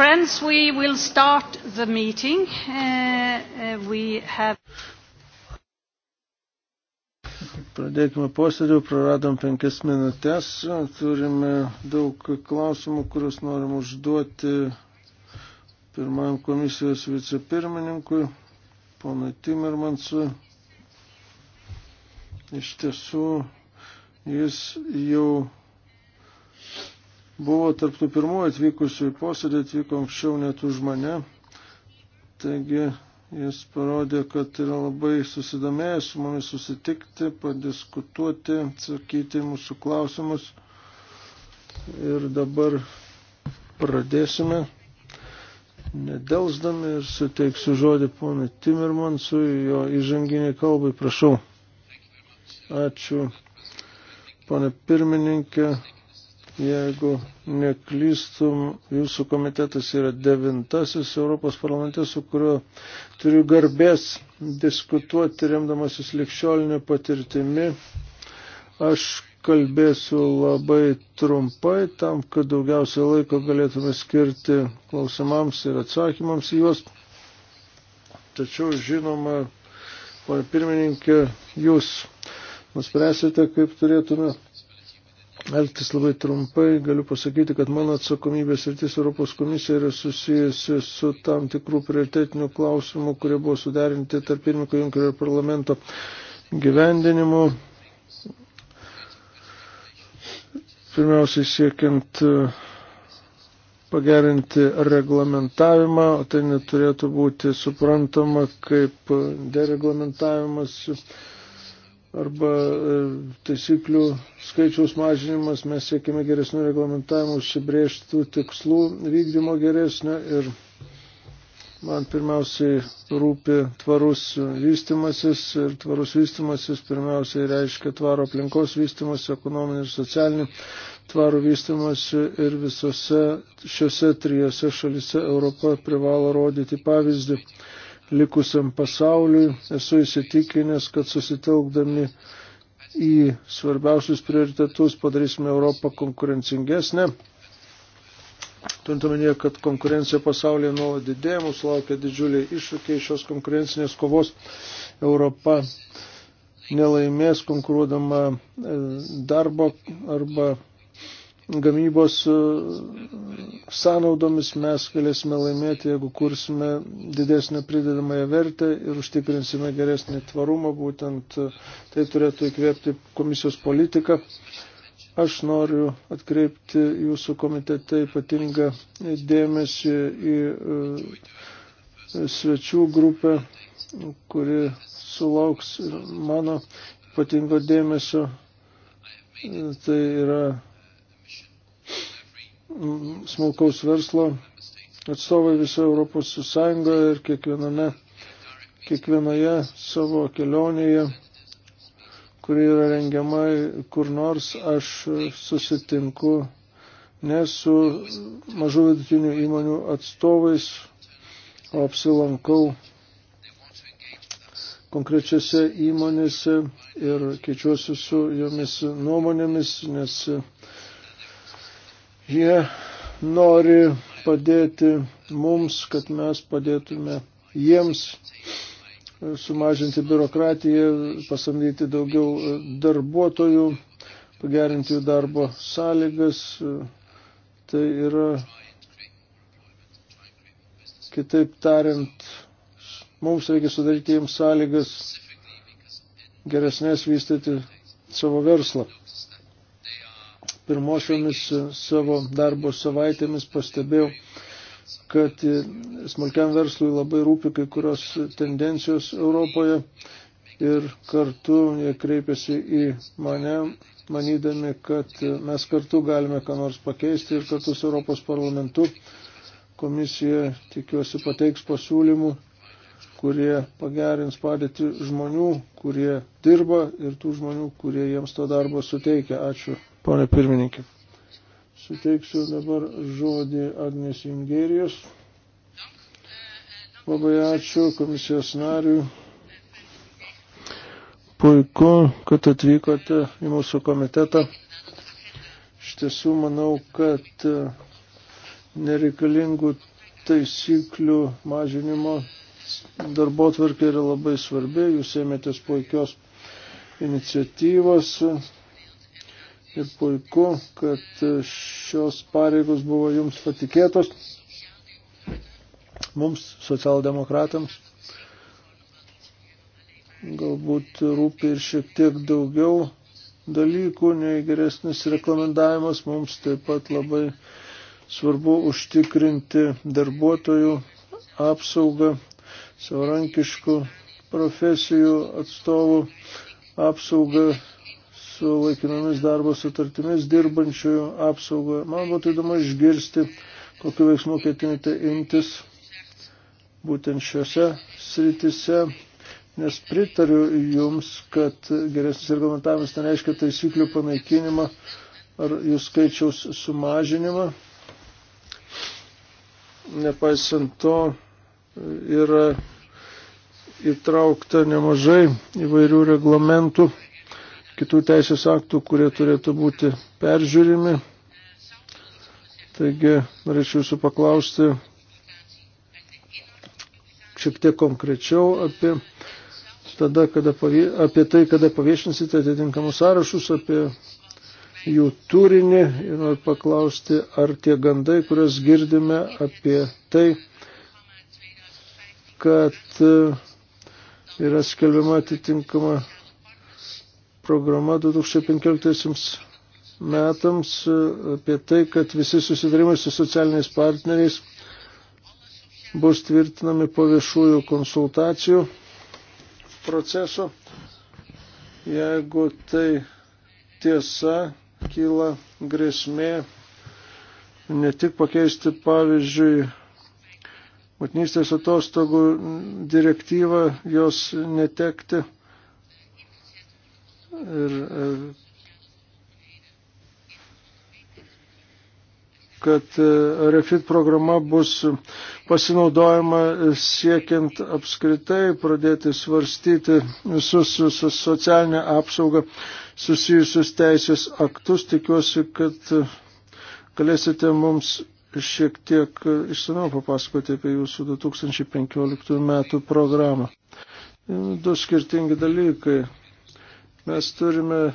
friends, we will start the meeting. Uh, uh, we have... Pradėkime posėdį, praradom penkias minutės, turime daug klausimų, kuriuos norim užduoti pirmam komisijos vicepirmininkui, ponui Timirmansui. Iš tiesų, jis jau buvo tarptų pirmųjų atvykusių į posėdį, atvyko anksčiau net už mane. Taigi jis parodė, kad yra labai susidomėjęs su mumis susitikti, padiskutuoti, atsakyti mūsų klausimus. Ir dabar pradėsime. Nedelsdami ir suteiksiu žodį ponui Timirmansui, jo įžanginiai kalbai, prašau. Ačiū, ponė pirmininkė, Jeigu neklystum, jūsų komitetas yra devintasis Europos parlamente, su kuriuo turiu garbės diskutuoti remdamasis likščiolinė patirtimi. Aš kalbėsiu labai trumpai tam, kad daugiausiai laiko galėtume skirti klausimams ir atsakymams į juos. Tačiau, žinoma, pane pirmininkė, jūs nuspręsite, kaip turėtume elgtis labai trumpai, galiu pasakyti, kad mano atsakomybės rytis Europos komisija yra susijusi su tam tikrų prioritetinių klausimų, kurie buvo suderinti tarp pirmininko Junkerio ir parlamento gyvendinimu. Pirmiausiai siekiant uh, pagerinti reglamentavimą, o tai neturėtų būti suprantama kaip dereglamentavimas arba e, taisyklių skaičiaus mažinimas, mes siekime geresnių reglamentavimų, užsibrėžtų tikslų vykdymo geresnio ir man pirmiausiai rūpi tvarus vystimasis ir tvarus vystimasis pirmiausiai reiškia tvaro aplinkos vystimas, ekonominį ir socialinį tvarų vystimas ir visose šiose trijose šalise Europa privalo rodyti pavyzdį likusiam pasauliui. Esu įsitikinęs, kad susitelkdami į svarbiausius prioritetus padarysime Europą konkurencingesnę. Turint omenyje, kad konkurencija pasaulyje nuolat didėja, mūsų laukia didžiuliai iššūkiai šios konkurencinės kovos. Europa nelaimės konkuruodama e, darbo arba gamybos e, sąnaudomis mes galėsime laimėti, jeigu kursime didesnę pridedamąją vertę ir užtikrinsime geresnį tvarumą, būtent e, tai turėtų įkvėpti komisijos politiką. Aš noriu atkreipti jūsų komitete ypatingą dėmesį į e, svečių grupę, kuri sulauks mano ypatingo dėmesio. Tai yra smulkaus verslo atstovai visoje Europos Sąjungoje ir kiekviename, kiekvienoje savo kelionėje, kuri yra rengiama kur nors, aš susitinku ne su mažų vidutinių įmonių atstovais, o apsilankau konkrečiose įmonėse ir keičiuosi su jomis nuomonėmis, nes Jie nori padėti mums, kad mes padėtume jiems sumažinti biurokratiją, pasamdyti daugiau darbuotojų, pagerinti jų darbo sąlygas. Tai yra, kitaip tariant, mums reikia sudaryti jiems sąlygas geresnės vystyti savo verslą pirmosiomis e, savo darbo savaitėmis pastebėjau, kad e, smulkiam verslui labai rūpi kai kurios tendencijos Europoje ir kartu jie kreipiasi į mane, manydami, kad e, mes kartu galime ką nors pakeisti ir kartu su Europos parlamentu komisija, tikiuosi, pateiks pasiūlymų, kurie pagerins padėti žmonių, kurie dirba ir tų žmonių, kurie jiems to darbo suteikia. Ačiū ponė pirmininkė. Suteiksiu dabar žodį Agnes Ingerijos. Labai ačiū komisijos nariui. Puiku, kad atvykote į mūsų komitetą. Iš tiesų manau, kad nereikalingų taisyklių mažinimo darbo tvarkė yra labai svarbi. Jūs ėmėtės puikios iniciatyvos ir puiku, kad šios pareigos buvo jums patikėtos, mums, socialdemokratams. Galbūt rūpi ir šiek tiek daugiau dalykų nei geresnis rekomendavimas. Mums taip pat labai svarbu užtikrinti darbuotojų apsaugą, savarankiškų profesijų atstovų apsaugą su laikinomis darbo sutartimis dirbančiųjų apsaugoje. Man būtų įdomu išgirsti, kokiu veiksmu ketinate imtis būtent šiuose sritise, nes pritariu jums, kad geresnis reglamentavimas nereiškia taisyklių panaikinimą ar jų skaičiaus sumažinimą. Nepaisant to, yra įtraukta nemažai įvairių reglamentų kitų teisės aktų, kurie turėtų būti peržiūrimi. Taigi, norėčiau jūsų paklausti šiek tiek konkrečiau apie, tada, kada pavie, apie tai, kada paviešinsite atitinkamus sąrašus, apie jų turinį ir noriu paklausti, ar tie gandai, kuriuos girdime apie tai, kad e, yra skelbiama atitinkama programa 2015 metams apie tai, kad visi susidarimai su socialiniais partneriais bus tvirtinami po viešųjų konsultacijų proceso. Jeigu tai tiesa, kyla grėsmė ne tik pakeisti, pavyzdžiui, motinystės atostogų direktyvą, jos netekti ir kad e, refit programa bus pasinaudojama siekiant apskritai pradėti svarstyti visus su, su socialinė apsauga susijusius teisės aktus. Tikiuosi, kad galėsite mums šiek tiek išsamiau papasakoti apie jūsų 2015 metų programą. Du skirtingi dalykai. Mes turime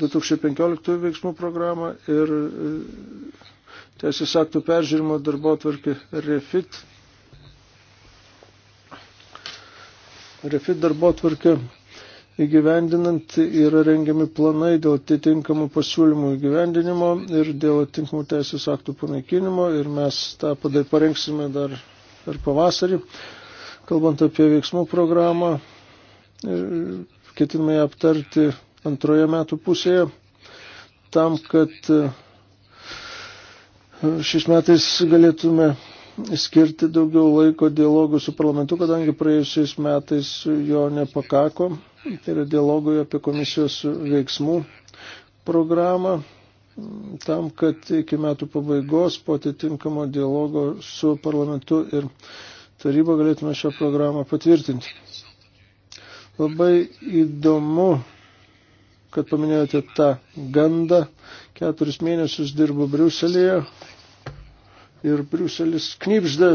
2015 veiksmų programą ir e, teisės aktų peržiūrimo darbo atvarkį REFIT. REFIT darbo atvarkė įgyvendinant yra rengiami planai dėl atitinkamų pasiūlymų įgyvendinimo ir dėl atitinkamų teisės aktų panaikinimo ir mes tą padai parengsime dar per pavasarį. Kalbant apie veiksmų programą, ketiname aptarti antroje metų pusėje, tam, kad e, šiais metais galėtume skirti daugiau laiko dialogų su parlamentu, kadangi praėjusiais metais jo nepakako. Tai yra dialogui apie komisijos veiksmų programą, tam, kad iki metų pabaigos po atitinkamo dialogo su parlamentu ir taryba galėtume šią programą patvirtinti. Labai įdomu, kad paminėjote tą gandą. Keturis mėnesius dirbu Briuselėje ir Briuselis knipžda,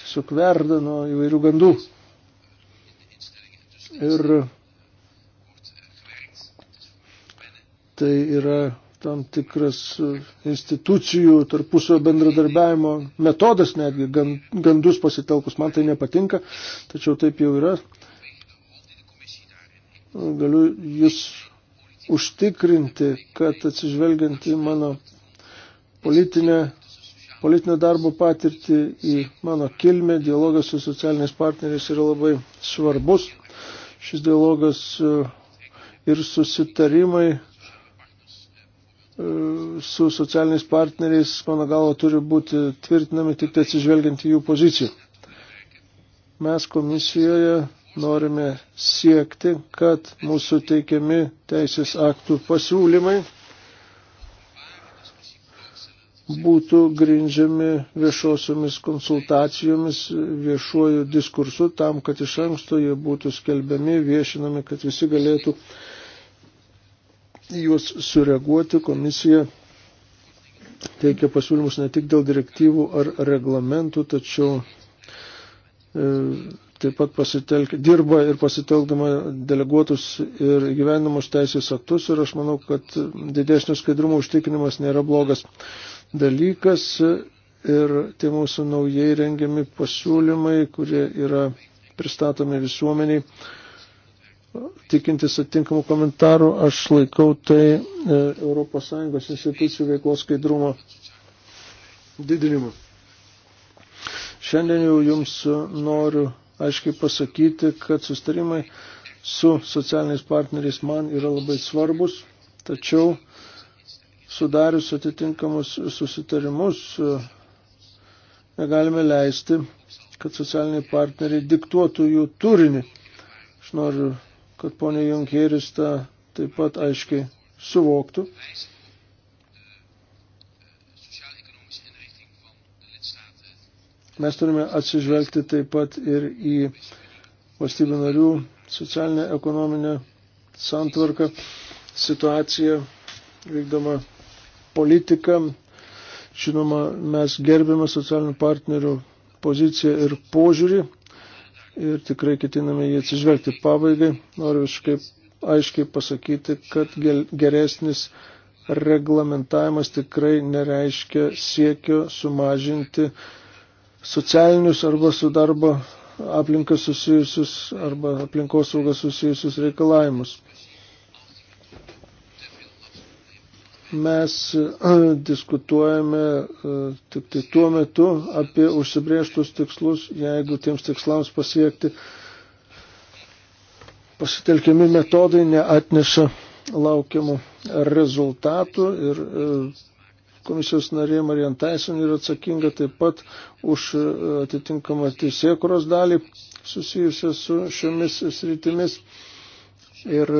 tiesiog verda nuo įvairių gandų. Ir tai yra tam tikras e, institucijų tarpusio bendradarbiavimo metodas netgi, gandus pasitelkus, man tai nepatinka, tačiau taip jau yra. Galiu jūs užtikrinti, kad atsižvelgiant į mano politinę, politinę darbo patirtį, į mano kilmę, dialogas su socialiniais partneriais yra labai svarbus. Šis dialogas e, ir susitarimai su socialiniais partneriais, mano galvo, turi būti tvirtinami tik tai atsižvelgiant į jų poziciją. Mes komisijoje norime siekti, kad mūsų teikiami teisės aktų pasiūlymai būtų grindžiami viešosiomis konsultacijomis, viešuoju diskursu, tam, kad iš anksto jie būtų skelbiami, viešinami, kad visi galėtų juos sureaguoti. Komisija teikia pasiūlymus ne tik dėl direktyvų ar reglamentų, tačiau e, taip pat pasitelk, dirba ir pasitelkdama deleguotus ir gyvenimus teisės aktus ir aš manau, kad didesnio skaidrumo užtikrinimas nėra blogas dalykas ir tie mūsų naujai rengiami pasiūlymai, kurie yra pristatomi visuomeniai, tikintis atitinkamų komentarų, aš laikau tai ES institucijų veiklos skaidrumo didinimu. Šiandien jau jums noriu aiškiai pasakyti, kad sustarimai su socialiniais partneriais man yra labai svarbus, tačiau sudarius atitinkamus susitarimus e, negalime leisti, kad socialiniai partneriai diktuotų jų turinį. Aš noriu kad ponė Junkeris tą taip pat aiškiai suvoktų. Mes turime atsižvelgti taip pat ir į valstybių narių socialinę ekonominę santvarką, situaciją, vykdomą politiką. Žinoma, mes gerbėme socialinių partnerių poziciją ir požiūrį ir tikrai ketiname jį atsižvelgti. Pabaigai noriu visiškai aiškiai pasakyti, kad geresnis reglamentavimas tikrai nereiškia siekio sumažinti socialinius arba su darbo aplinka susijusius arba aplinkosaugą susijusius reikalavimus. mes e, diskutuojame e, tik tai tuo metu apie užsibrieštus tikslus, jeigu tiems tikslams pasiekti pasitelkiami metodai neatneša laukiamų rezultatų ir e, komisijos narė Marijan Taisen yra atsakinga taip pat už atitinkamą teisėkuros dalį susijusią su šiomis sritimis. Ir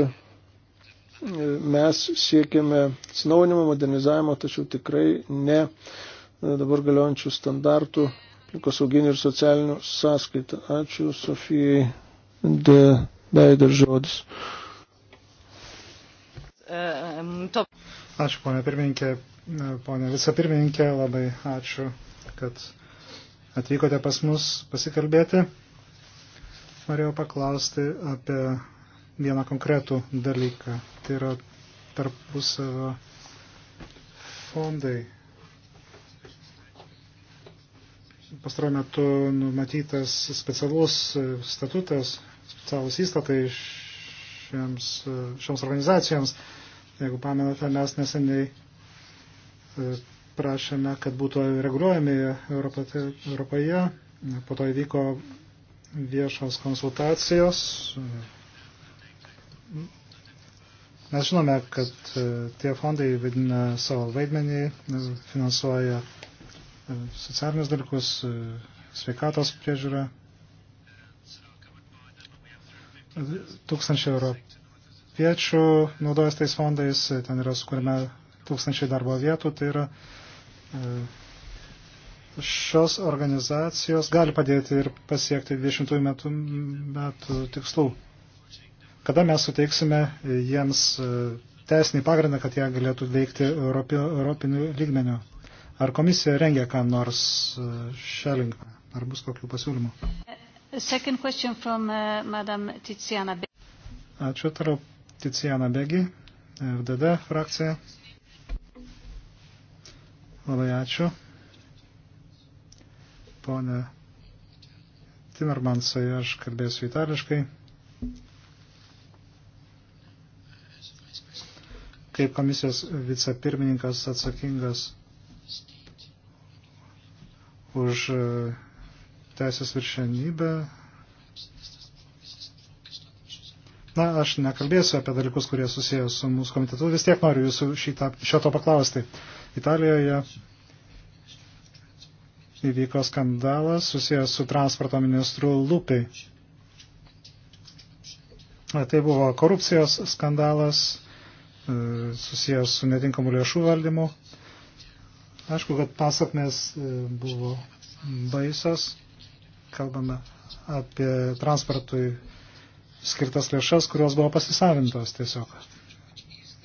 mes siekiame atsinaujinimo, modernizavimo, tačiau tikrai ne e, dabar galiojančių standartų aplinkosauginių ir socialinių sąskaitą. Ačiū Sofijai de Beider žodis. E, ačiū, ponė pirmininkė, e, ponė vicepirmininkė, labai ačiū, kad atvykote pas mus pasikalbėti. Norėjau paklausti apie vieną konkretų dalyką. Tai yra tarpusavio fondai. Pastaruoju metu numatytas specialus statutas, specialus įstatai šiems, šioms organizacijoms. Jeigu pamenate, mes neseniai e, prašėme, kad būtų reguliuojami Europoje. Po to įvyko viešos konsultacijos Mes žinome, kad e, tie fondai vaidina savo vaidmenį, e, finansuoja e, socialinius dalykus, sveikatos priežiūrą. Tūkstančiai europiečių naudojas tais fondais, ten yra sukūrime tūkstančiai darbo vietų, tai yra šios organizacijos gali padėti ir pasiekti 20 metų, metų tikslų kada mes suteiksime jiems e, teisinį pagrindą, kad jie galėtų veikti Europi, europinių lygmenių. Ar komisija rengia ką nors e, šią linkmę? Ar bus kokių pasiūlymų? From, uh, Ačiū, tarau Ticiana Begi, FDD frakcija. Labai ačiū. Pone Timermansai, aš kalbėsiu itališkai. kaip komisijos vicepirmininkas atsakingas už e, teisės viršenybę. Na, aš nekalbėsiu apie dalykus, kurie susijęs su mūsų komitetu, vis tiek noriu jūsų šitą, šito paklausti. Italijoje įvyko skandalas susijęs su transporto ministru Lupi. Tai buvo korupcijos skandalas, susijęs su netinkamu lėšų valdymu. Aišku, kad pasakmės e, buvo baisios. Kalbame apie transportui skirtas lėšas, kurios buvo pasisavintos tiesiog.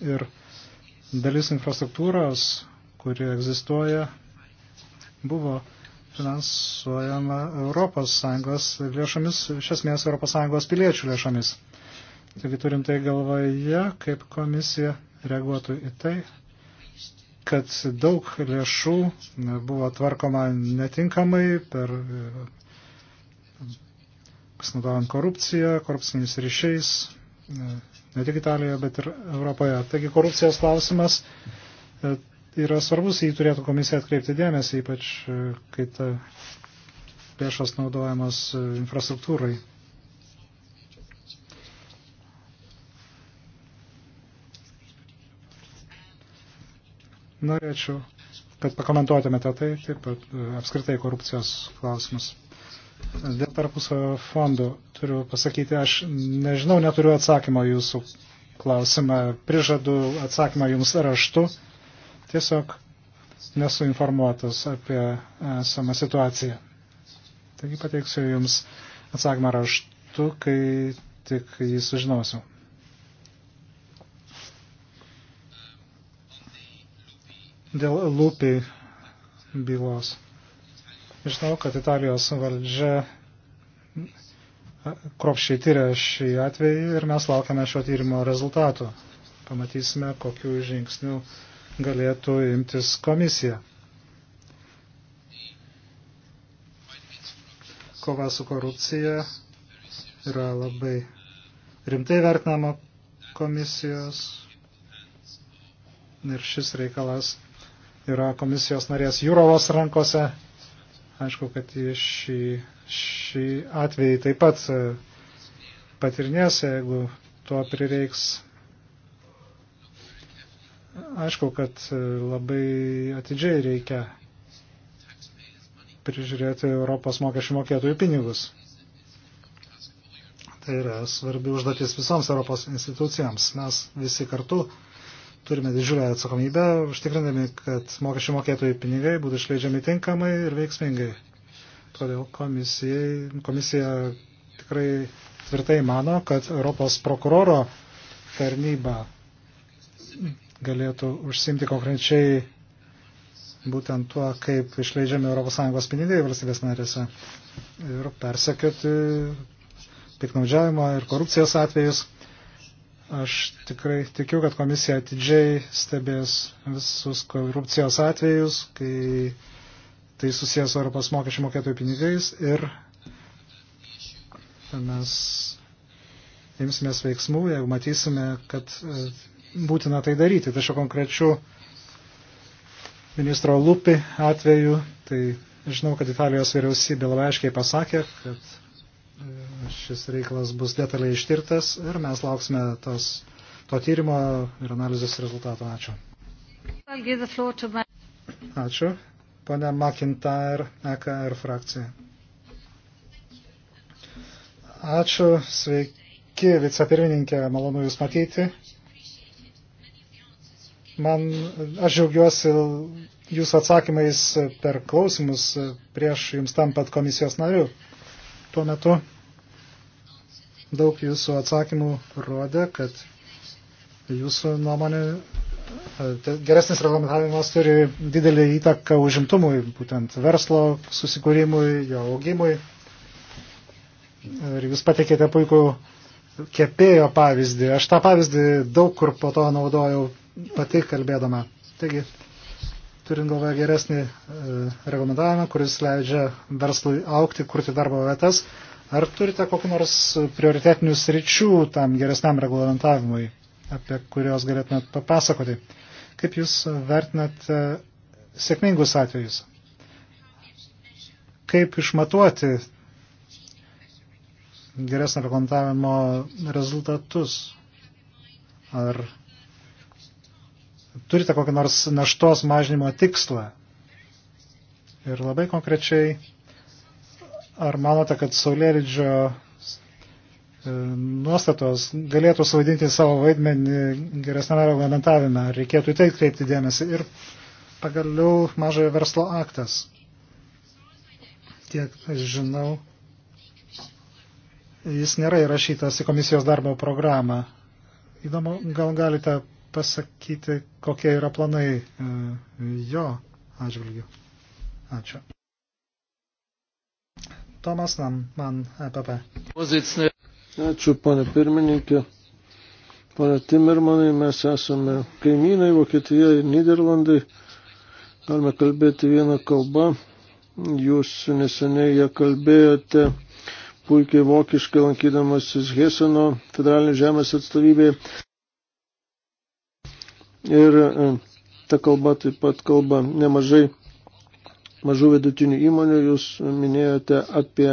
Ir dalis infrastruktūros, kuri egzistuoja, buvo finansuojama ES lėšomis, iš esmės ES piliečių lėšomis. Taigi turim tai galvoje, kaip komisija reaguotų į tai, kad daug lėšų buvo tvarkoma netinkamai per pasinaudojant korupciją, korupciniais ryšiais, ne tik Italijoje, bet ir Europoje. Taigi korupcijos klausimas e, yra svarbus, jį turėtų komisija atkreipti dėmesį, ypač e, kai ta lėšos naudojamos e, infrastruktūrai. Norėčiau, kad pakomentuotumėte tai, taip pat e, apskritai korupcijos klausimus. Dėl tarpusavio fondų turiu pasakyti, aš nežinau, neturiu atsakymo jūsų klausimą. Prižadu atsakymą jums raštu. Tiesiog nesu informuotas apie esamą situaciją. Taigi pateiksiu jums atsakymą raštu, kai tik jį sužinosiu. dėl lūpį bylos. Žinau, kad Italijos valdžia kropščiai tyria šį atvejį ir mes laukiame šio tyrimo rezultatų. Pamatysime, kokiu žingsniu galėtų imtis komisija. Kova su korupcija yra labai rimtai vertinama komisijos ir šis reikalas yra komisijos narės Jūrovos rankose. Aišku, kad šį, šį atvejį taip pat e, patirnės, jeigu to prireiks. Aišku, kad e, labai atidžiai reikia prižiūrėti Europos mokesčių mokėtojų pinigus. Tai yra svarbi užduotis visoms Europos institucijams. Mes visi kartu uh, turime didžiulę atsakomybę, užtikrindami, kad mokesčių mokėtojų pinigai būtų išleidžiami tinkamai ir veiksmingai. Todėl komisija tikrai tvirtai mano, kad Europos prokuroro tarnyba galėtų užsimti konkrečiai būtent tuo, kaip išleidžiami ES pinigai valstybės narėse ir persekioti piknaudžiavimo ir korupcijos atvejus. Aš tikrai tikiu, kad komisija atidžiai stebės visus korupcijos atvejus, kai tai susijęs su Europos mokesčių mokėtojų pinigais ir mes imsimės veiksmų, jeigu matysime, kad e, būtina tai daryti. Tačiau konkrečių ministro Lupi atveju, tai žinau, kad Italijos vyriausybė labai aiškiai pasakė, kad Šis reikalas bus detaliai ištirtas ir mes lauksime tos, to tyrimo ir analizės rezultato. Ačiū. Ačiū. Pane McIntyre, EKR frakcija. Ačiū, sveiki, vicepirmininkė, malonu Jūs matyti. Man, aš džiaugiuosi Jūsų atsakymais per klausimus prieš Jums tampat komisijos nariu. Tuo metu Daug jūsų atsakymų rodė, kad jūsų nuomonė e, geresnis reglamentavimas turi didelį įtaką užimtumui, būtent verslo susikūrimui, jo augimui. Ir jūs pateikėte puikų kepėjo pavyzdį. Aš tą pavyzdį daug kur po to naudojau pati kalbėdama. Taigi, turint galvoje geresnį e, reglamentavimą, kuris leidžia verslui aukti, kurti darbo vietas, Ar turite kokiu nors prioritetinių sričių tam geresniam reglamentavimui, apie kurios galėtumėt papasakoti? Kaip jūs vertinat sėkmingus atvejus? Kaip išmatuoti geresnio reglamentavimo rezultatus? Ar turite kokį nors naštos mažinimo tikslą? Ir labai konkrečiai Ar manote, kad Saulėridžio e, nuostatos galėtų suvaidinti savo vaidmenį geresnėme reglamentavime? Reikėtų į tai kreipti dėmesį. Ir pagaliau mažojo verslo aktas. Tiek aš žinau, jis nėra įrašytas į komisijos darbo programą. Įdomu, gal galite pasakyti, kokie yra planai e, jo atžvilgiu. Ačiū. Tomas Nam, man APP. E Ačiū, ponė pirmininkė. Pane Timirmanai, mes esame kaimynai, Vokietija ir Niderlandai. Galime kalbėti vieną kalbą. Jūs neseniai ją kalbėjote puikiai vokiškai lankydamasis Heseno federalinės žemės atstovybėje. Ir e, ta kalba taip pat kalba nemažai mažų vidutinių įmonių, jūs minėjote apie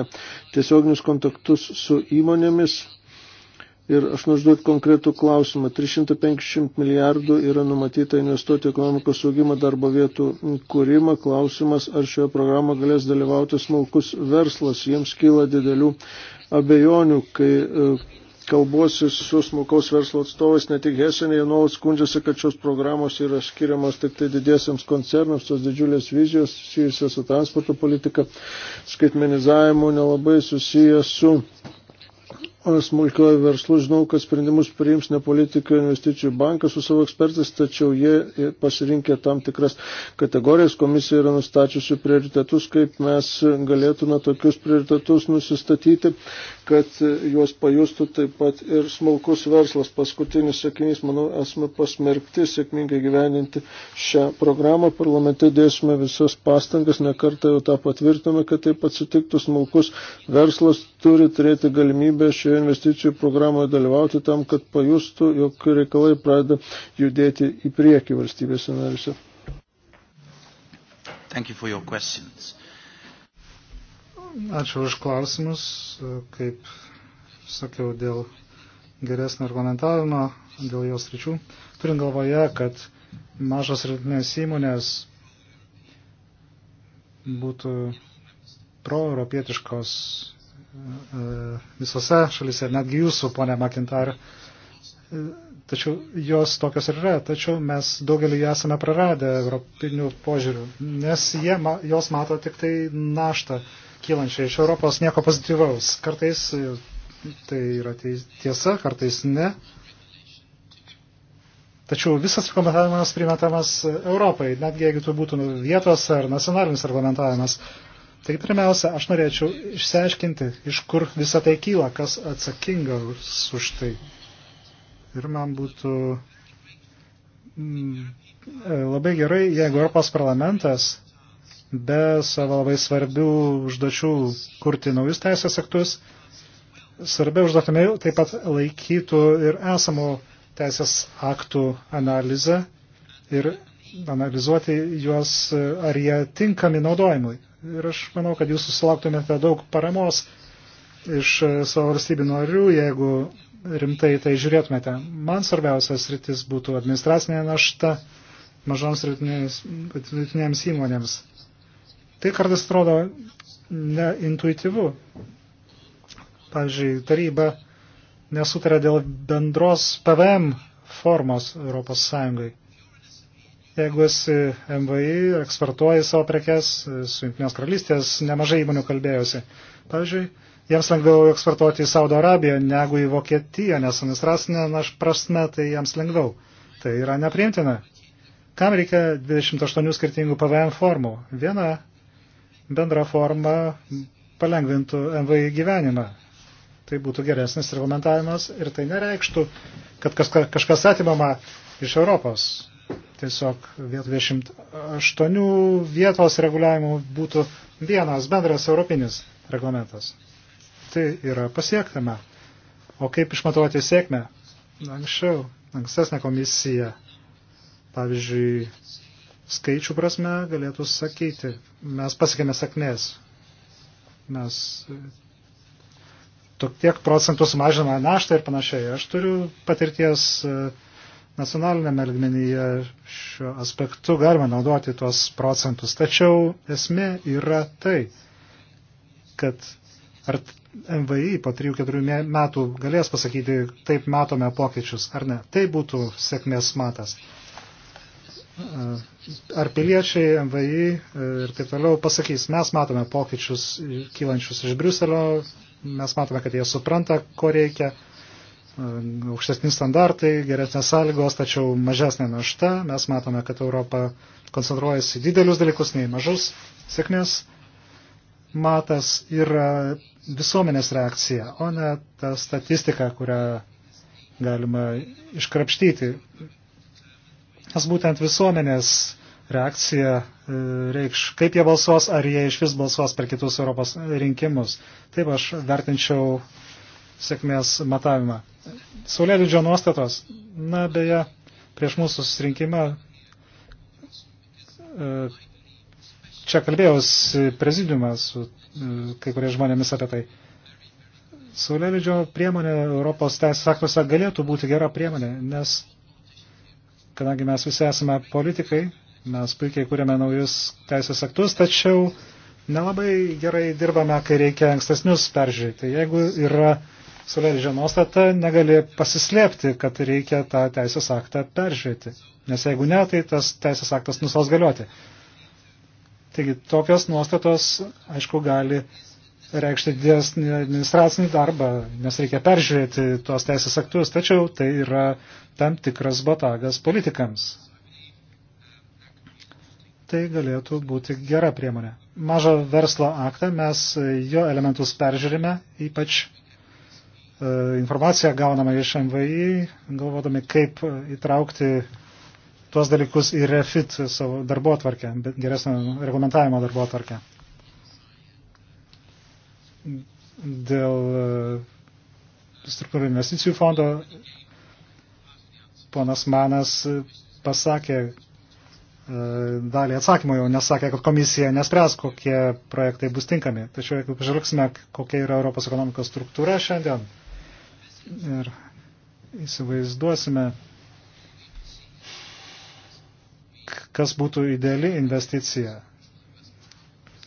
tiesioginius kontaktus su įmonėmis. Ir aš nužduot konkretų klausimą. 350 milijardų yra numatyta investuoti ekonomikos saugimą darbo vietų kūrimą. Klausimas, ar šioje programą galės dalyvauti smulkus verslas. Jiems kyla didelių abejonių, kai e, kalbuosi su smulkaus verslo atstovais, ne tik Hesenėje, nuolat skundžiasi, kad šios programos yra skiriamos tik tai didiesiams koncernams, tos didžiulės vizijos susijusios su transporto politika, skaitmenizavimu nelabai susijęs su smulkiojo verslu, žinau, kad sprendimus priims ne politikai, investicijų bankas su savo ekspertais, tačiau jie pasirinkė tam tikras kategorijas, komisija yra nustačiusi prioritetus, kaip mes galėtume tokius prioritetus nusistatyti, kad juos pajustų taip pat ir smulkus verslas. Paskutinis sakinys, manau, esame pasmerkti sėkmingai gyveninti šią programą. Parlamente dėsime visas pastangas, nekartą jau tą patvirtume, kad taip atsitiktų. Smulkus verslas turi turėti galimybę šioje investicijų programoje dalyvauti tam, kad pajustų, jog reikalai pradeda judėti į priekį valstybėse narise. Thank you for your questions. Ačiū už klausimus. Kaip sakiau, dėl geresnio argumentavimo, dėl jos ryčių. Turint galvoje, kad mažos rytinės įmonės būtų proeuropietiškos e, visose šalise, netgi jūsų, ponė Makintar. E, tačiau jos tokios ir yra, tačiau mes daugelį jų esame praradę europinių požiūrių, nes jie, jos mato tik tai naštą kylančią iš Europos nieko pozityvaus. Kartais tai yra tiesa, kartais ne. Tačiau visas reglamentavimas primetamas Europai, netgi jeigu tai būtų vietos ar nacionalinis reglamentavimas. Tai pirmiausia, aš norėčiau išsiaiškinti, iš kur visa tai kyla, kas atsakinga už tai. Ir man būtų mm, e, labai gerai, jeigu Europos parlamentas be savo labai svarbių užduočių kurti naujus teisės aktus, svarbia užduotimi taip pat laikytų ir esamų teisės aktų analizę ir analizuoti juos, ar jie tinkami naudojimui. Ir aš manau, kad jūs susilauktumėte daug paramos iš savo valstybių narių, jeigu rimtai tai žiūrėtumėte. Man svarbiausias rytis būtų administracinė našta mažoms rytinėms įmonėms. Tai kartais atrodo neintuityvu. Pavyzdžiui, taryba nesutarė dėl bendros PVM formos Europos Sąjungai. Jeigu esi MVI, eksportuoji savo prekes, su Junktinės karalystės nemažai įmonių kalbėjosi. Pavyzdžiui, jiems lengviau eksportuoti į Saudo Arabiją negu į Vokietiją, nes administracinė prasme tai jiems lengviau. Tai yra nepriimtina. Kam reikia 28 skirtingų PVM formų? Viena bendra forma palengvintų MVI gyvenimą. Tai būtų geresnis reglamentavimas ir tai nereikštų, kad kažkas atimama iš Europos. Tiesiog viet 28 vietos reguliavimų būtų vienas bendras europinis reglamentas. Tai yra pasiektame. O kaip išmatuoti sėkmę? Anksčiau, ankstesnė komisija, pavyzdžiui, skaičių prasme galėtų sakyti, mes pasiekėme sakmės. Mes tiek procentų sumažiname naštą ir panašiai. Aš turiu patirties e, nacionalinėme lygmenyje šiuo aspektu, galima naudoti tuos procentus. Tačiau esmė yra tai, kad ar MVI po 3-4 metų galės pasakyti, taip matome pokyčius ar ne. Tai būtų sėkmės matas ar piliečiai, MVI e, ir taip toliau pasakys, mes matome pokyčius kylančius iš Briuselio, mes matome, kad jie supranta, ko reikia, e, aukštesni standartai, geresnės sąlygos, tačiau mažesnė našta, mes matome, kad Europa koncentruojasi didelius dalykus, nei mažus, sėkmės matas yra visuomenės reakcija, o ne ta statistika, kurią galima iškrapštyti nes būtent visuomenės reakcija e, reikš, kaip jie balsuos, ar jie iš vis balsuos per kitus Europos rinkimus. Taip aš vertinčiau sėkmės matavimą. Saulėlydžio nuostatos, na beje, prieš mūsų susirinkimą e, čia kalbėjausi prezidiumą su e, kai kurie žmonėmis apie tai. Saulėlydžio priemonė Europos teisės aktuose galėtų būti gera priemonė, nes kadangi mes visi esame politikai, mes puikiai kūrėme naujus teisės aktus, tačiau nelabai gerai dirbame, kai reikia ankstesnius peržiūrėti. Tai jeigu yra suleidžia nuostata, negali pasislėpti, kad reikia tą teisės aktą peržiūrėti. Nes jeigu ne, tai tas teisės aktas nustos galioti. Taigi tokios nuostatos, aišku, gali reikšti didesnį administracinį darbą, nes reikia peržiūrėti tuos teisės aktus, tačiau tai yra tam tikras botagas politikams. Tai galėtų būti gera priemonė. Mažo verslo aktą mes jo elementus peržiūrime, ypač e, informaciją gauname iš MVI, galvodami, kaip įtraukti tuos dalykus į refit savo darbo atvarkę, geresnio reglamentavimo darbo atvarkę dėl e, struktūrų investicijų fondo ponas Manas pasakė e, dalį atsakymų, jau nesakė, kad komisija nespręs, kokie projektai bus tinkami. Tačiau jeigu pažvelgsime, kokia yra Europos ekonomikos struktūra šiandien ir įsivaizduosime, kas būtų ideali investicija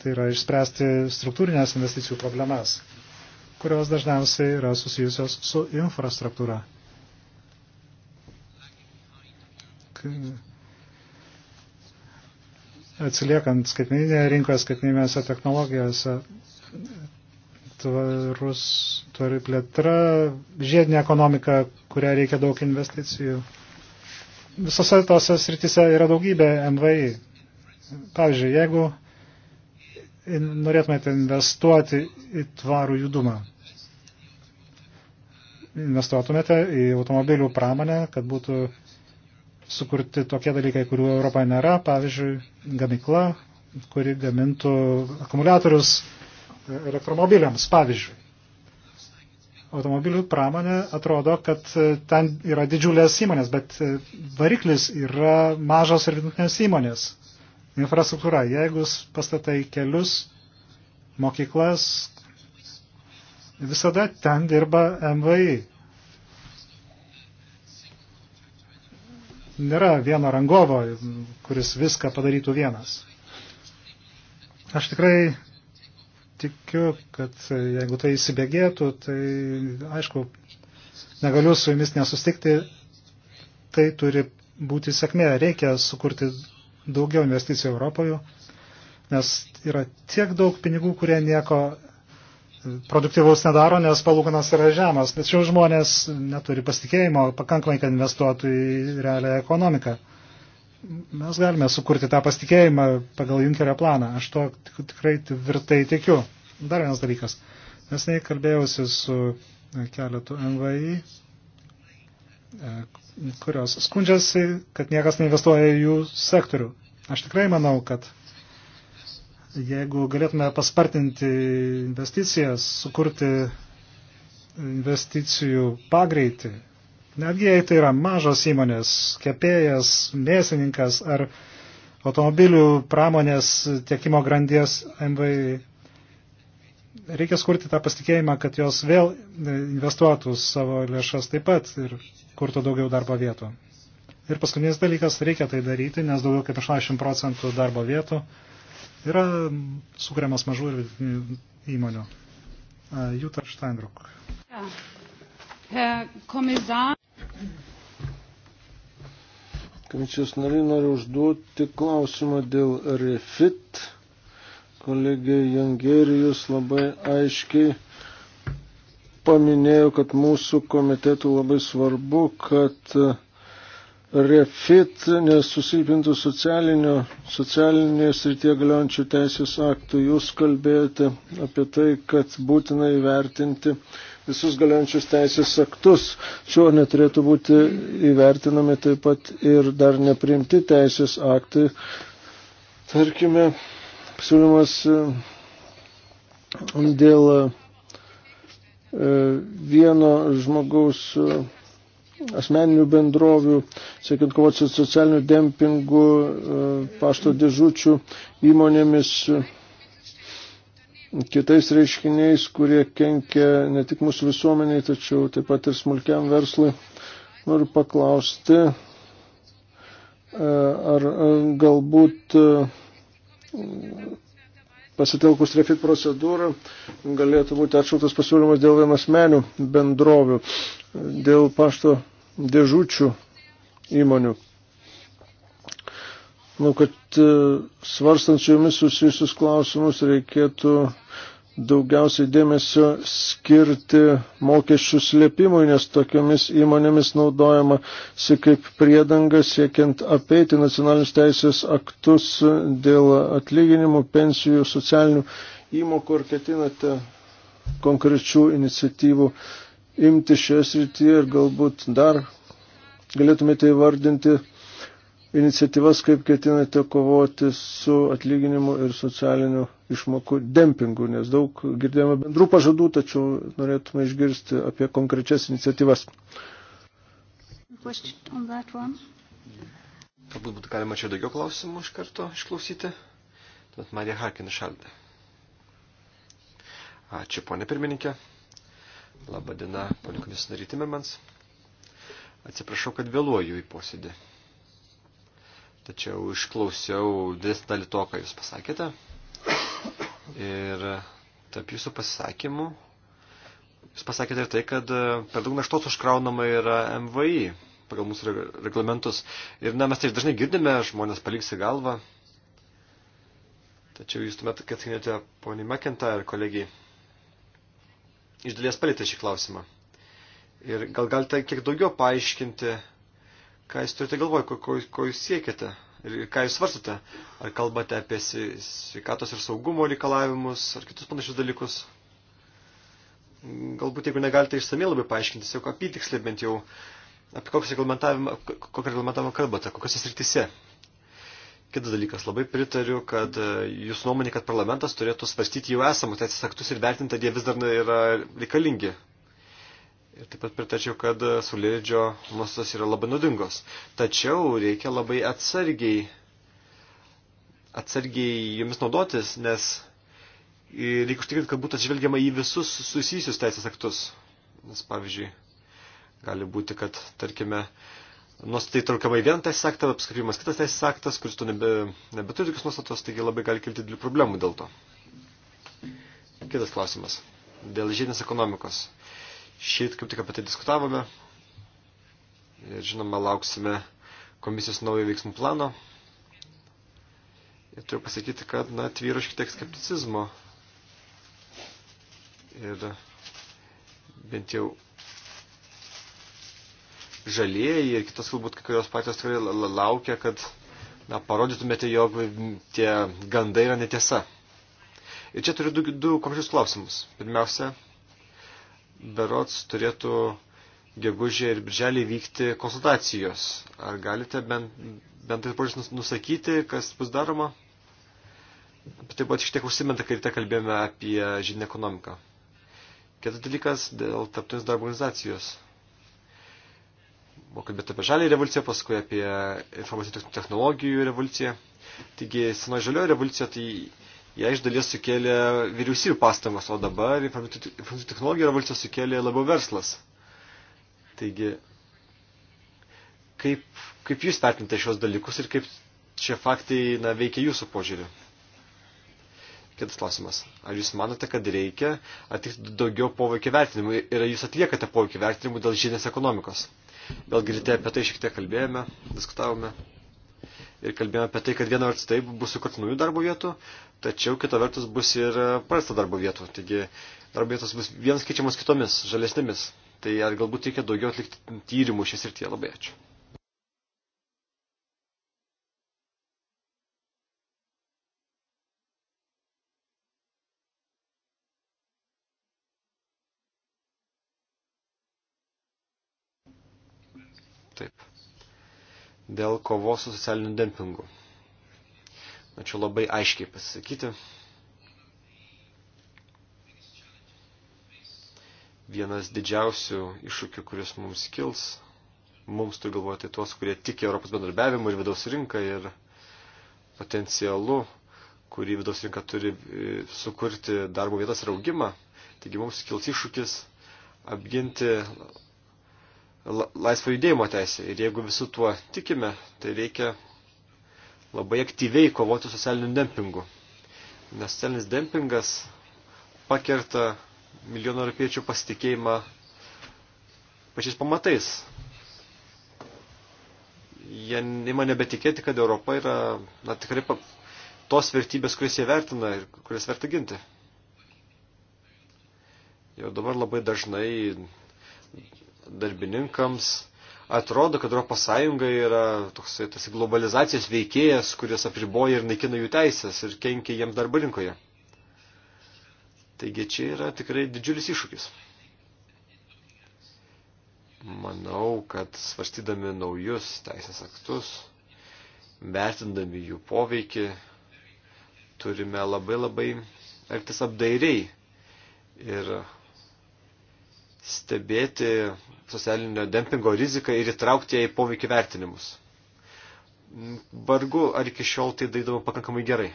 tai yra išspręsti struktūrinės investicijų problemas, kurios dažniausiai yra susijusios su infrastruktūra. Atsiliekant skaitmeninėje rinkoje, skaitmeninėse technologijose, tvarus, tvari plėtra, žiedinė ekonomika, kurią reikia daug investicijų. Visose tose srityse yra daugybė MVI. Pavyzdžiui, jeigu norėtumėte investuoti į tvarų judumą? Investuotumėte į automobilių pramonę, kad būtų sukurti tokie dalykai, kurių Europoje nėra, pavyzdžiui, gamykla, kuri gamintų akumuliatorius elektromobiliams, pavyzdžiui. Automobilių pramonė atrodo, kad ten yra didžiulės įmonės, bet variklis yra mažos ir vidutinės įmonės. Infrastruktūra. Jeigu pastatai kelius, mokyklas, visada ten dirba MVI. Nėra vieno rangovo, kuris viską padarytų vienas. Aš tikrai tikiu, kad jeigu tai įsibėgėtų, tai aišku, negaliu su jumis nesustikti, tai turi būti sėkmė. Reikia sukurti daugiau investicijų Europoje, nes yra tiek daug pinigų, kurie nieko produktyvaus nedaro, nes palūkanas yra žemas. Tačiau žmonės neturi pasitikėjimo pakankamai, kad investuotų į realią ekonomiką. Mes galime sukurti tą pasitikėjimą pagal Junkerio planą. Aš to tikrai tvirtai tikiu. Dar vienas dalykas. Nesnei kalbėjausi su keletu MVI, kurios skundžiasi, kad niekas neinvestuoja į jų sektorių. Aš tikrai manau, kad jeigu galėtume paspartinti investicijas, sukurti investicijų pagreitį, netgi jei tai yra mažos įmonės, kepėjas, mėsininkas ar automobilių pramonės tiekimo grandies MVI, reikia skurti tą pasitikėjimą, kad jos vėl e, investuotų savo lėšas taip pat ir kurtų daugiau darbo vietų. Ir paskutinis dalykas, reikia tai daryti, nes daugiau kaip 80 procentų darbo vietų yra sukuriamas mažų ir vidutinių įmonių. Jūta Steinbruk. Komisar. Komisijos nariai nori užduoti klausimą dėl refit kolegė Jangerijus labai aiškiai paminėjo, kad mūsų komitetų labai svarbu, kad refit nesusilpintų socialinėje srityje galiojančių teisės aktų. Jūs kalbėjote apie tai, kad būtina įvertinti visus galiojančius teisės aktus. Šiuo neturėtų būti įvertinami taip pat ir dar neprimti teisės aktai. Tarkime, Pasiūlymas e, dėl e, vieno žmogaus e, asmeninių bendrovių, siekiant kovoti su socialiniu dempingu, pašto dėžučių įmonėmis, kitais reiškiniais, kurie kenkia ne tik mūsų visuomeniai, tačiau taip pat ir smulkiam verslui. Noriu paklausti, ar galbūt pasitelkus refit procedūrą galėtų būti atšauktas pasiūlymas dėl vienasmenių bendrovių, dėl pašto dėžučių įmonių. Manau, kad e, svarstant su jumis susijusius klausimus reikėtų daugiausiai dėmesio skirti mokesčių slėpimui, nes tokiamis įmonėmis naudojama si kaip priedanga siekiant apeiti nacionalinius teisės aktus dėl atlyginimų, pensijų, socialinių įmokų ir ketinate konkrečių iniciatyvų imti šioje srityje ir galbūt dar galėtumėte įvardinti iniciatyvas, kaip ketinate kovoti su atlyginimu ir socialiniu išmokų dempingu, nes daug girdėjome bendrų pažadų, tačiau norėtume išgirsti apie konkrečias iniciatyvas. Galbūt būtų galima čia daugiau klausimų iš karto išklausyti. Tuomet Marija Harkin šaldė. Ačiū, ponė pirmininkė. Labadiena, ponė komisijos narytimėmans. Atsiprašau, kad vėluoju į posėdį. Tačiau išklausiau dėstalį to, ką jūs pasakėte. Ir tarp jūsų pasisakymų, jūs pasakėte ir tai, kad e, per daug naštos užkraunama yra MVI pagal mūsų reglamentus. Ir na, mes tai dažnai girdime, žmonės paliksi galvą. Tačiau jūs tuomet, kad skinėte poniai Makenta ir kolegijai, iš dalies palėtė šį klausimą. Ir gal galite kiek daugiau paaiškinti, ką jūs turite galvoje, ko, ko, ko jūs siekiate ir ką jūs svarstate. Ar kalbate apie sveikatos ir saugumo reikalavimus ar kitus panašius dalykus? Galbūt, jeigu negalite išsamiai labai paaiškinti, jau apytiksliai bent jau, apie kokią reglamentavimą, kokią reglamentavimą kalbate, kokiose srityse. Kitas dalykas, labai pritariu, kad e, jūs nuomonė, kad parlamentas turėtų svarstyti jau esamus teisės aktus ir vertinti, ar jie vis dar yra reikalingi. Ir taip pat pritačiau, kad saulėlydžio nuostatos yra labai nudingos. Tačiau reikia labai atsargiai, atsargiai jomis naudotis, nes reikia užtikrinti, kad būtų atsižvelgiama į visus susijusius teisės aktus. Nes pavyzdžiui, gali būti, kad, tarkime, nuostatai traukiama į vieną teisės aktą, apskripimas kitas teisės aktas, kuris to nebe, nebeturi tokios nuostatos, taigi labai gali kilti didelių problemų dėl to. Kitas klausimas. Dėl žiedinės ekonomikos Šit kaip tik apie tai diskutavome. Ir žinoma, lauksime komisijos naujo veiksmų plano. Ir turiu pasakyti, kad, na, tvyro šiek tiek skepticizmo. Ir bent jau žalieji ir kitos galbūt kai kurios patys tikrai laukia, kad na, parodytumėte, jog tie gandai yra netiesa. Ir čia turiu du, du konkrečius klausimus. Pirmiausia, berots turėtų gegužė ir birželį vykti konsultacijos. Ar galite bent, bent tais požiūrės nusakyti, kas bus daroma? Apie tai buvo šiek tiek užsiminta, kai ryte kalbėjome apie žinią ekonomiką. Kitas dalykas dėl tarptautinės darbo organizacijos. Buvo kalbėta apie žalį revoliuciją, paskui apie informacinių technologijų revoliuciją. Taigi, senoji žalioji revoliucija tai ją iš dalies sukėlė vyriausybių pastangos, o dabar informacinių technologijų revoliucija sukėlė labiau verslas. Taigi, kaip, kaip jūs vertinate šios dalykus ir kaip šie faktai na, veikia jūsų požiūrį? Kitas klausimas. Ar jūs manote, kad reikia atlikti daugiau poveikio vertinimų ir ar jūs atliekate poveikio vertinimų dėl žinės ekonomikos? Vėlgi ryte apie tai šiek tiek kalbėjome, diskutavome ir kalbėjome apie tai, kad viena vertus taip bus sukurti naujų darbo vietų, tačiau kita vertus bus ir e, prarasta darbo vietų. Taigi darbo vietos bus vienas keičiamas kitomis, žalesnėmis. Tai ar galbūt reikia daugiau atlikti tyrimų šis ir tie. Labai ačiū. dėl kovos su socialiniu dempingu. Ačiū labai aiškiai pasisakyti. Vienas didžiausių iššūkių, kuris mums kils, mums turi galvoti tuos, kurie tiki Europos bendarbiavimu ir vidaus rinką ir potencialu, kurį vidaus rinka turi e, sukurti darbo vietas ir augimą. Taigi mums kils iššūkis apginti laisvo judėjimo teisė. Ir jeigu visų tuo tikime, tai reikia labai aktyviai kovoti socialiniu dempingu. Nes socialinis dempingas pakerta milijono europiečių pasitikėjimą pačiais pamatais. Jie ima nebetikėti, kad Europa yra na, tikrai pa, tos vertybės, kurias jie vertina ir kurias verta ginti. Jau dabar labai dažnai darbininkams atrodo, kad Europos Sąjunga yra toksai tas globalizacijos veikėjas, kuris apriboja ir naikina jų teisės ir kenkia jiems darbo rinkoje. Taigi čia yra tikrai didžiulis iššūkis. Manau, kad svarstydami naujus teisės aktus, vertindami jų poveikį, turime labai labai elgtis apdairiai ir stebėti socialinio dempingo riziką ir įtraukti ją į poveikį vertinimus. Vargu, ar iki šiol tai darydavo pakankamai gerai.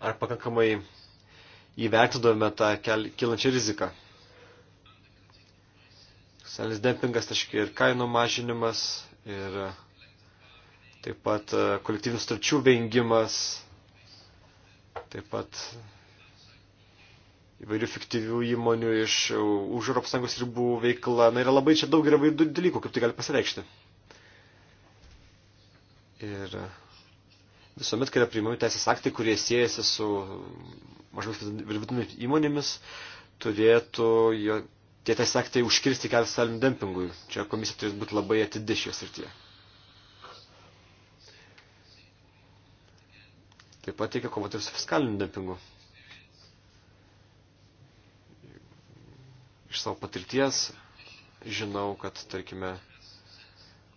Ar pakankamai įvertindavome tą kilančią riziką. Socialinis dempingas, taškai ir kainų mažinimas, ir taip pat e, kolektyvinių starčių vengimas, taip pat įvairių fiktyvių įmonių iš e, už Europos Sąjungos ribų veikla. Na, yra labai čia daug yra įvairių dalykų, kaip tai gali pasireikšti. Ir e, visuomet, kai yra priimami teisės aktai, kurie siejasi su mažomis ir vidutinėmis įmonėmis, turėtų jo, tie teisės aktai užkirsti kelią socialiniam dempingui. Čia komisija turėtų būti labai atidi šioje srityje. Taip pat reikia kovoti ir su fiskaliniu dempingu. iš savo patirties žinau, kad, tarkime,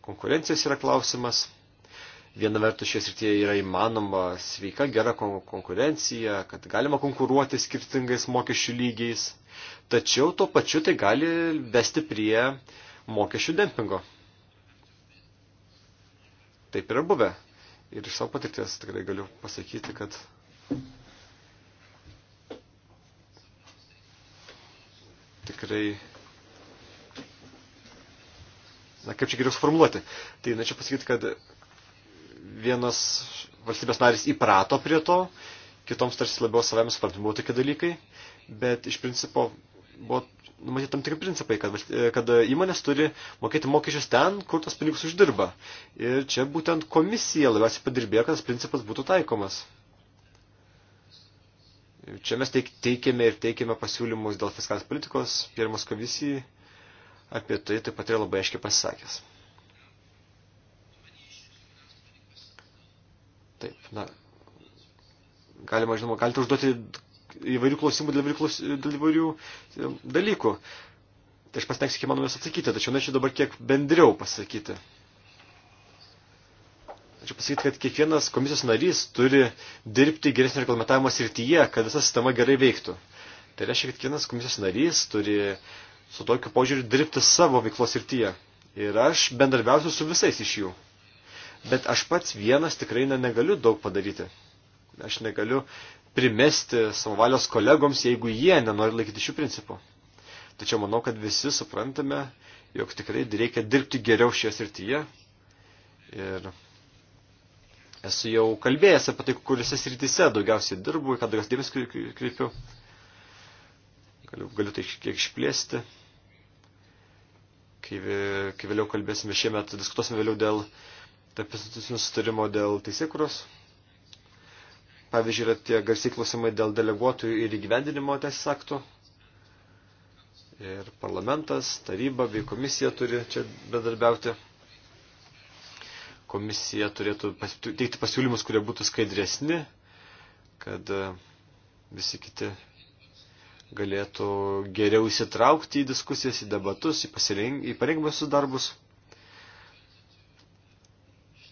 konkurencijos yra klausimas. Viena vertus šies rytyje yra įmanoma sveika, gera konkurencija, kad galima konkuruoti skirtingais mokesčių lygiais, tačiau tuo pačiu tai gali vesti prie mokesčių dempingo. Taip yra buvę. Ir iš savo patirties tikrai galiu pasakyti, kad tikrai. Na, kaip čia geriau suformuoluoti? Tai na, čia pasakyti, kad vienas valstybės narys įprato prie to, kitoms tarsi labiau savame suprantami buvo tokie dalykai, bet iš principo buvo numatyti tam tikri principai, kad, kad įmonės turi mokėti mokesčius ten, kur tas pinigus uždirba. Ir čia būtent komisija labiausiai padirbėjo, kad tas principas būtų taikomas. Čia mes teikėme ir teikėme pasiūlymus dėl fiskalinės politikos, pirmas komisijai apie tai taip pat yra labai aiškiai pasisakęs. Taip, na, galima, žinoma, galite užduoti įvairių klausimų dėl įvairių, klaus, dėl įvairių e, dalykų. Tai aš pasiteksiu, kiek manomės atsakyti, tačiau norėčiau dabar kiek bendriau pasakyti. Tačiau pasakyti, kad kiekvienas komisijos narys turi dirbti geresnio reglamentavimo srityje, kad visa sistema gerai veiktų. Tai reiškia, kad kiekvienas komisijos narys turi su tokiu požiūriu dirbti savo veiklos srityje. Ir aš bendarbiausiu su visais iš jų. Bet aš pats vienas tikrai ne, negaliu daug padaryti. Aš negaliu primesti savo valios kolegoms, jeigu jie nenori laikyti šių principų. Tačiau manau, kad visi suprantame, jog tikrai reikia dirbti geriau šioje srityje. Ir Esu jau kalbėjęs apie tai, kuriuose srityse daugiausiai dirbu, kad daugiausiai dėmesio kreipiu. Galiu, galiu tai kiek išplėsti. Kai, kai vėliau kalbėsime šiemet, diskutuosime vėliau dėl tarp institucinio sutarimo dėl teisėkuros. Pavyzdžiui, yra tie garsiai klausimai dėl deleguotojų ir įgyvendinimo teisės aktų. Ir parlamentas, taryba bei komisija turi čia bedarbiauti komisija turėtų teikti pasiūlymus, kurie būtų skaidresni, kad e, visi kiti galėtų geriau įsitraukti į diskusijas, į debatus, į, pasireng... į parengimusius darbus,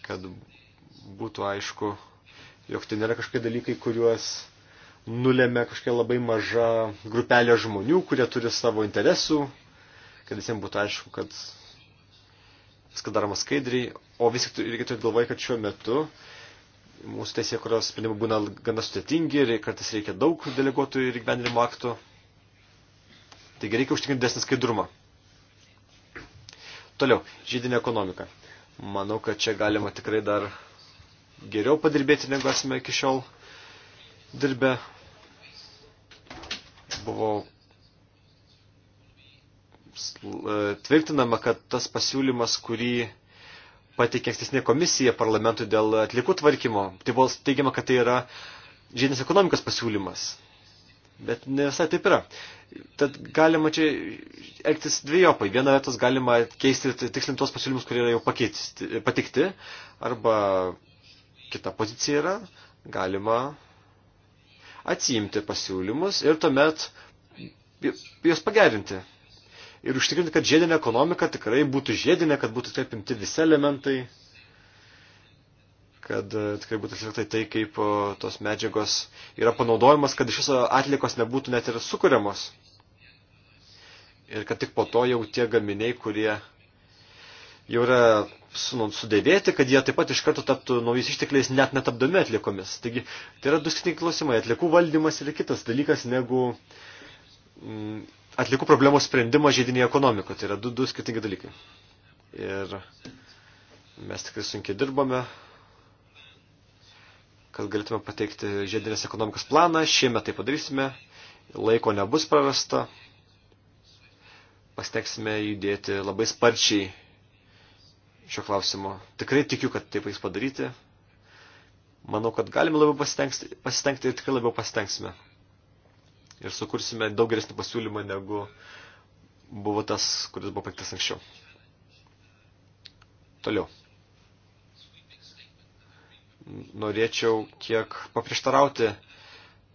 kad būtų aišku, jog tai nėra kažkokie dalykai, kuriuos nulėmė kažkokia labai maža grupelė žmonių, kurie turi savo interesų, kad visiems būtų aišku, kad viskas daroma skaidriai, o vis tik reikia turėti galvoje, kad šiuo metu mūsų teisė, kurios sprendimai būna gana sudėtingi ir kartais reikia daug deleguotų ir gyvenimo aktų. Taigi reikia užtikrinti desnį skaidrumą. Toliau, žydinė ekonomika. Manau, kad čia galima tikrai dar geriau padirbėti, negu esame iki šiol dirbę. Buvo tvirtinama, kad tas pasiūlymas, kurį pateikė ankstesnė komisija parlamentui dėl atlikų tvarkymo, tai buvo teigiama, kad tai yra žiedinės ekonomikos pasiūlymas. Bet ne visai taip yra. Tad galima čia elgtis dviejopai. Viena vertus galima keisti tikslinti tos pasiūlymus, kurie yra jau pakeisti, patikti, arba kita pozicija yra, galima atsiimti pasiūlymus ir tuomet juos pagerinti ir užtikrinti, kad žiedinė ekonomika tikrai būtų žiedinė, kad būtų tikrai apimti visi elementai, kad e, tikrai būtų atsižvelgta tai, kaip tos medžiagos yra panaudojamas, kad iš viso atlikos nebūtų net ir sukūriamos. Ir kad tik po to jau tie gaminiai, kurie jau yra nu, sudėvėti, kad jie taip pat iš karto taptų naujais ištekliais, net netapdami atlikomis. Taigi, tai yra du skirtingi klausimai. Atlikų valdymas yra kitas dalykas negu mm, atlikų problemos sprendimas žiedinėje ekonomikoje. Tai yra du, du skirtingi dalykai. Ir mes tikrai sunkiai dirbame, kad galėtume pateikti žiedinės ekonomikos planą. Šiemet tai padarysime. Laiko nebus prarasta. Pasteksime judėti labai sparčiai šio klausimo. Tikrai tikiu, kad tai pavyks padaryti. Manau, kad galime labiau pasitengti, pasitengti ir tikrai labiau pasitengsime ir sukursime daug geresnį pasiūlymą negu buvo tas, kuris buvo paiktas anksčiau. Toliau. Norėčiau kiek paprieštarauti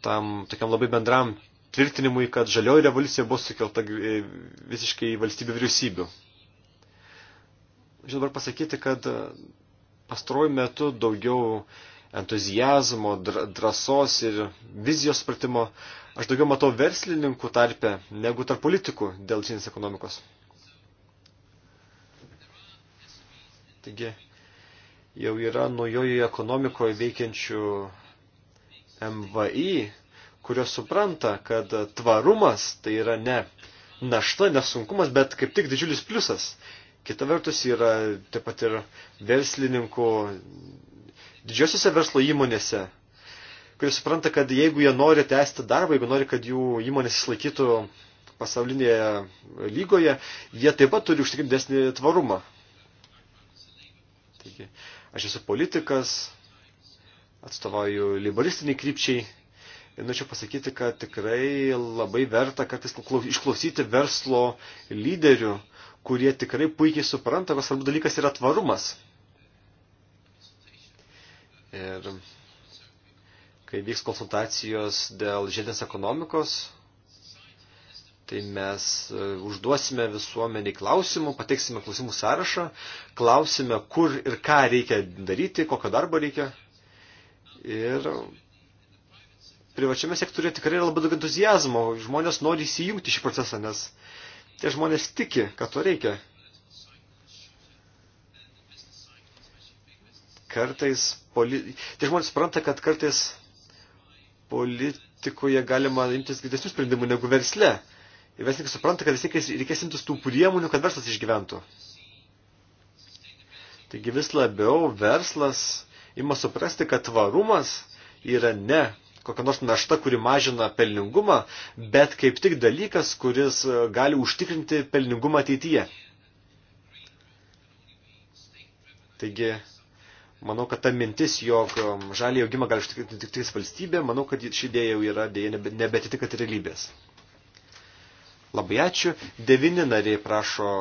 tam tokiam labai bendram tvirtinimui, kad žalioji revoliucija buvo sukelta e, visiškai valstybių vyriausybių. Žinau dabar pasakyti, kad e, pastaruoju metu daugiau entuzijazmo, drąsos ir vizijos supratimo. Aš daugiau matau verslininkų tarpe negu tarp politikų dėl žinės ekonomikos. Taigi, jau yra naujojoje ekonomikoje veikiančių MVI, kurios supranta, kad tvarumas tai yra ne našta, nesunkumas, bet kaip tik didžiulis pliusas. Kita vertus yra taip pat ir verslininkų didžiosiuose verslo įmonėse, kurie supranta, kad jeigu jie nori tęsti darbą, jeigu nori, kad jų įmonės išlaikytų pasaulinėje lygoje, jie taip pat turi užtikrinti desnį tvarumą. Taigi, aš esu politikas, atstovauju liberistiniai krypčiai ir norėčiau pasakyti, kad tikrai labai verta kartais išklausyti verslo lyderių, kurie tikrai puikiai supranta, kas svarbu dalykas yra tvarumas. Ir kai vyks konsultacijos dėl žiedinės ekonomikos, tai mes e, užduosime visuomenį klausimų, pateiksime klausimų sąrašą, klausime, kur ir ką reikia daryti, kokio darbo reikia. Ir privačiame sektoriuje tikrai yra labai daug entuzijazmo, žmonės nori įsijungti šį procesą, nes tie žmonės tiki, kad to reikia. kartais, poli... tie žmonės supranta, kad kartais politikoje galima imtis didesnių sprendimų negu versle. Ir verslininkai supranta, kad vis tiek reikės imtis tų priemonių, kad verslas išgyventų. Taigi vis labiau verslas ima suprasti, kad tvarumas yra ne kokia nors našta, kuri mažina pelningumą, bet kaip tik dalykas, kuris e, gali užtikrinti pelningumą ateityje. Taigi Manau, kad ta mintis, jog um, žalį augimą gali užtikrinti tik tais valstybė, manau, kad ši idėja jau yra dėja nebetitikat realybės. Labai ačiū. Devini nariai prašo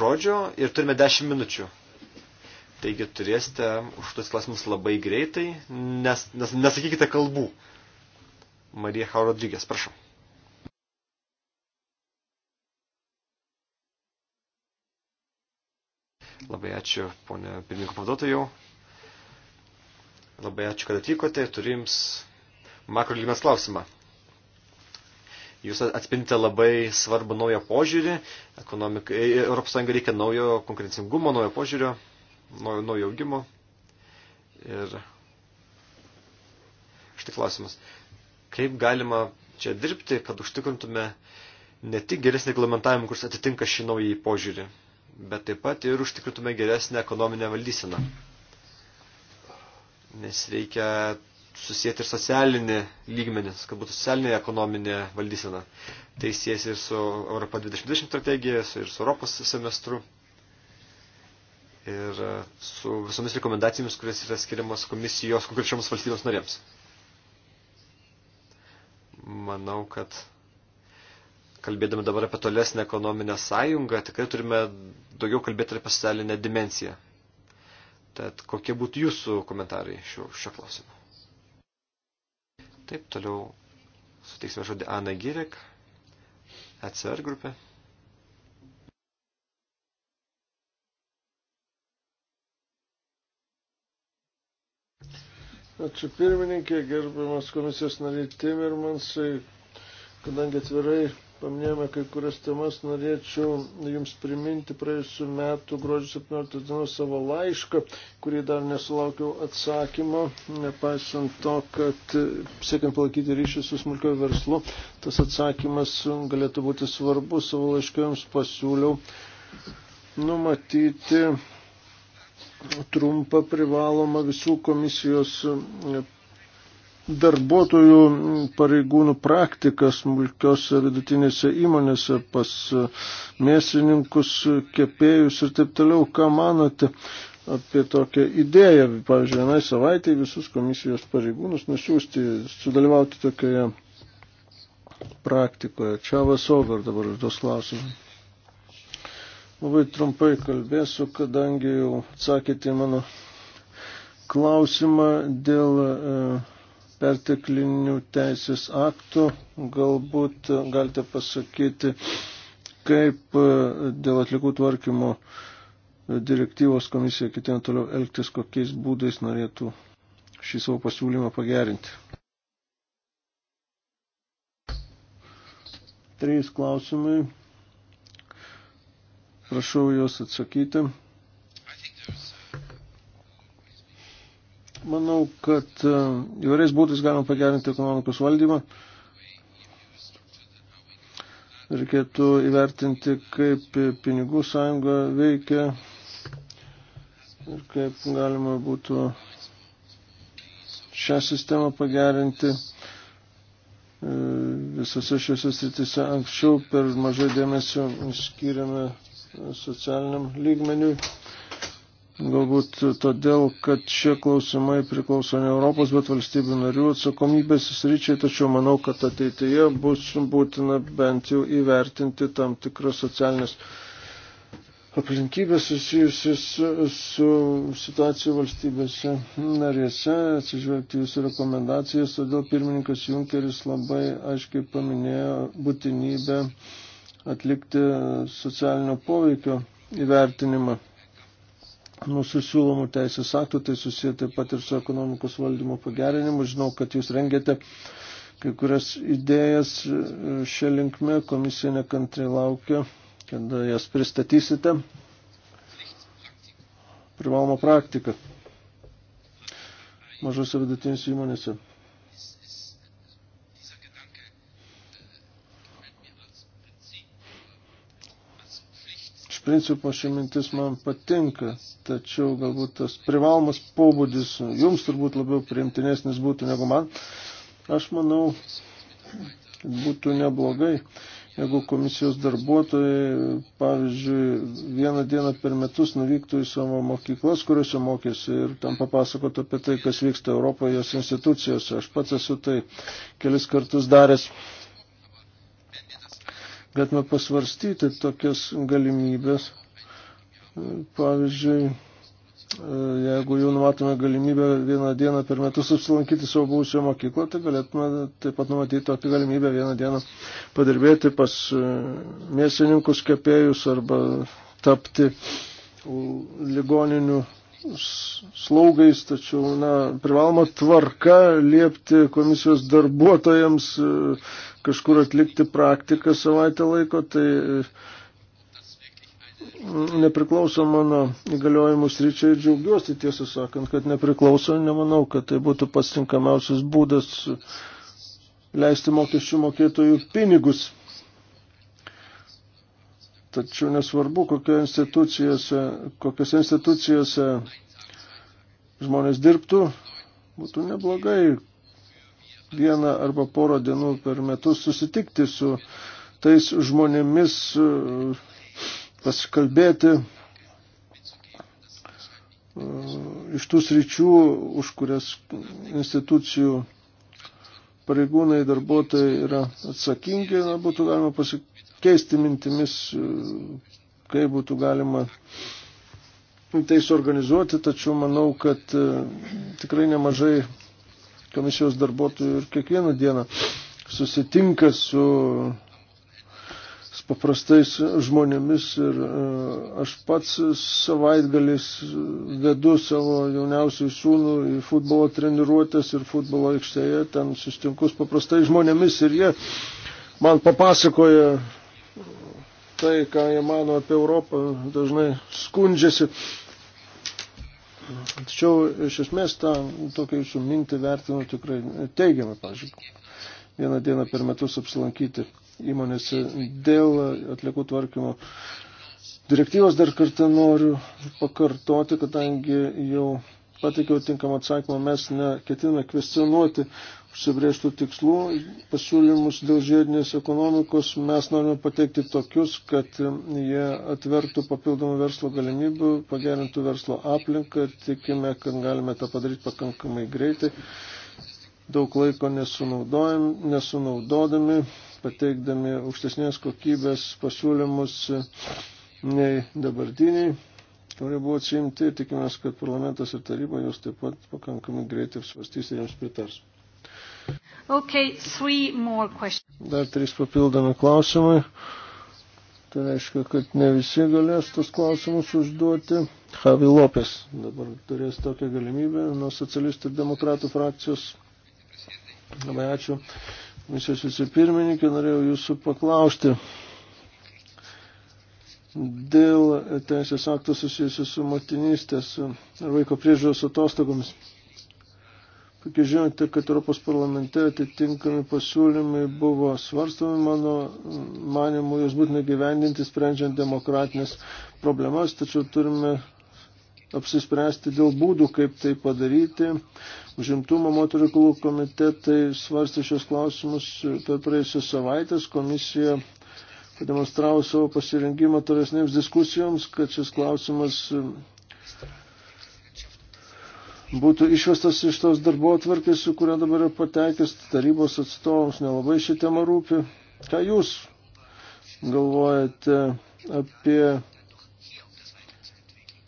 žodžio ir turime dešimt minučių. Taigi turėsite už tuos klausimus labai greitai, nes, nes, nesakykite kalbų. Marija Haurodžygės, prašau. Labai ačiū, ponė pirmininko pavaduotojau. Labai ačiū, kad atvykote ir turiu Jums makro lygmens klausimą. Jūs atspindite labai svarbų naują požiūrį. E, e, Europos Sąjunga reikia naujo konkurencingumo, naujo požiūrio, naujo, naujo augimo. Ir štai klausimas. Kaip galima čia dirbti, kad užtikrintume ne tik geresnį reglamentavimą, kuris atitinka šį naują požiūrį, bet taip pat ir užtikrintume geresnę ekonominę valdyseną. Nes reikia susijęti ir socialinį lygmenį, kad būtų socialinė ekonominė valdysena. Tai siejasi ir su Europa 2020 strategija, ir su Europos semestru, ir e, su visomis rekomendacijomis, kurias yra skiriamas komisijos konkrečioms valstybėms narėms. Manau, kad kalbėdami dabar apie tolesnę ekonominę sąjungą, tikrai turime daugiau kalbėti apie socialinę dimenciją. Tad kokie būtų jūsų komentarai šio, šio klausimu? Taip, toliau suteiksime žodį Ana Girek, ECR grupė. Ačiū pirmininkė, gerbiamas komisijos nariai Timirmansai, kadangi atvirai paminėjome kai kurias temas, norėčiau Jums priminti praėjusiu metu gruodžio 17 dienos savo laišką, kurį dar nesulaukiau atsakymo, nepaisant to, kad siekiant palaikyti ryšį su smulkiu verslu, tas atsakymas galėtų būti svarbus, savo laišką Jums pasiūliau numatyti trumpą privalomą visų komisijos darbuotojų pareigūnų praktika smulkiose vidutinėse įmonėse pas mėsininkus, kepėjus ir taip toliau. Ką manote apie tokią idėją, pavyzdžiui, vienai savaitėje visus komisijos pareigūnus nusiųsti, sudalyvauti tokioje praktikoje. Čia vasovar dabar tos klausimus. Labai trumpai kalbėsiu, kadangi jau atsakėte mano klausimą dėl e, perteklinių teisės aktų. Galbūt galite pasakyti, kaip e, dėl atlikų tvarkymo e, direktyvos komisija kitien toliau elgtis, kokiais būdais norėtų šį savo pasiūlymą pagerinti. Trys klausimai. Prašau juos atsakyti. Manau, kad e, įvairiais būdais galima pagerinti ekonomikos valdymą. Reikėtų įvertinti, kaip pinigų sąjunga veikia ir kaip galima būtų šią sistemą pagerinti e, visose šiose sritise. Anksčiau per mažai dėmesio skiriame socialiniam lygmeniui galbūt todėl, kad šie klausimai priklauso ne Europos, bet valstybių narių atsakomybės sričiai, tačiau manau, kad ateityje bus būtina bent jau įvertinti tam tikras socialinės aplinkybės susijusius su situacija valstybėse narėse, atsižvelgti jūsų rekomendacijas, todėl pirmininkas Junkeris labai aiškiai paminėjo būtinybę atlikti socialinio poveikio įvertinimą mūsų siūlomų teisės aktų, tai susiję taip pat ir su ekonomikos valdymo pagerinimu. Žinau, kad jūs rengiate kai kurias idėjas e, šią linkmę, komisija nekantrai laukia, kada jas pristatysite. Privaloma praktika mažose vidutinėse įmonėse. principo ši mintis man patinka, tačiau galbūt tas privalomas pobūdis jums turbūt labiau priimtinesnis būtų negu man. Aš manau, būtų neblogai, jeigu komisijos darbuotojai, pavyzdžiui, vieną dieną per metus nuvyktų į savo mokyklas, kuriuose mokėsi ir tam papasakotų apie tai, kas vyksta Europoje, jos institucijose. Aš pats esu tai kelis kartus daręs galėtume pasvarstyti tokias galimybės. Pavyzdžiui, jeigu jau numatome galimybę vieną dieną per metus apsilankyti savo buvusią mokyklą, tai galėtume taip pat numatyti tokią galimybę vieną dieną padirbėti pas e, mėsininkus kepėjus arba tapti ligoninių slaugais, tačiau na, privaloma tvarka liepti komisijos darbuotojams e, kažkur atlikti praktiką savaitę laiko, tai mm, nepriklauso mano įgaliojimų sryčiai ir džiaugiuosi tiesą sakant, kad nepriklauso, nemanau, kad tai būtų pastinkamiausias būdas leisti mokesčių mokėtojų pinigus. Tačiau nesvarbu, kokiose institucijose, kokiose institucijose žmonės dirbtų, būtų neblogai vieną arba porą dienų per metus susitikti su tais žmonėmis, pasikalbėti iš tų sričių, už kurias institucijų pareigūnai, darbuotojai yra atsakingi, na, būtų galima pasikeisti mintimis, kaip būtų galima tai suorganizuoti, tačiau manau, kad e, tikrai nemažai komisijos darbuotojų ir kiekvieną dieną susitinka su paprastais žmonėmis ir e, aš pats savaitgalis vedu savo jauniausių sūnų į futbolo treniruotės ir futbolo aikštėje, ten sustinku su paprastais žmonėmis ir jie man papasakoja tai, ką jie mano apie Europą, dažnai skundžiasi Tačiau iš esmės tą tokią jūsų mintį vertinu tikrai teigiamai, pažiūrėjau, vieną dieną per metus apsilankyti įmonėse dėl atliekų tvarkymo. Direktyvos dar kartą noriu pakartoti, kadangi jau pateikiau tinkamą atsakymą, mes neketiname kvestionuoti užsibrėžtų tikslų, pasiūlymus dėl žiedinės ekonomikos mes norime pateikti tokius, kad jie atvertų papildomų verslo galimybių, pagerintų verslo aplinką ir tikime, kad galime tą padaryti pakankamai greitai, daug laiko nesunaudodami, pateikdami aukštesnės kokybės pasiūlymus nei dabartiniai kurie buvo atsiimti ir tikimės, kad parlamentas ir taryba jūs taip pat pakankamai greitai apsvastys ir jums pritars. Okay, Dar trys papildomi klausimai. Tai reiškia, kad ne visi galės tos klausimus užduoti. Javi Lopes dabar turės tokią galimybę nuo socialistų ir demokratų frakcijos. Labai ačiū. Misijos vicepirmininkė, norėjau jūsų paklausti dėl teisės aktų susijusių su motinystės ar vaiko priežiūros atostogomis. Kaip žinote, kad Europos parlamente atitinkami pasiūlymai buvo svarstomi, mano manimu, jos būtina gyvendinti, sprendžiant demokratinės problemas, tačiau turime apsispręsti dėl būdų, kaip tai padaryti. Užimtumo moterų reikalų komitetai svarstė šios klausimus per praėjusios savaitės. Komisija pademonstravo savo pasirengimą tolesnėms diskusijoms, kad šis klausimas būtų išvestas iš tos darbo atvarkės, su kuria dabar yra patekęs tarybos atstovams, nelabai ši tema rūpi. Ką jūs galvojate apie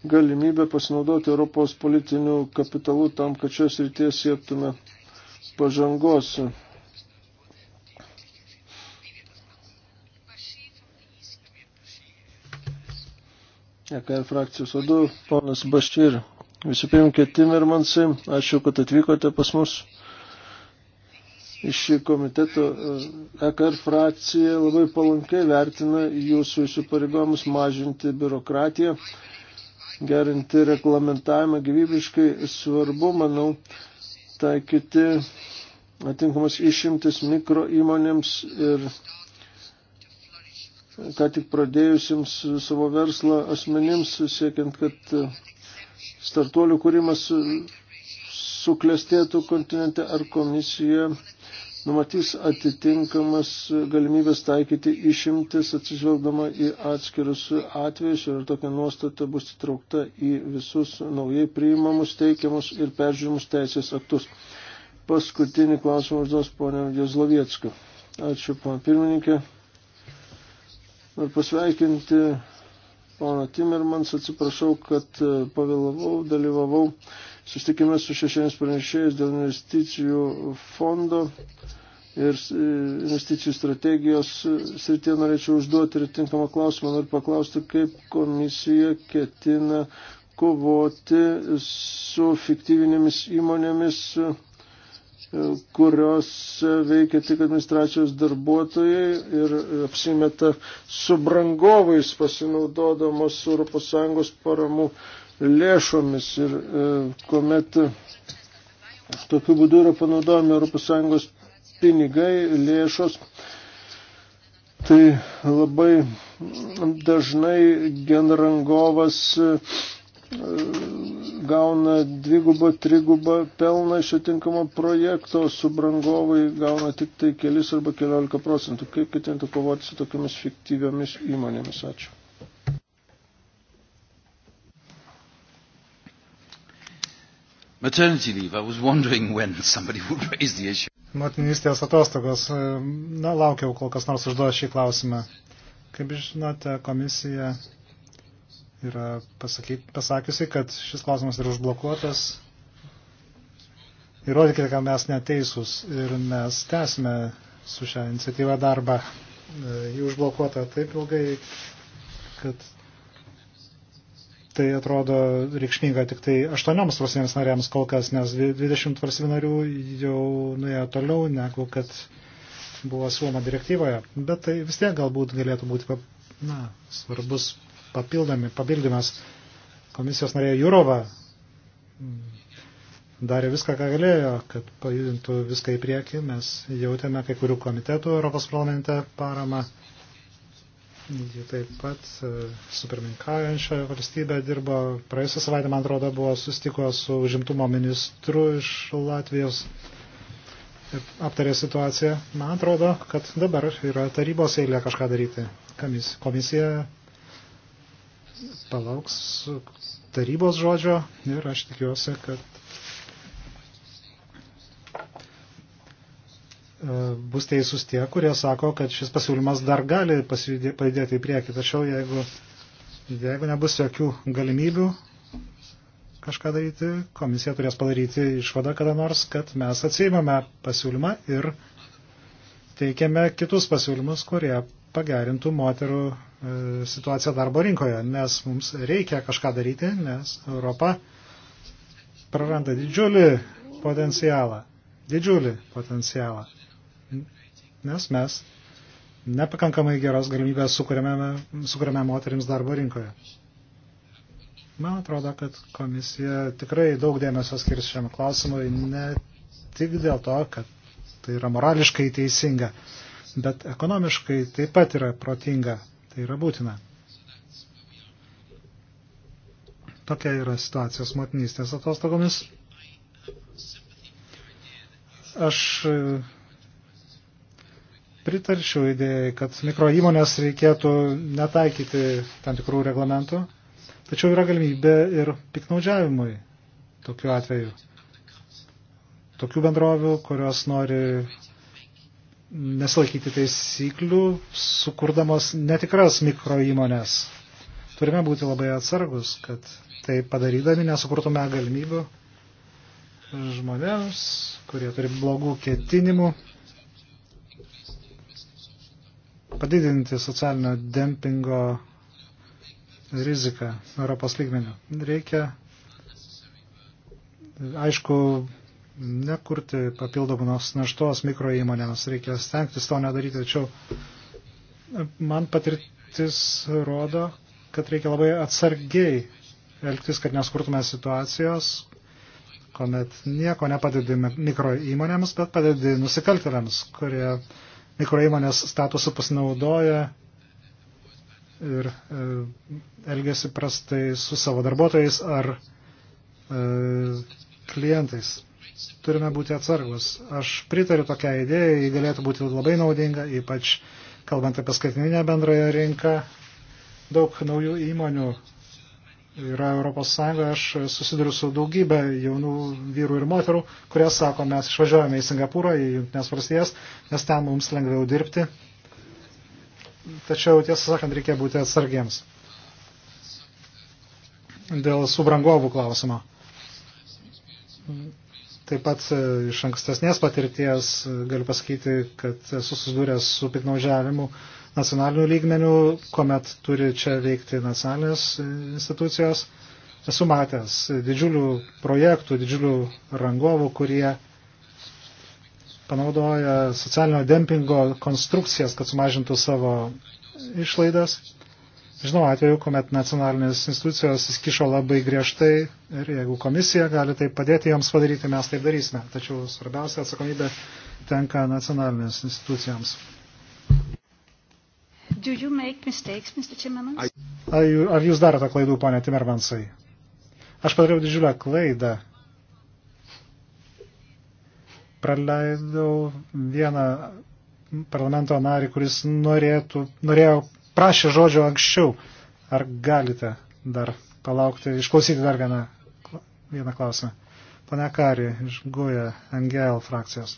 galimybę pasinaudoti Europos politinių kapitalų tam, kad šios ryties siektume pažangos? EKR frakcijos vadu, ponas Bašir. Visų pirmkė Timermansai, ačiū, kad atvykote pas mus. Iš komiteto EKR e frakcija labai palankai vertina jūsų įsipareigojimus mažinti biurokratiją, gerinti reglamentavimą gyvybiškai svarbu, manau, taikyti atinkamas išimtis mikro įmonėms ir ką tik pradėjusiems savo verslą asmenims, siekiant, kad startuolių kūrimas suklestėtų kontinente, ar komisija numatys atitinkamas galimybės taikyti išimtis atsižvelgdama į atskirus atvejus ir tokia nuostata bus įtraukta į visus naujai priimamus, teikiamus ir peržiūrimus teisės aktus. Paskutinį klausimą užduos ponė Jezlovietska. Ačiū, pan pirmininkė. Noriu pasveikinti pono Timermans, atsiprašau, kad e, pavėlavau, dalyvavau susitikime su šešiais pranešėjais dėl investicijų fondo ir e, investicijų strategijos e, srityje norėčiau užduoti ir tinkamą klausimą. Noriu paklausti, kaip komisija ketina kovoti su fiktyvinėmis įmonėmis kurios veikia tik administracijos darbuotojai ir apsimeta subrangovais pasinaudodamos ES paramų lėšomis ir e, kuomet tokiu būdu yra panaudojami ES pinigai, lėšos, tai labai dažnai genrangovas gauna dvigubą, trigubą pelną iš atinkamo projekto, subrangovai gauna tik tai kelis arba keliolika procentų. Kaip ketintų kovoti su tokiamis fiktyviomis įmonėmis? Ačiū. Maternity leave. I was wondering when somebody would raise the issue. Motinystės atostogos. Na, laukiau, kol kas nors užduos šį klausimą. Kaip žinote, komisija yra pasakyt, pasakiusi, kad šis klausimas yra užblokuotas. Įrodykite, kad mes neteisūs ir mes tęsime su šią iniciatyvą darbą. E, ji užblokuota taip ilgai, kad tai atrodo reikšminga tik tai 8 valstybėms narėms kol kas, nes 20 valstybių narių jau nuėjo toliau negu kad buvo siūloma direktyvoje. Bet tai vis tiek galbūt galėtų būti na, svarbus papildami, papildymas. Komisijos narė Jurova darė viską, ką galėjo, kad pajudintų viską į priekį. Mes jautėme kai kurių komitetų Europos parlamente paramą. Ji taip pat e, su pirmininkaujančia valstybė dirbo. Praėjusią savaitę, man atrodo, buvo sustiko su užimtumo ministru iš Latvijos ir aptarė situaciją. Man atrodo, kad dabar yra tarybos eilė kažką daryti. Komisija palauks tarybos žodžio ir aš tikiuosi, kad e, bus teisus tie, kurie sako, kad šis pasiūlymas dar gali pajudėti į priekį. Tačiau jeigu, jeigu nebus jokių galimybių kažką daryti, komisija turės padaryti išvadą kada nors, kad mes atsiimame pasiūlymą ir teikiame kitus pasiūlymus, kurie pagerintų moterų E, situaciją darbo rinkoje, nes mums reikia kažką daryti, nes Europa praranda didžiulį potencialą. Didžiulį potencialą. Nes mes nepakankamai geros galimybės sukūrėme moteriams darbo rinkoje. Man atrodo, kad komisija tikrai daug dėmesio skirs šiam klausimui, ne tik dėl to, kad tai yra morališkai teisinga, bet ekonomiškai taip pat yra protinga Tai yra būtina. Tokia yra situacijos motinystės atostogomis. Aš e, pritarčiau idėjai, kad mikro įmonės reikėtų netaikyti tam tikrų reglamentų, tačiau yra galimybė ir piknaudžiavimui tokiu atveju. Tokių bendrovių, kurios nori nesilaikyti taisyklių, sukurdamos netikras mikro įmonės. Turime būti labai atsargus, kad tai padarydami nesukurtume galimybių žmonėms, kurie turi blogų ketinimų padidinti socialinio dempingo riziką Europos lygmeniu. Reikia, aišku, nekurti papildomos naštos mikro įmonėms, reikia stengtis to nedaryti, tačiau e, man patirtis rodo, kad reikia labai atsargiai elgtis, kad neskurtume situacijos, kuomet nieko nepadedi mikro įmonėms, bet padedi nusikaltėliams, kurie mikro įmonės statusu pasinaudoja ir e, elgesi prastai su savo darbuotojais ar e, klientais turime būti atsargus. Aš pritariu tokia idėja, ji galėtų būti labai naudinga, ypač kalbant apie skaitmininę bendrąją rinką. Daug naujų įmonių yra Europos Sąjungoje, aš susiduriu su daugybė jaunų vyrų ir moterų, kurie sako, mes išvažiuojame į Singapūrą, į Junktinės valstijas, nes ten mums lengviau dirbti. Tačiau, tiesą sakant, reikia būti atsargiems. Dėl subrangovų klausimo. Taip pat e, iš ankstesnės patirties e, galiu pasakyti, kad esu susidūręs su piknaudžiavimu nacionaliniu lygmeniu, kuomet turi čia veikti nacionalinės e, institucijos. Esu matęs didžiulių projektų, didžiulių rangovų, kurie panaudoja socialinio dempingo konstrukcijas, kad sumažintų savo išlaidas. Žinau atveju, kuomet nacionalinės institucijos įskišo labai griežtai ir jeigu komisija gali tai padėti joms padaryti, mes tai darysime. Tačiau svarbiausia atsakomybė tenka nacionalinės institucijoms. Mistakes, Ar jūs darote klaidų, ponė Timermansai? Aš padariau didžiulę klaidą. Praleidau vieną parlamento narį, kuris norėtų, norėjo prašė žodžio anksčiau. Ar galite dar palaukti, išklausyti dar vieną, vieną klausimą? Pane Kari, iš Guja, NGL frakcijos.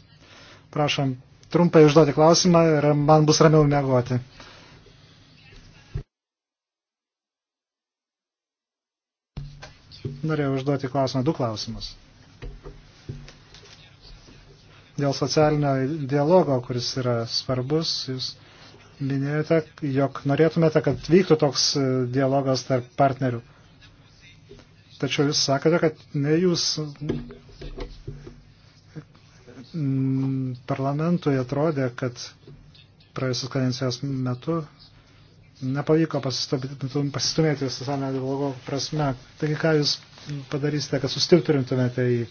Prašom trumpai užduoti klausimą ir man bus ramiau mėgoti. Norėjau užduoti klausimą, du klausimus. Dėl socialinio dialogo, kuris yra svarbus, jūs minėjote, jog norėtumėte, kad vyktų toks e, dialogas tarp partnerių. Tačiau jūs sakėte, kad ne jūs parlamentui atrodė, kad praėjusios kadencijos metu nepavyko pasistumėti socialinio dialogo prasme. Taigi, ką jūs padarysite, kad sustilturintumėte į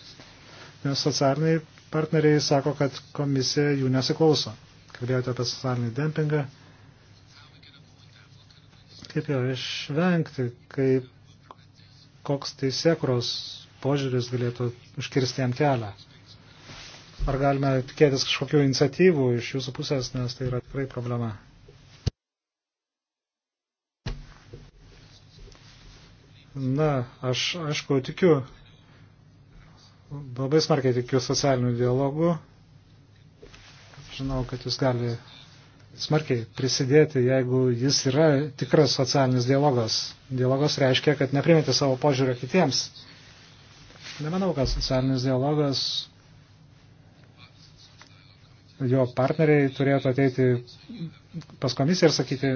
socialiniai partneriai sako, kad komisija jų nesiklauso kalbėjote apie socialinį dempingą. Kaip jo išvengti, kaip koks teisėkros požiūris galėtų užkirsti jam kelią? Ar galime tikėtis kažkokių iniciatyvų iš jūsų pusės, nes tai yra tikrai problema? Na, aš aišku tikiu, labai smarkiai tikiu socialiniu dialogu Žinau, kad jis gali smarkiai prisidėti, jeigu jis yra tikras socialinis dialogas. Dialogas reiškia, kad neprimėti savo požiūrio kitiems. Nemanau, kad socialinis dialogas, jo partneriai turėtų ateiti pas komisiją ir sakyti,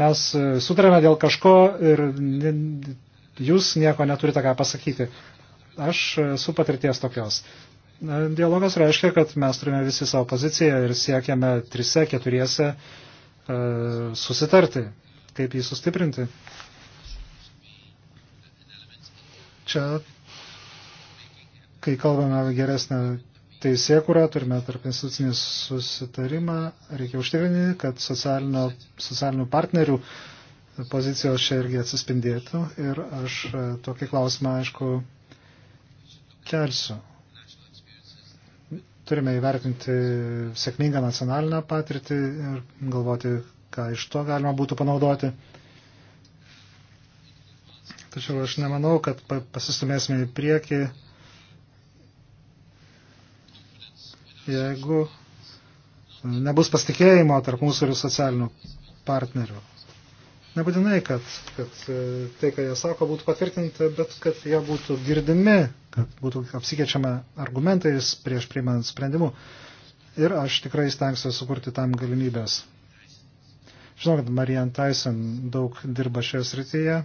mes e, sutarėme dėl kažko ir jūs nieko neturite ką pasakyti. Aš e, su patirties tokios. Dialogas reiškia, kad mes turime visi savo poziciją ir siekiame trise, keturiese e, susitarti, kaip jį sustiprinti. Čia, kai kalbame geresnę teisėkurą, turime tarp institucinį susitarimą, reikia užtikrinti, kad socialinių partnerių pozicijos čia irgi atsispindėtų ir aš e, tokį klausimą, aišku, kelsiu turime įvertinti sėkmingą nacionalinę patirtį ir galvoti, ką iš to galima būtų panaudoti. Tačiau aš nemanau, kad pasistumėsime į priekį, jeigu nebus pasitikėjimo tarp mūsų ir socialinių partnerių. Nebūtinai, kad, kad e, tai, ką jie sako, būtų patvirtinta, bet kad jie būtų girdimi kad būtų apsikeičiama argumentais prieš priimant sprendimų. Ir aš tikrai stengsiuosi sukurti tam galimybės. Žinau, kad Marian Tyson daug dirba šioje srityje.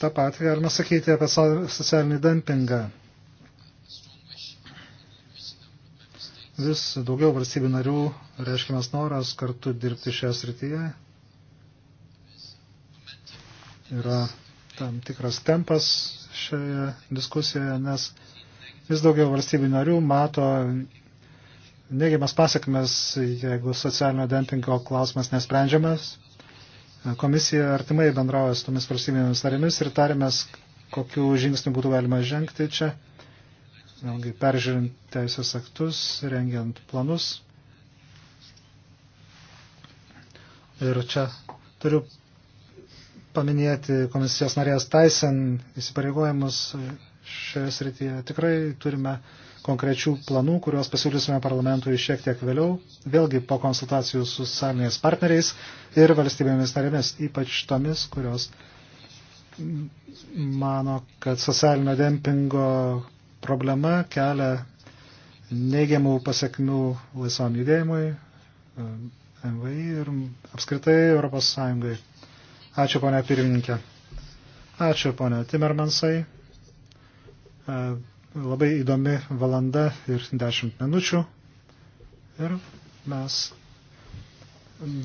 Ta pat galima sakyti apie socialinį dumpingą. Vis daugiau valstybių narių reiškiamas noras kartu dirbti šioje srityje. Yra tam tikras tempas, šioje diskusijoje, nes vis daugiau valstybių narių mato neigiamas pasiekmes, jeigu socialinio dempingo klausimas nesprendžiamas. Komisija artimai bendrauja su tomis valstybėmis narėmis ir tarėmės, kokiu žingsniu būtų galima žengti čia, vėlgi peržiūrint teisės aktus, rengiant planus. Ir čia turiu paminėti komisijos narės Tyson įsipareigojimus šioje srityje. Tikrai turime konkrečių planų, kuriuos pasiūlysime parlamentui šiek tiek vėliau, vėlgi po konsultacijų su socialiniais partneriais ir valstybėmis narėmis, ypač tomis, kurios mano, kad socialinio dempingo problema kelia neigiamų pasiekmių laisvam judėjimui, MVI ir apskritai ES. Ačiū, ponia pirmininkė. Ačiū, ponia Timermansai. E, labai įdomi valanda ir dešimt minučių. Ir mes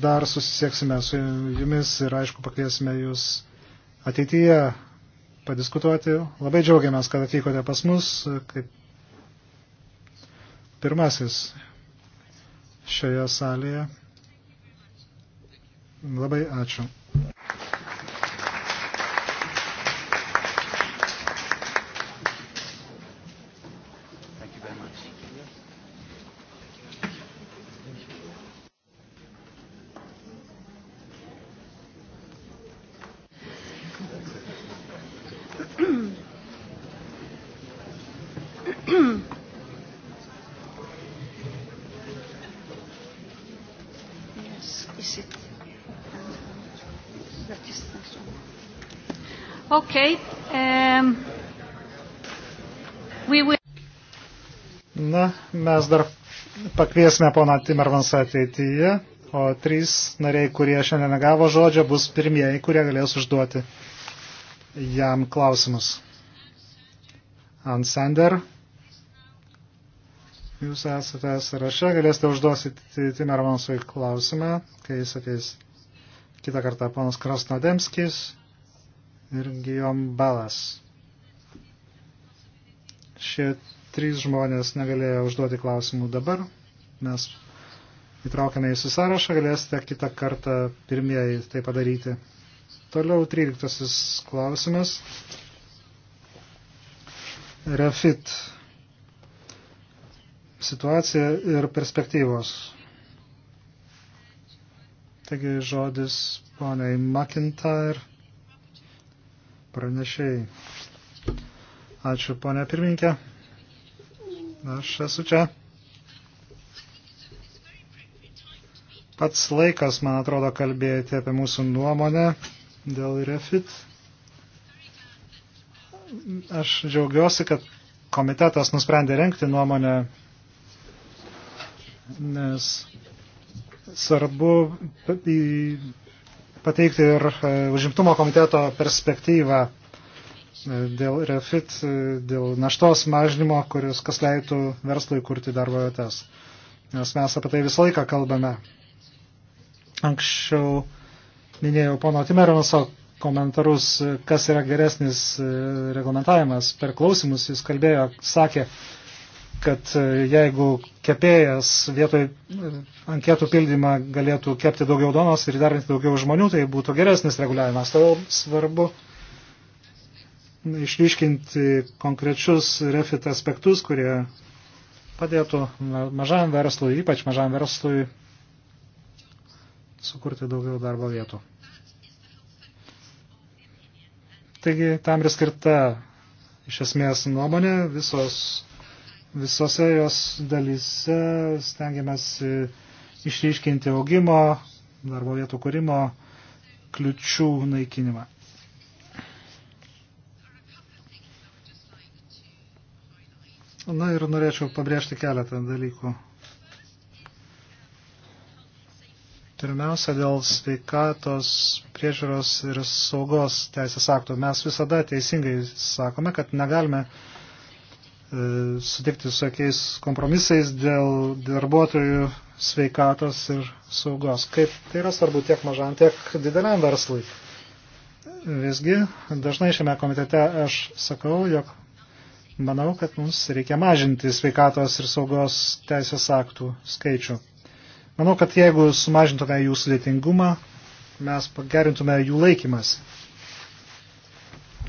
dar susisieksime su jumis ir aišku pakviesime jūs ateityje padiskutuoti. Labai džiaugiamės, kad atvykote pas mus kaip pirmasis šioje salėje. Labai ačiū. yes, is it? Uh, that is the next one. Okay. Um, we will... Na, mes dar pakviesime poną Timervansą ateityje, o trys nariai, kurie šiandien negavo žodžio, bus pirmieji, kurie galės užduoti jam klausimus. Ansander. Sander. Jūs esate sąraše, galėsite užduosyti Timermansui klausimą, kai jis ateis kitą kartą panas Krasnodemskis ir Gijom Balas. Šie trys žmonės negalėjo užduoti klausimų dabar, mes įtraukiame į sąrašą, galėsite kitą kartą pirmieji tai padaryti. Toliau 13 klausimas. Refit situacija ir perspektyvos. Taigi žodis poniai McIntyre pranešėjai. Ačiū, ponia pirminkė. Aš esu čia. Pats laikas, man atrodo, kalbėti apie mūsų nuomonę dėl refit. Aš džiaugiuosi, kad komitetas nusprendė renkti nuomonę nes svarbu pateikti ir e, užimtumo komiteto perspektyvą e, dėl refit, e, dėl naštos mažinimo, kuris kas leitų verslui kurti darbo vietas. Nes mes apie tai visą laiką kalbame. Anksčiau minėjau pono Timermanso komentarus, kas yra geresnis reglamentavimas. Per klausimus jis kalbėjo, sakė, kad jeigu kepėjas vietoj e, anketų pildymą galėtų kepti daugiau donos ir įdarbinti daugiau žmonių, tai būtų geresnis reguliavimas. Todėl svarbu išryškinti konkrečius refit aspektus, kurie padėtų mažam verslui, ypač mažam verslui, sukurti daugiau darbo vietų. Taigi tam ir skirta iš esmės nuomonė, visos visose jos dalyse stengiamės e, išryškinti augimo, darbo vietų kūrimo, kliučių naikinimą. Na ir norėčiau pabrėžti keletą dalykų. Pirmiausia, dėl sveikatos priežiūros ir saugos teisės aktų. Mes visada teisingai sakome, kad negalime uh, E, sutikti su tokiais kompromisais dėl darbuotojų sveikatos ir saugos. Kaip tai yra svarbu tiek mažam, tiek dideliam verslui. Visgi dažnai šiame komitete aš sakau, jog manau, kad mums reikia mažinti sveikatos ir saugos teisės aktų skaičių. Manau, kad jeigu sumažintume jų sudėtingumą, mes pagerintume jų laikymas.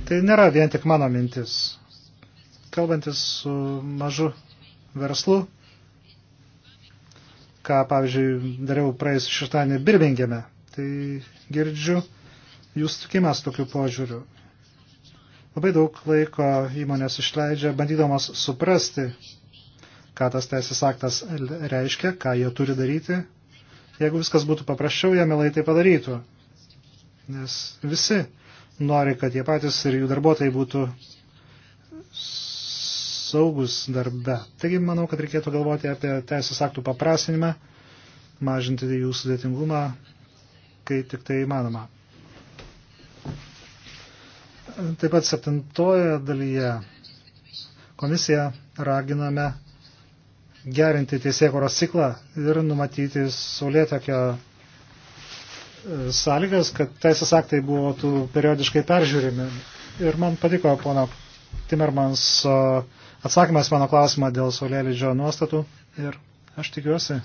Tai nėra vien tik mano mintis Kalbantis su mažu verslu, ką, pavyzdžiui, dariau praėjusį šeštadienį Birmingeme, tai girdžiu jų sutikimas tokiu požiūriu. Labai daug laiko įmonės išleidžia, bandydamos suprasti, ką tas teisės aktas reiškia, ką jie turi daryti. Jeigu viskas būtų paprasčiau, jie mielai tai padarytų. Nes visi nori, kad jie patys ir jų darbuotojai būtų saugus darbe. Taigi manau, kad reikėtų galvoti apie teisės aktų paprasinimą, mažinti jų sudėtingumą, kai tik tai įmanoma. Taip pat septintoje dalyje komisiją raginame gerinti teisėkoros ciklą ir numatyti saulėtekio e, sąlygas, kad teisės aktai būtų periodiškai peržiūrimi. Ir man patiko pono Timmermans e, atsakymas mano klausimą dėl saulėlydžio nuostatų ir aš tikiuosi,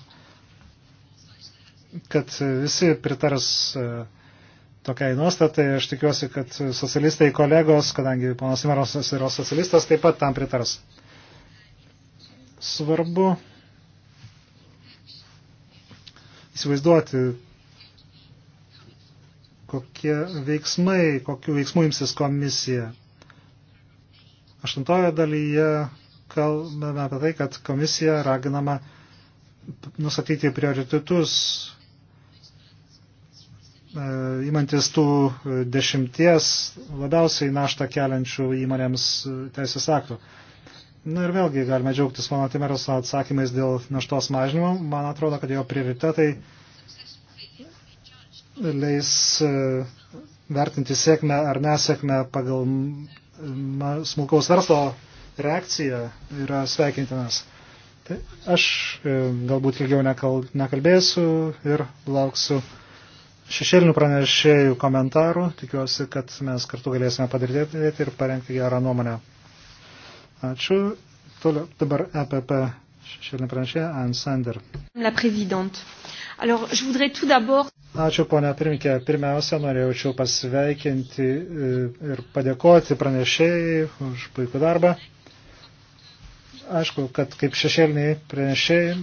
kad visi pritars e, tokiai nuostatai. Aš tikiuosi, kad socialistai kolegos, kadangi ponas Imerosas yra socialistas, taip pat tam pritars. Svarbu įsivaizduoti, kokie veiksmai, kokių veiksmų imsis komisija Aštuntojo dalyje kalbame apie tai, kad komisija raginama nustatyti prioritetus įmantis e, tų dešimties labiausiai naštą keliančių įmonėms teisės aktų. Na ir vėlgi galime džiaugtis mano Timeros atsakymais dėl naštos mažinimo. Man atrodo, kad jo prioritetai leis e, vertinti sėkmę ar nesėkmę pagal smulkaus verslo reakcija yra sveikintinas. Tai aš e, galbūt ilgiau nekal, nekalbėsiu ir lauksiu šešėlinių pranešėjų komentarų. Tikiuosi, kad mes kartu galėsime padirbėti ir parengti gerą nuomonę. Ačiū. Toliau dabar EPP šešėlinė pranešė Ann Sander. La prezident. Alors, je voudrais tout d'abord. Ačiū, ponia pirmininkė. Pirmiausia, norėjau pasveikinti e, ir padėkoti pranešėjai už puikų darbą. Aišku, kad kaip šešėliniai pranešėjai,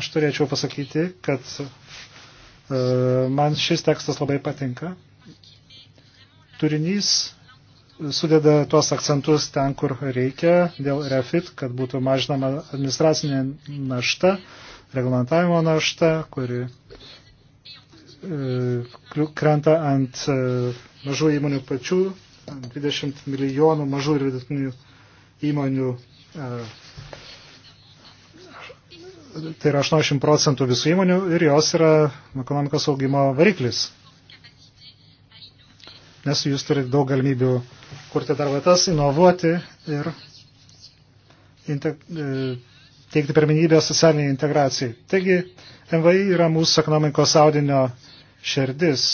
aš turėčiau pasakyti, kad e, man šis tekstas labai patinka. Turinys sudeda tuos akcentus ten, kur reikia dėl refit, kad būtų mažinama administracinė našta, reglamentavimo našta, kuri e, krenta ant e, mažų įmonių pačių, 20 milijonų mažų ir vidutinių įmonių, e, tai yra 80 procentų visų įmonių ir jos yra ekonomikos augimo variklis nes jūs turite daug galimybių kurti darbvietas, inovuoti ir e, teikti pirminybę socialiniai integracijai. Taigi, MVI yra mūsų ekonomikos audinio šerdis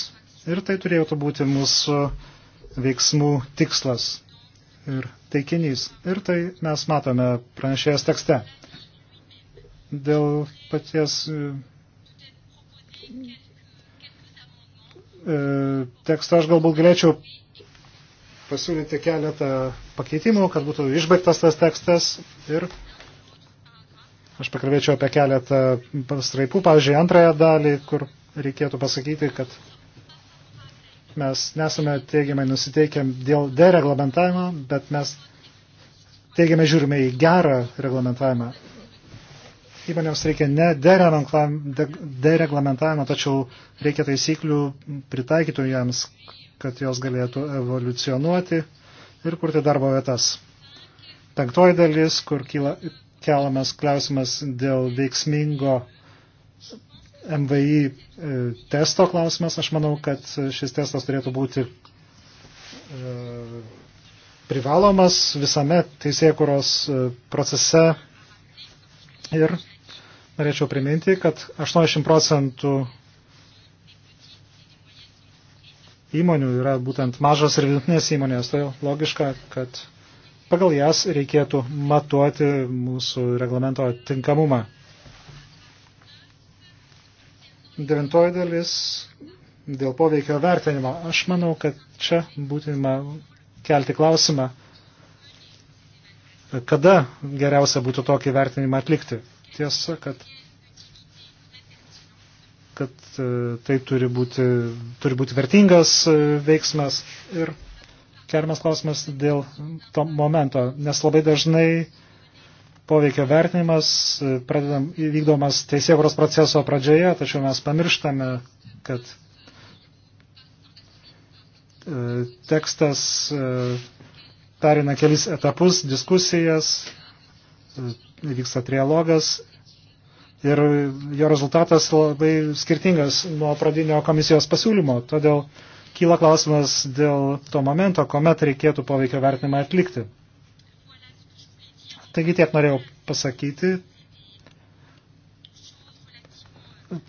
ir tai turėtų būti mūsų veiksmų tikslas ir taikinys. Ir tai mes matome pranešėjas tekste. Dėl paties e, E, tekstą aš galbūt galėčiau pasiūlyti keletą pakeitimų, kad būtų išbaigtas tas tekstas ir aš pakalbėčiau apie keletą straipų, pavyzdžiui, antrąją dalį, kur reikėtų pasakyti, kad mes nesame teigiamai nusiteikę dėl dereglamentavimo, bet mes teigiamai žiūrime į gerą reglamentavimą. Įmonėms reikia ne dereglamentavimo, tačiau reikia taisyklių pritaikytų jiems, kad jos galėtų evoliucionuoti ir kurti darbo vietas. Penktoji dalis, kur kyla, keliamas klausimas dėl veiksmingo MVI e, testo klausimas, aš manau, kad šis testas turėtų būti e, privalomas visame teisėkuros e, procese ir norėčiau priminti, kad 80 procentų įmonių yra būtent mažos ir vidutinės įmonės. Tai logiška, kad pagal jas reikėtų matuoti mūsų reglamento tinkamumą. Devintoji dalis dėl poveikio vertinimo. Aš manau, kad čia būtina kelti klausimą, kada geriausia būtų tokį vertinimą atlikti tiesa, kad, kad e, tai turi būti, turi būti vertingas e, veiksmas ir keliamas klausimas dėl to momento, nes labai dažnai poveikio vertinimas e, pradedam, įvykdomas teisėvros proceso pradžioje, tačiau mes pamirštame, kad tekstas perina kelis etapus, diskusijas, vyksta trialogas ir jo rezultatas labai skirtingas nuo pradinio komisijos pasiūlymo. Todėl kyla klausimas dėl to momento, kuomet reikėtų poveikio vertinimą atlikti. Taigi tiek norėjau pasakyti.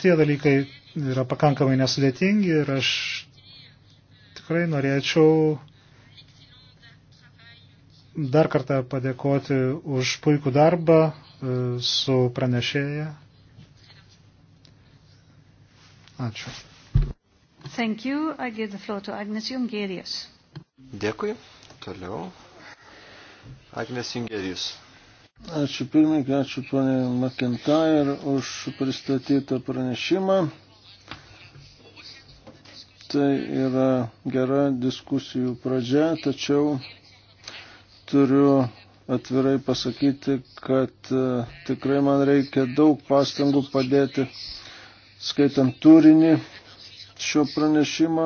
Tie dalykai yra pakankamai nesudėtingi ir aš tikrai norėčiau dar kartą padėkoti už puikų darbą e, su pranešėja. Ačiū. Thank you. I give the floor to Agnes Jungerius. Dėkui. Toliau. Agnes Jungerius. Ačiū pirmininkai, ačiū ponė McIntyre už pristatytą pranešimą. Tai yra gera diskusijų pradžia, tačiau turiu atvirai pasakyti, kad e, tikrai man reikia daug pastangų padėti, skaitant turinį šio pranešimo.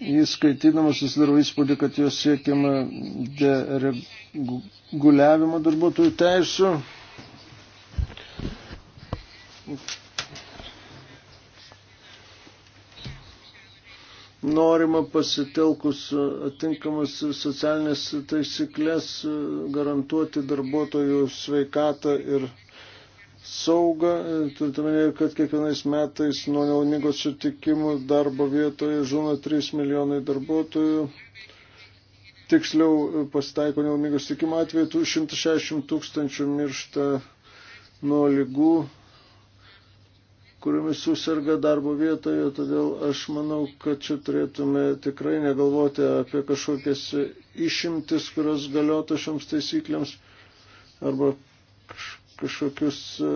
Jis skaitydamas susidaro įspūdį, kad jos siekiama dereguliavimo darbuotojų teisų. norima pasitelkus atinkamas socialinės taisyklės garantuoti darbuotojų sveikatą ir saugą. Turite minėti, kad kiekvienais metais nuo nelaimingo sutikimų darbo vietoje žūna 3 milijonai darbuotojų. Tiksliau pasitaiko nelaimingų sutikimų atveju 160 tūkstančių miršta nuo lygų kuriomis susirga darbo vietoje, todėl aš manau, kad čia turėtume tikrai negalvoti apie kažkokias išimtis, kurios galiotų šioms taisyklėms arba kažkokius e,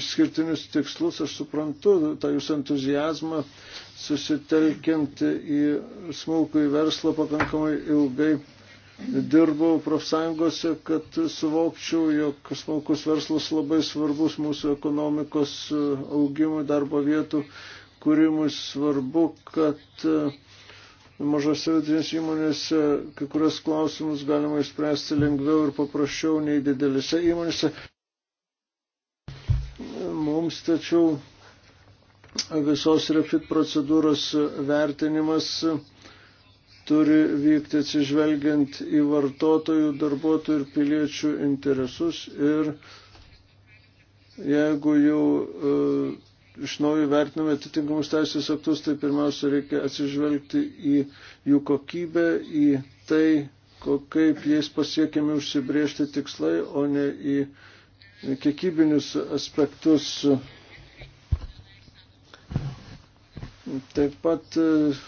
išskirtinius tikslus. Aš suprantu tą jūsų entuzijazmą susitelkiant į smulkų į verslą pakankamai ilgai dirbau profsąjungose, kad suvokčiau, jog smulkus verslas labai svarbus mūsų ekonomikos e, augimui, darbo vietų kūrimui svarbu, kad e, mažose vidutinės įmonėse kai kurios klausimus galima išspręsti lengviau ir paprasčiau nei didelėse įmonėse. Mums tačiau visos refit procedūros vertinimas turi vykti atsižvelgiant į vartotojų, darbuotojų ir piliečių interesus ir jeigu jau uh, iš naujo vertiname atitinkamus teisės aktus, tai pirmiausia reikia atsižvelgti į jų kokybę, į tai, kaip jais pasiekiami užsibriežti tikslai, o ne į kiekybinius aspektus. Taip pat uh,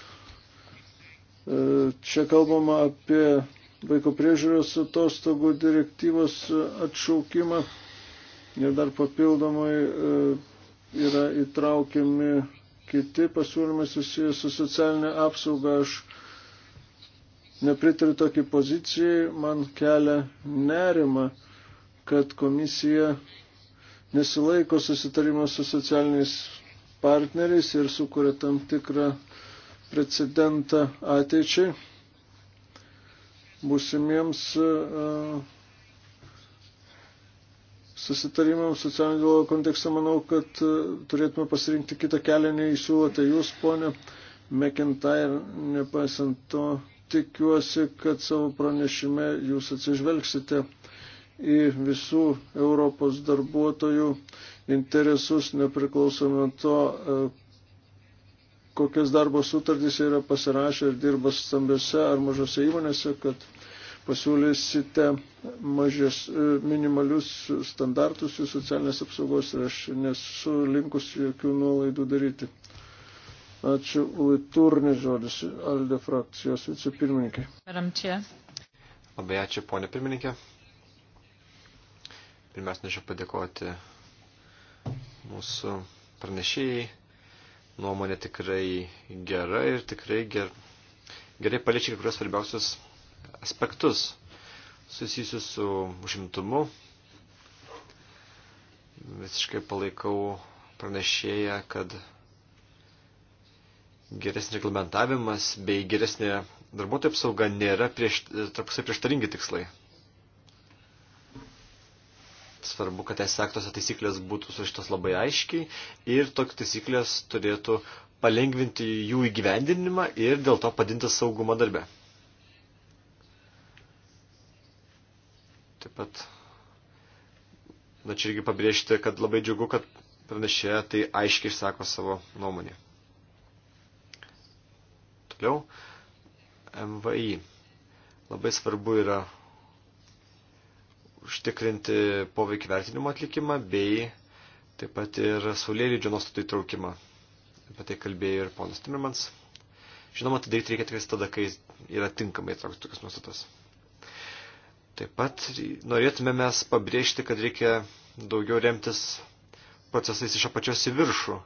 E, čia kalbama apie vaiko priežiūros atostogų direktyvos atšaukimą ir dar papildomai e, yra įtraukiami kiti pasiūlymai susijęs su socialinė apsauga. Aš nepritariu tokiai pozicijai, man kelia nerima, kad komisija nesilaiko susitarimo su socialiniais partneriais ir sukuria tam tikrą precedentą ateičiai būsimiems e, susitarimams socialinio dialogo kontekste manau, kad e, turėtume pasirinkti kitą kelią, nei siūlote jūs, ponė McIntyre, nepaisant to, tikiuosi, kad savo pranešime jūs atsižvelgsite į visų Europos darbuotojų interesus, nepriklausomai to, e, kokias darbo sutartys yra pasirašę ir dirba stambiose ar mažose įmonėse, kad pasiūlysite mažės, e, minimalius standartus jų socialinės apsaugos ir aš nesu linkus jokių nuolaidų daryti. Ačiū, Liturnis žodis, Alde frakcijos vicepirmininkė. Ramčia. Labai ačiū, ponė pirmininkė. Pirmiausia, norėčiau padėkoti mūsų pranešėjai nuomonė tikrai gera ir tikrai ger, gerai paliečia kai kurios svarbiausius aspektus susijusius su užimtumu. Visiškai palaikau pranešėją, kad geresnis reglamentavimas bei geresnė darbuotojų apsauga nėra prieš, tarpusai prieštaringi tikslai. Svarbu, kad teisės aktuose taisyklės būtų surašytos labai aiškiai ir tokios taisyklės turėtų palengvinti jų įgyvendinimą ir dėl to padinti saugumą darbe. Taip pat, na čia irgi pabrėžti, kad labai džiugu, kad pranešė tai aiškiai išsako savo nuomonę. Toliau, MVI. Labai svarbu yra užtikrinti poveikį vertinimo atlikimą bei taip pat ir saulėlydžio nuostatų įtraukimą. Apie tai kalbėjo ir ponas Timmermans. Žinoma, tai daryti reikia tik tada, kai yra tinkamai įtraukti tokias nuostatas. Taip pat norėtume mes pabrėžti, kad reikia daugiau remtis procesais iš apačios į viršų.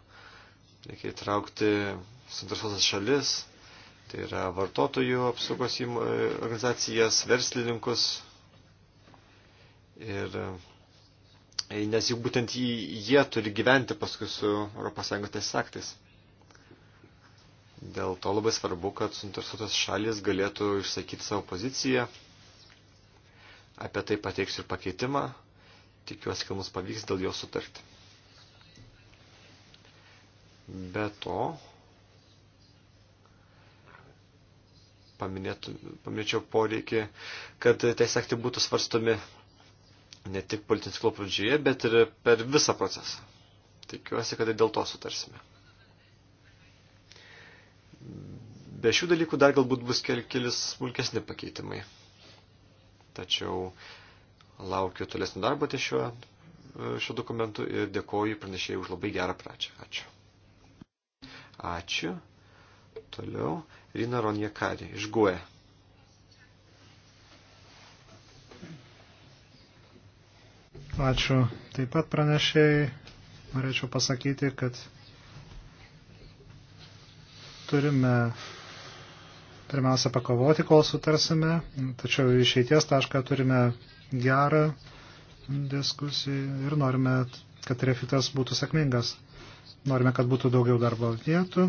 Reikia įtraukti suinteresuotas šalis, tai yra vartotojų apsaugos organizacijas, verslininkus, Ir e, nes juk būtent jie turi gyventi paskui su ES teisės aktais. Dėl to labai svarbu, kad suinteresuotas šalis galėtų išsakyti savo poziciją. Apie tai pateiksiu ir pakeitimą. Tikiuosi, kad mums pavyks dėl jo sutarti. Be to, paminėčiau poreikį, kad teisės aktai būtų svarstomi ne tik politinio ciklo pradžioje, bet ir per visą procesą. Tikiuosi, kad dėl to sutarsime. Be šių dalykų dar galbūt bus kel kelis smulkesni pakeitimai. Tačiau laukiu tolesnio darbo ties šiuo, šiuo dokumentu ir dėkoju pranešėjai už labai gerą pradžią. Ačiū. Ačiū. Toliau Rina Ronjekari iš Guoja. E. Ačiū. Taip pat pranešėjai norėčiau pasakyti, kad turime pirmiausia pakovoti, kol sutarsime, tačiau išeities tašką turime gerą diskusiją ir norime, kad refitas būtų sėkmingas. Norime, kad būtų daugiau darbo vietų.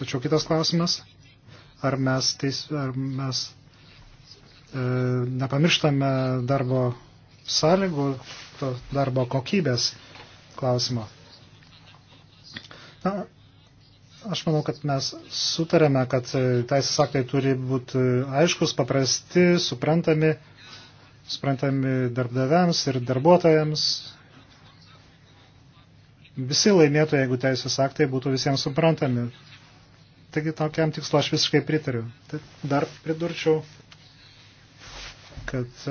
Tačiau kitas klausimas, ar mes, teis, ar mes e, nepamirštame darbo sąlygų, to darbo kokybės klausimo. Na, aš manau, kad mes sutarėme, kad teisės aktai turi būti aiškus, paprasti, suprantami, suprantami darbdaviams ir darbuotojams. Visi laimėtų, jeigu teisės aktai būtų visiems suprantami. Taigi tokiam tikslu aš visiškai pritariu. Tai dar pridurčiau, kad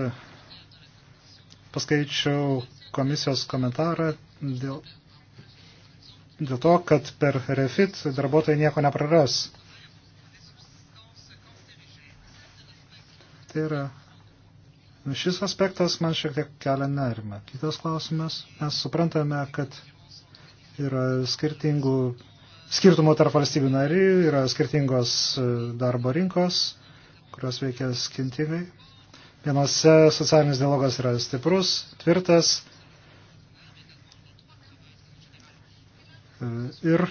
paskaičiau komisijos komentarą dėl, dėl to, kad per refit darbuotojai nieko nepraras. Tai yra, šis aspektas man šiek tiek kelia nerimą. Kitas klausimas, mes suprantame, kad yra skirtingų, skirtumų tarp valstybių narių, yra skirtingos e, darbo rinkos, kurios veikia skintingai. Vienose socialinis dialogas yra stiprus, tvirtas ir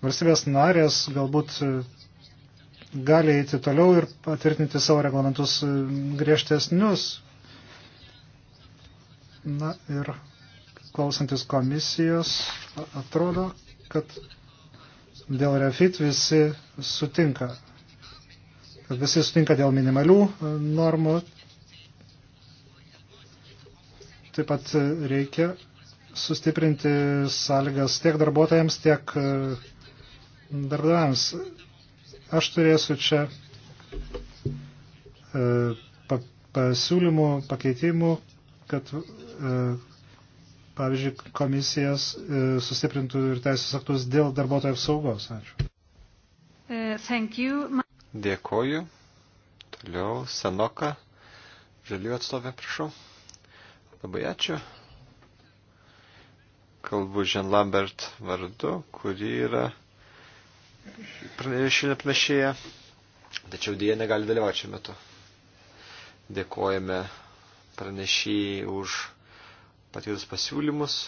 valstybės narės galbūt gali eiti toliau ir patvirtinti savo reglamentus griežtesnius. Na ir klausantis komisijos, atrodo, kad dėl refit visi sutinka visi sutinka dėl minimalių e, normų. Taip pat e, reikia sustiprinti sąlygas tiek darbuotojams, tiek e, darbdaviams. Aš turėsiu čia pasiūlymų, pakeitimų, kad, pavyzdžiui, komisijas sustiprintų ir teisės aktus dėl darbuotojų apsaugos. Ačiū. Uh, thank you. Dėkoju. Toliau Senoka, žalių atstovė, prašau. Labai ačiū. Kalbu Žen Lambert vardu, kuri yra pranešinė pranešėja, tačiau dėja negali dalyvauti šiuo metu. Dėkojame pranešėjai už patiktus pasiūlymus.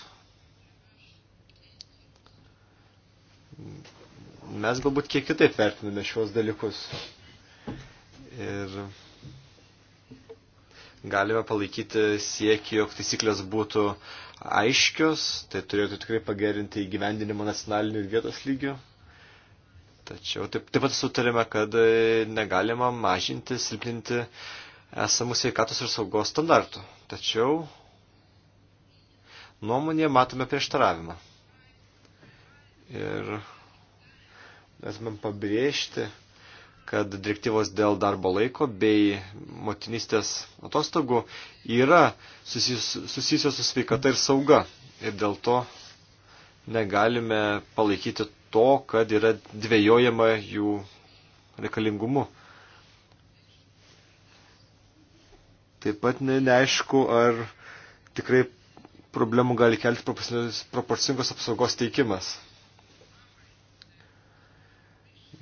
Mes galbūt kiek kitaip vertiname šios dalykus. Ir galime palaikyti siekį, jog taisyklės būtų aiškios, tai turėtų tikrai pagerinti įgyvendinimą nacionaliniu ir vietos lygiu. Tačiau taip, taip pat sutarėme, kad negalima mažinti, silpninti esamų sveikatos ir saugos standartų. Tačiau nuomonėje matome prieštaravimą. Ir Mes man pabrėžti, kad direktyvos dėl darbo laiko bei motinystės atostogų yra susijusios su sveikata ir sauga. Ir dėl to negalime palaikyti to, kad yra dvėjojama jų reikalingumu. Taip pat ne, neaišku, ar tikrai problemų gali kelti proporcingos apsaugos teikimas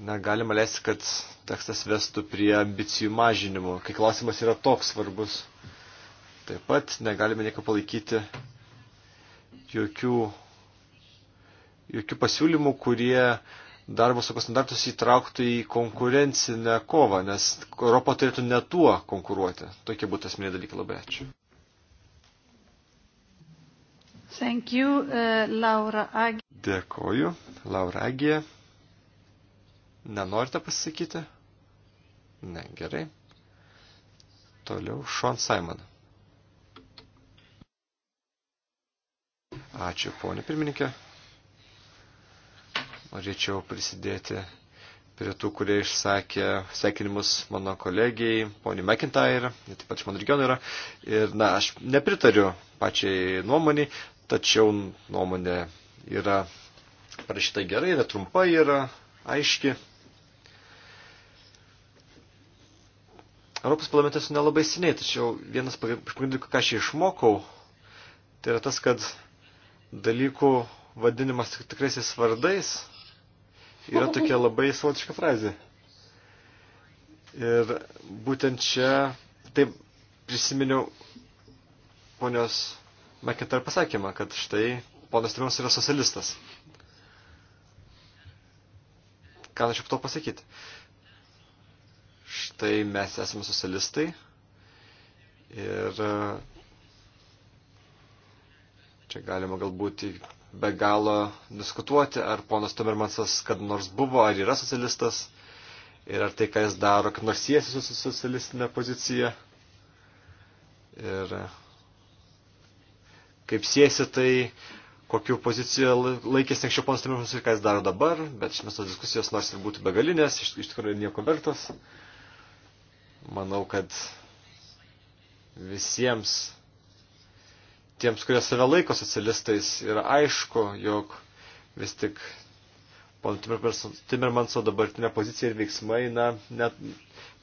negalima leisti, kad tekstas vestų prie ambicijų mažinimo, kai klausimas yra toks svarbus. Taip pat negalime nieko palaikyti jokių, jokių pasiūlymų, kurie darbo saugos standartus įtrauktų į konkurencinę kovą, nes Europa turėtų ne tuo konkuruoti. Tokie būtų esminiai dalykai. Labai ačiū. Thank you, uh, Laura Agi. Dėkoju, Laura Agija. Nenorite pasisakyti? Ne, gerai. Toliau Sean Simon. Ačiū, ponė pirmininkė. Norėčiau prisidėti prie tų, kurie išsakė sveikinimus mano kolegijai, poniai McIntyre, taip pat iš mano regiono yra. Ir, na, aš nepritariu pačiai nuomonį, tačiau nuomonė yra parašyta gerai, yra trumpa, yra aiški. Europos parlamente esu nelabai seniai, tačiau vienas iš pagrindų, ką aš išmokau, tai yra tas, kad dalykų vadinimas tikraisiais vardais yra tokia labai savotiška frazė. Ir būtent čia taip prisiminiau ponios McIntyre pasakymą, kad štai ponas Timimas yra socialistas. Ką aš to pasakyti? tai mes esame socialistai ir e, čia galima galbūt be galo diskutuoti, ar ponas Tomermansas kad nors buvo, ar yra socialistas, ir ar tai, ką jis daro, kad nors siesi su socialistinė pozicija. Ir e, kaip siesi, tai kokiu poziciją laikėsi anksčiau ponas Tomermansas ir ką jis daro dabar, bet šiandien tos diskusijos nors ir būtų begalinės, iš, iš tikrųjų nieko vertos. Manau, kad visiems tiems, kurie save laiko socialistais, yra aišku, jog vis tik pono Timmermanso dabartinė pozicija ir veiksmai na, net,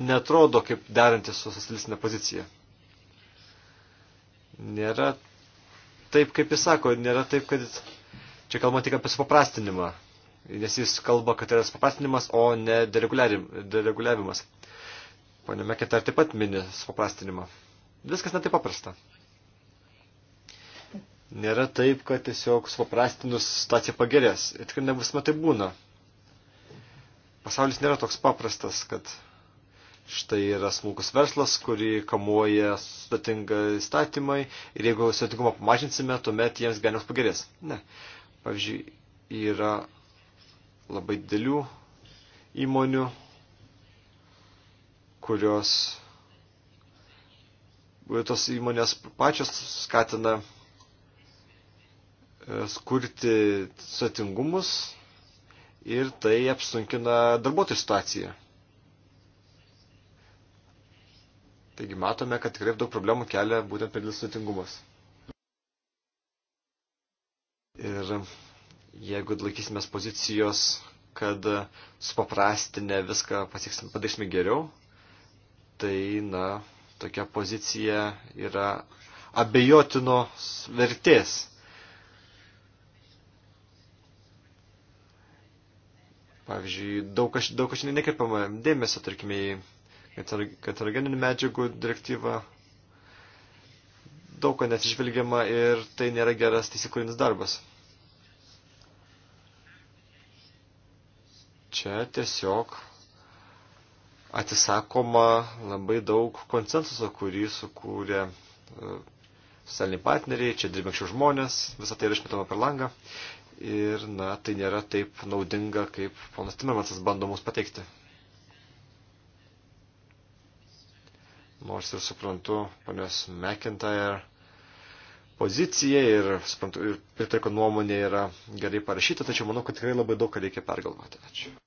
netrodo kaip derantis su socialistinė pozicija. Nėra taip, kaip jis sako, nėra taip, kad čia kalba tik apie supaprastinimą, nes jis kalba, kad tai yra supaprastinimas, o ne dereguliavimas. Pane Mekintar taip pat mini supaprastinimą. Viskas netai paprasta. Nėra taip, kad tiesiog supaprastinus situacija pagerės. Ir tikrai nebusime tai būna. Pasaulis nėra toks paprastas, kad štai yra smulkus verslas, kurį kamuoja sudėtinga įstatymai ir jeigu sudėtingumą pamažinsime, tuomet jiems gyvenimas pagerės. Ne. Pavyzdžiui, yra labai didelių įmonių, kurios tos įmonės pačios skatina e, skurti svetingumus ir tai apsunkina darbuotojų situaciją. Taigi matome, kad tikrai daug problemų kelia būtent per svetingumas. Ir jeigu laikysimės pozicijos, kad supaprastinę viską pasieksime, padarysime geriau, tai, na, tokia pozicija yra abejotinos vertės. Pavyzdžiui, daug kas, daug kas nekreipiama dėmesio, tarkime, į kancerogeninių medžiagų direktyvą. Daug ko nesižvelgiama ir tai nėra geras taisikūrinis darbas. Čia tiesiog atsisakoma labai daug konsensuso, kurį sukūrė e, socialiniai partneriai, čia dirbančių žmonės, visą tai yra išmetama per langą. Ir, na, tai nėra taip naudinga, kaip ponas Timermansas bando mus pateikti. Nors ir suprantu ponios McIntyre poziciją ir, suprantu, ir pritariu, kad nuomonė yra gerai parašyta, tačiau manau, kad tikrai labai daug ką reikia pergalvoti. Ačiū.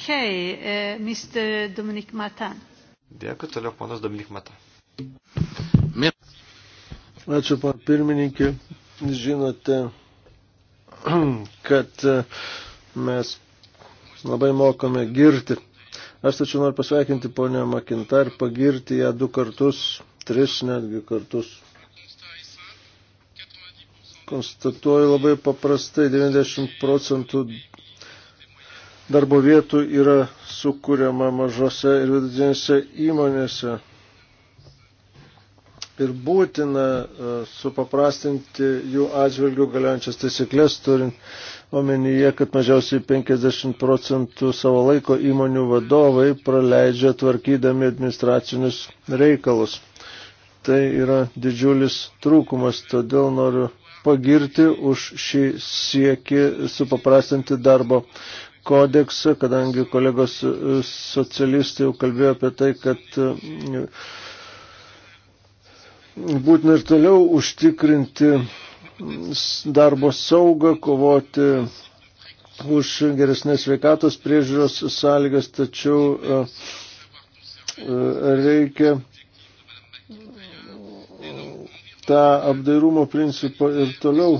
Okay, uh, Mr. Dominik Matan. Dėkui, toliau ponas Dominik Matan. Ačiū, pan pirmininkė. Žinote, kad e, mes labai mokame girti. Aš tačiau noriu pasveikinti ponę Makintą ir pagirti ją du kartus, tris netgi kartus. Konstatuoju labai paprastai, 90 procentų darbo vietų yra sukūriama mažose ir vidutinėse įmonėse. Ir būtina e, supaprastinti jų atžvilgių galiojančias taisyklės, turint omenyje, kad mažiausiai 50 procentų savo laiko įmonių vadovai praleidžia tvarkydami administracinius reikalus. Tai yra didžiulis trūkumas, todėl noriu pagirti už šį siekį supaprastinti darbo kodeksą, kadangi kolegos socialistai jau kalbėjo apie tai, kad mm, būtina ir toliau užtikrinti darbo saugą, kovoti už geresnės sveikatos priežiūros sąlygas, tačiau e, e, reikia mm, tą apdairumo principą ir toliau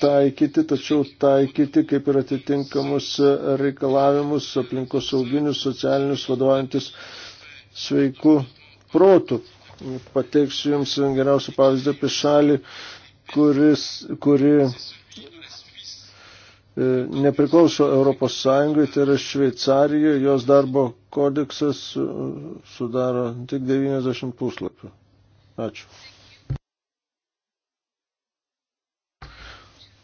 taikyti, tačiau taikyti kaip ir atitinkamus reikalavimus aplinkos sauginius, socialinius, vadovantis sveikų protų. Pateiksiu Jums geriausią pavyzdį apie šalį, kuris, kuri e, nepriklauso Europos Sąjungai, tai yra Šveicarija, jos darbo kodeksas e, sudaro tik 90 puslapių. Ačiū.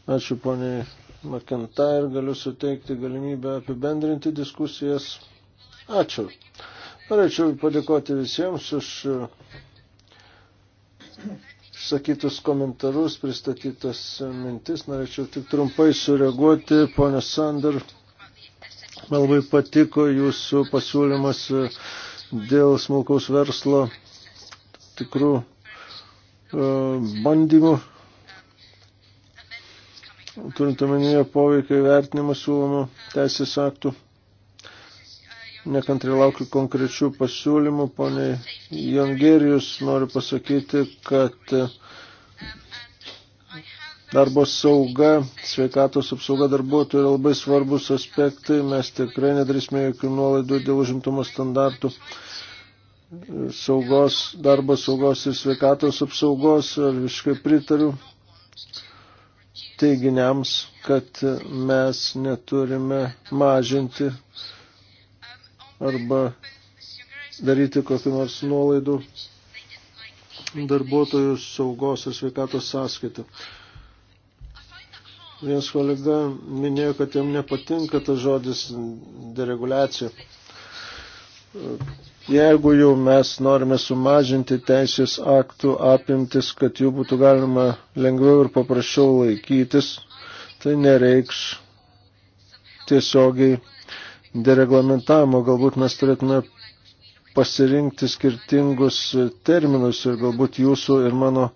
Ačiū poniai Makenta ir galiu suteikti galimybę apibendrinti diskusijas. Ačiū. Norėčiau padėkoti visiems už sakytus komentarus, pristatytas mintis. Norėčiau tik trumpai sureaguoti, ponė Sander. Man labai patiko jūsų pasiūlymas dėl smulkaus verslo tikrų e, bandymų turint omenyje poveikio įvertinimą siūlomų teisės aktų. Nekantri laukiu konkrečių pasiūlymų. Pone Jongerijus, noriu pasakyti, kad darbo sauga, sveikatos apsauga darbuotojų yra labai svarbus aspektai. Mes tikrai nedarysime jokių nuolaidų dėl užimtumo standartų saugos, darbo saugos ir sveikatos apsaugos. Ir visiškai pritariu teiginiams, kad mes neturime mažinti arba daryti kokį nors nuolaidų darbuotojų saugos ir sveikatos sąskaitų. Vienas kolega minėjo, kad jam nepatinka tas žodis deregulacija. Jeigu jau mes norime sumažinti teisės aktų apimtis, kad jų būtų galima lengviau ir paprasčiau laikytis, tai nereikš tiesiogiai dereglamentavimo. Galbūt mes turėtume pasirinkti skirtingus terminus ir galbūt jūsų ir mano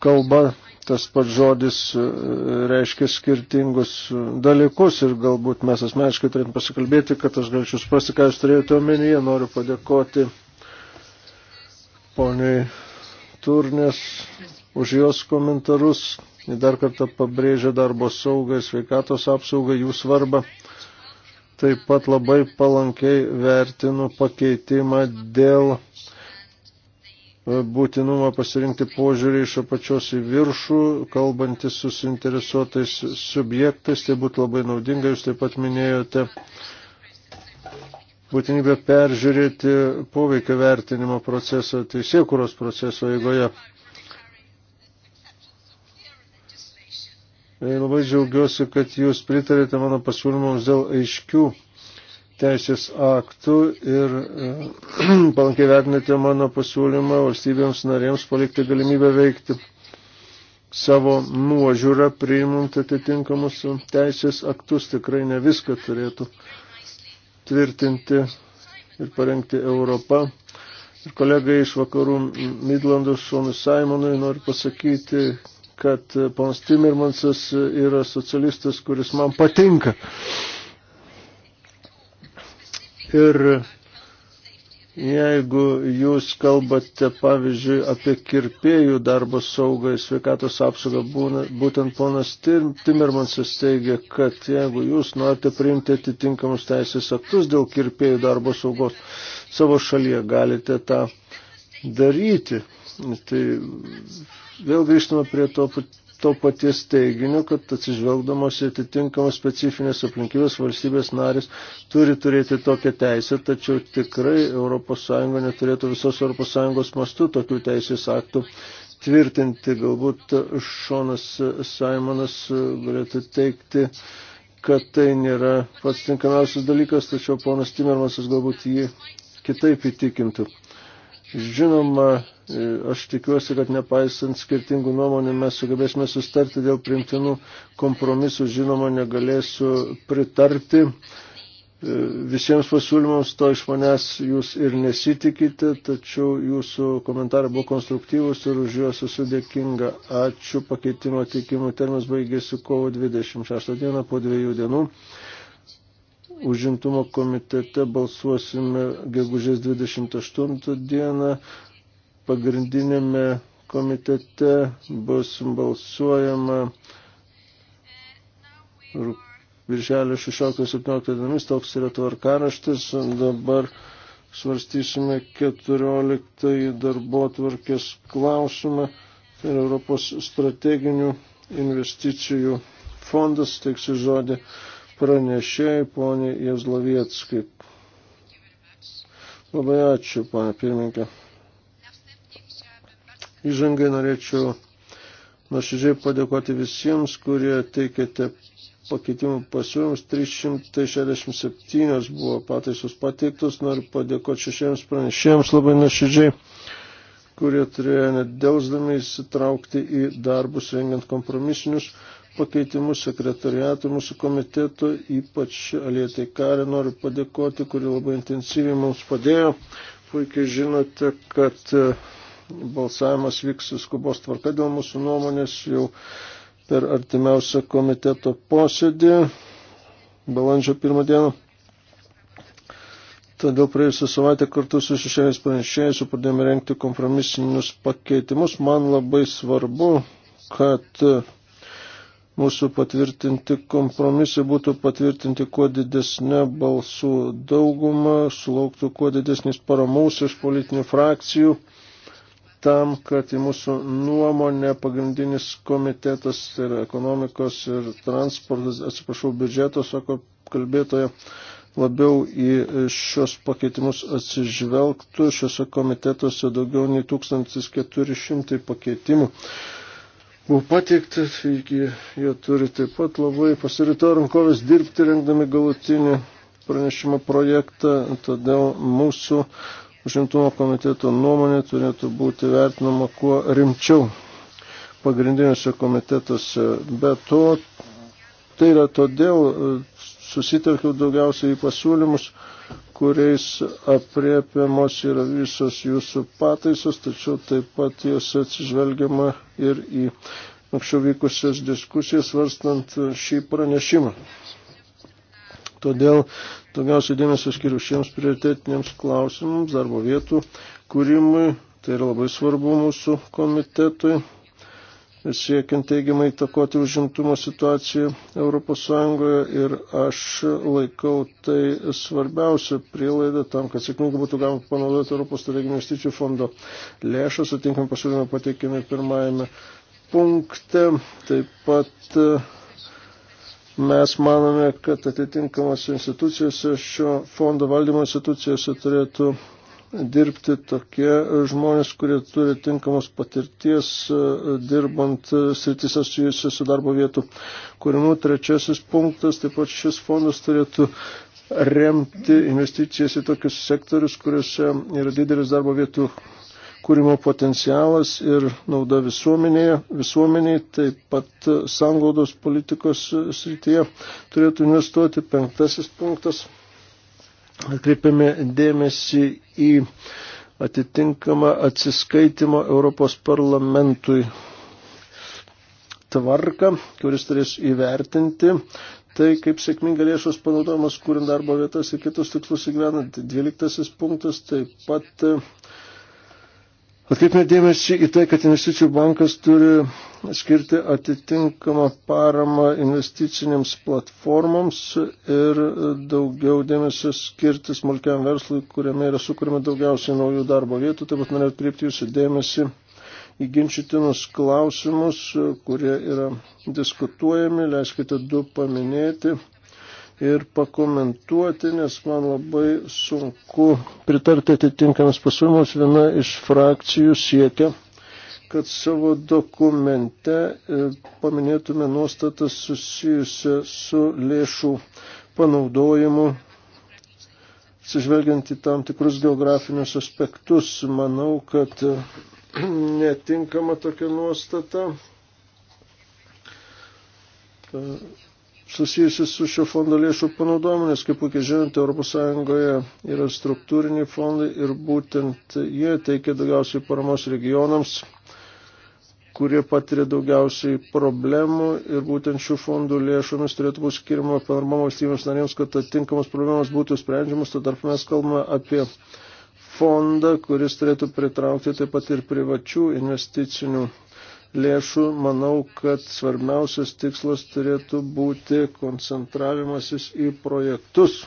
kalba tas pats žodis e, reiškia skirtingus dalykus ir galbūt mes asmeniškai turėtume pasikalbėti, kad aš galčiau suprasti, ką jūs turėjote omenyje. Noriu padėkoti poniai Turnės už jos komentarus. Jis dar kartą pabrėžė darbo saugą ir sveikatos apsaugą, jų svarbą. Taip pat labai palankiai vertinu pakeitimą dėl E, būtinumą pasirinkti požiūrį iš apačios į viršų, kalbantis su suinteresuotais subjektais, tai būtų labai naudinga. Jūs taip pat minėjote būtinybę peržiūrėti poveikio vertinimo procesą, teisėkuros proceso eigoje. Labai džiaugiuosi, kad jūs pritarėte mano pasiūlymams dėl aiškių teisės aktų ir e, palankiai vertinate mano pasiūlymą valstybėms narėms palikti galimybę veikti savo nuožiūrą priimant atitinkamus teisės aktus. Tikrai ne viską turėtų tvirtinti ir parengti Europą. Ir kolegai iš vakarų Midlandų šonui Simonui noriu pasakyti, kad ponas Timmermansas yra socialistas, kuris man patinka. Ir jeigu jūs kalbate, pavyzdžiui, apie kirpėjų darbo saugą ir sveikatos apsaugą, būna, būtent ponas Timermansas teigia, kad jeigu jūs norite priimti atitinkamus teisės aktus dėl kirpėjų darbo saugos savo šalyje, galite tą daryti. Tai vėl grįžtame prie to to paties teiginio, kad atsižvelgdamos į atitinkamas specifinės aplinkybės valstybės narės turi turėti tokią teisę, tačiau tikrai ES neturėtų visos ES mastų tokių teisės aktų tvirtinti. Galbūt Šonas Simonas galėtų teikti kad tai nėra pats tinkamiausias dalykas, tačiau ponas Timermansas galbūt jį kitaip įtikintų. Žinoma, e, aš tikiuosi, kad nepaisant skirtingų nuomonių mes sugebėsime sustarti dėl primtinų kompromisų. Žinoma, negalėsiu pritarti e, visiems pasiūlymams, to iš manęs jūs ir nesitikite, tačiau jūsų komentarai buvo konstruktyvus ir už juos esu dėkinga. Ačiū, pakeitimo teikimo terminas baigėsi kovo 26 dieną po dviejų dienų užimtumo komitete balsuosime gegužės 28 dieną, pagrindinėme komitete bus balsuojama virželio 16-17 dienomis, toks yra tvarkaraštis, dabar svarstysime 14 darbo tvarkės klausimą ir tai Europos strateginių investicijų fondas, teiksiu žodį pranešėjai, ponė Jezlovietskai. Labai ačiū, ponė pirmininkė. Įžangai norėčiau nuoširdžiai padėkoti visiems, kurie teikėte pakeitimų pasiūlymus. 367 buvo pataisos pateiktos. Noriu padėkoti šešiems pranešėjams labai nuoširdžiai kurie turėjo nedelsdami įsitraukti į darbus rengiant kompromisinius pakeitimus sekretariatų mūsų komiteto, ypač Alietai Karė noriu padėkoti, kuri labai intensyviai mums padėjo. Puikiai žinote, kad e, balsavimas vyks skubos tvarka dėl mūsų nuomonės jau per artimiausią komiteto posėdį balandžio pirmą dieną. Todėl praėjusią savaitę kartu su šešėliais pranešėjais pradėjome renkti kompromisinius pakeitimus. Man labai svarbu, kad mūsų patvirtinti kompromisai būtų patvirtinti kuo didesnė balsų dauguma, sulauktų kuo didesnis paramaus iš politinių frakcijų, tam, kad į mūsų nuomonę pagrindinis komitetas ir tai ekonomikos ir transportas, atsiprašau, biudžeto, sako kalbėtoja, labiau į šios pakeitimus atsižvelgtų. Šiuose komitetuose daugiau nei 1400 pakeitimų buvo pateikti, taigi jie turi taip pat labai pasirito rankovės dirbti, rengdami galutinį pranešimo projektą, todėl mūsų užimtumo komiteto nuomonė turėtų būti vertinama kuo rimčiau pagrindiniuose komitetuose. Be to, tai yra todėl e, susitelkiau daugiausiai į pasiūlymus, kuriais apriepiamos yra visos jūsų pataisos, tačiau taip pat jos atsižvelgiama ir į anksčiau vykusias diskusijas varstant šį pranešimą. Todėl daugiausiai dėmesio skiriu šiems prioritetiniams klausimams, darbo vietų kūrimui, tai yra labai svarbu mūsų komitetui, siekiant teigiamai įtakoti užimtumo situaciją ES ir aš laikau tai svarbiausia prielaida tam, kad sėkmingai būtų galima panaudoti Europos strateginių investicijų fondo lėšas, atinkam pasiūlymą pateikėme pirmajame punkte. Taip pat e, mes manome, kad atitinkamas institucijose šio fondo valdymo institucijose turėtų dirbti tokie žmonės, kurie turi tinkamos patirties e, dirbant e, srityse susijusiu su darbo vietų kūrimu. Trečiasis punktas, taip pat šis fondas turėtų remti investicijas į tokius sektorius, kuriuose yra didelis darbo vietų kūrimo potencialas ir nauda visuomenėje, visuomeniai, taip pat sanglaudos politikos srityje turėtų investuoti penktasis punktas atkreipiame dėmesį į atitinkamą atsiskaitimo Europos parlamentui tvarką, kuris turės įvertinti tai, kaip sėkmingai lėšos panaudojamos, kuriant darbo vietas ir kitus tikslus įgyvenant. Dvyliktasis punktas taip pat Atkreipime dėmesį į tai, kad investicijų bankas turi skirti atitinkamą paramą investicinėms platformoms ir daugiau dėmesio skirti smulkiam verslui, kuriame yra sukūrima daugiausiai naujų darbo vietų. Taip pat norėtų kreipti jūsų dėmesį į ginčytinus klausimus, kurie yra diskutuojami. Leiskite du paminėti ir pakomentuoti, nes man labai sunku pritarti atitinkamams pasiūlymams. Viena iš frakcijų siekia, kad savo dokumente e, paminėtume nuostatas susijusią su lėšų panaudojimu, atsižvelgiant į tam tikrus geografinius aspektus. Manau, kad e, netinkama tokia nuostata e, susijusius su šio fondo lėšų panaudojimu, nes kaip puikiai žinote, ES yra struktūriniai fondai ir būtent jie teikia daugiausiai paramos regionams, kurie patiria daugiausiai problemų ir būtent šių fondų lėšomis turėtų būti skirima parama valstybėms narėms, kad atitinkamos problemos būtų sprendžiamos, tad tarp mes kalbame apie fondą, kuris turėtų pritraukti taip pat ir privačių investicinių lėšų, manau, kad svarbiausias tikslas turėtų būti koncentravimasis į projektus,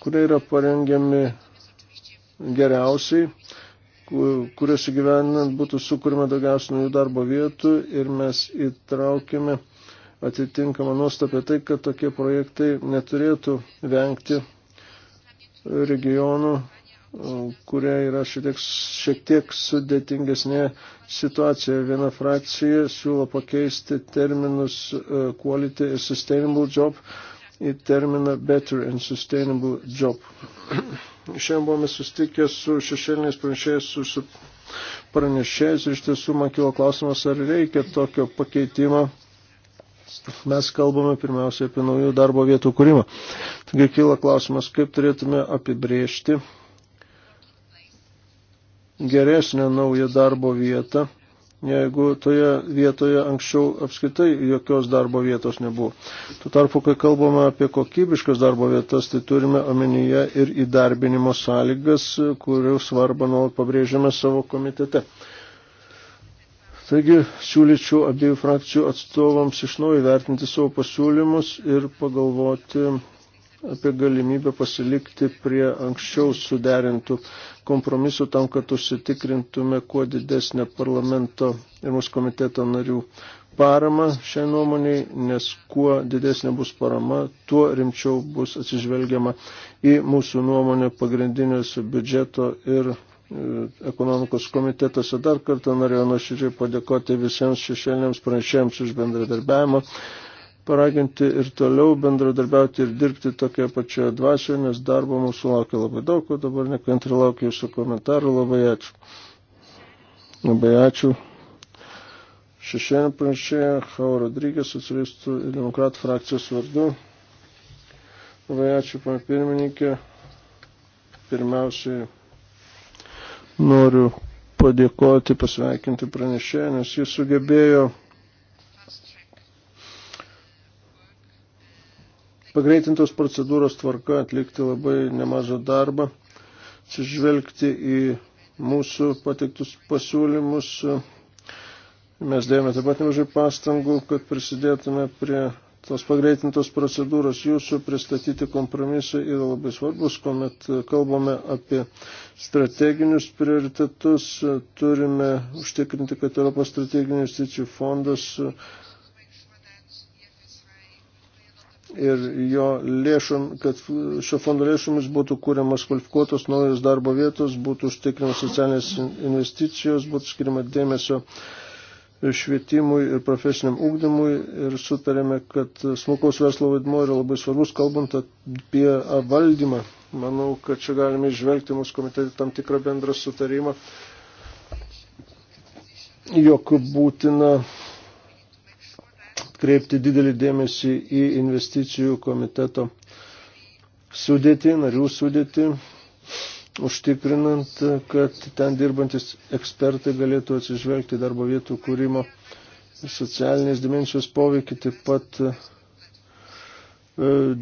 kurie yra parengiami geriausiai, kuriuose gyvenant būtų sukūrima daugiausiai naujų darbo vietų ir mes įtraukime atitinkamą nuostatą tai, kad tokie projektai neturėtų vengti regionų kuria yra šiek tiek, šiek tiek sudėtingesnė situacija. Viena frakcija siūlo pakeisti terminus e, quality ir sustainable job į terminą better and sustainable job. Šiandien buvome sustikę su šešėliniais pranešėjais, su, su pranešėjais ir iš tiesų man kilo klausimas, ar reikia tokio pakeitimo mes kalbame pirmiausia apie naujų darbo vietų kūrimą. Taigi kyla klausimas, kaip turėtume apibrėžti geresnę naują darbo vietą, jeigu toje vietoje anksčiau apskaitai jokios darbo vietos nebuvo. Tuo tarpu, kai kalbame apie kokybiškas darbo vietas, tai turime omenyje ir įdarbinimo sąlygas, kurių svarbą nuolat pabrėžiame savo komitete. Taigi siūlyčiau abiejų frakcijų atstovams iš naujo vertinti savo pasiūlymus ir pagalvoti, apie galimybę pasilikti prie anksčiau suderintų kompromisų tam, kad užsitikrintume kuo didesnę parlamento ir mūsų komiteto narių paramą šiai nuomoniai, nes kuo didesnė bus parama, tuo rimčiau bus atsižvelgiama į mūsų nuomonę pagrindinius biudžeto ir e, ekonomikos komitetuose. Dar kartą norėjau nuoširdžiai padėkoti visiems šešėliniams pranešėjams už bendradarbiavimą paraginti ir toliau bendradarbiauti ir dirbti tokioje pačioje dvasioje, nes darbo mūsų laukia labai daug, o dabar nekantri laukia jūsų komentarų. Labai ačiū. Labai ačiū. Šešėnė pranešėja Hau Rodrygės, socialistų ir demokratų frakcijos vardu. Labai ačiū, pana pirmininkė. Pirmiausiai noriu padėkoti, pasveikinti pranešėją, nes jis sugebėjo pagreitintos procedūros tvarka atlikti labai nemažą darbą, atsižvelgti į mūsų pateiktus pasiūlymus. Mes dėjome taip pat nemažai pastangų, kad prisidėtume prie tos pagreitintos procedūros jūsų pristatyti kompromisai yra labai svarbus, kuomet kalbame apie strateginius prioritetus, turime užtikrinti, kad Europos strateginių investicijų fondas ir jo lėšom, kad šio fondo lėšomis būtų kūriamas kvalifikuotos naujos darbo vietos, būtų užtikrinamas socialinės investicijos, būtų skirima dėmesio švietimui ir profesiniam ūkdymui ir sutarėme, kad smulkaus verslo vaidmo yra labai svarbus, kalbant apie valdymą. Manau, kad čia galime išvelgti mūsų komitetį tam tikrą bendrą sutarimą, jog būtina atkreipti didelį dėmesį į investicijų komiteto sudėtį, narių sudėtį, užtikrinant, kad ten dirbantis ekspertai galėtų atsižvelgti darbo vietų kūrimo socialinės dimensijos poveikį, taip pat e,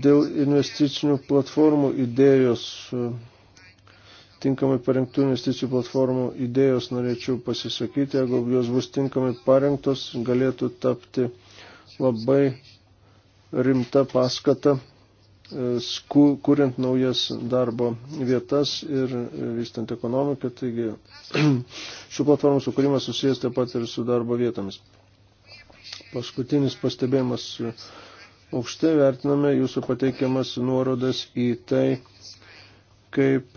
dėl investicinių platformų idėjos, e, tinkamai parengtų investicijų platformų idėjos norėčiau pasisakyti, jeigu jos bus tinkamai parengtos, galėtų tapti labai rimta paskata, e, kuriant naujas darbo vietas ir e, vystant ekonomiką. Taigi šių platformų sukūrimas susijęs taip pat ir su darbo vietomis. Paskutinis pastebėjimas e, aukštai vertiname jūsų pateikiamas nuorodas į tai, kaip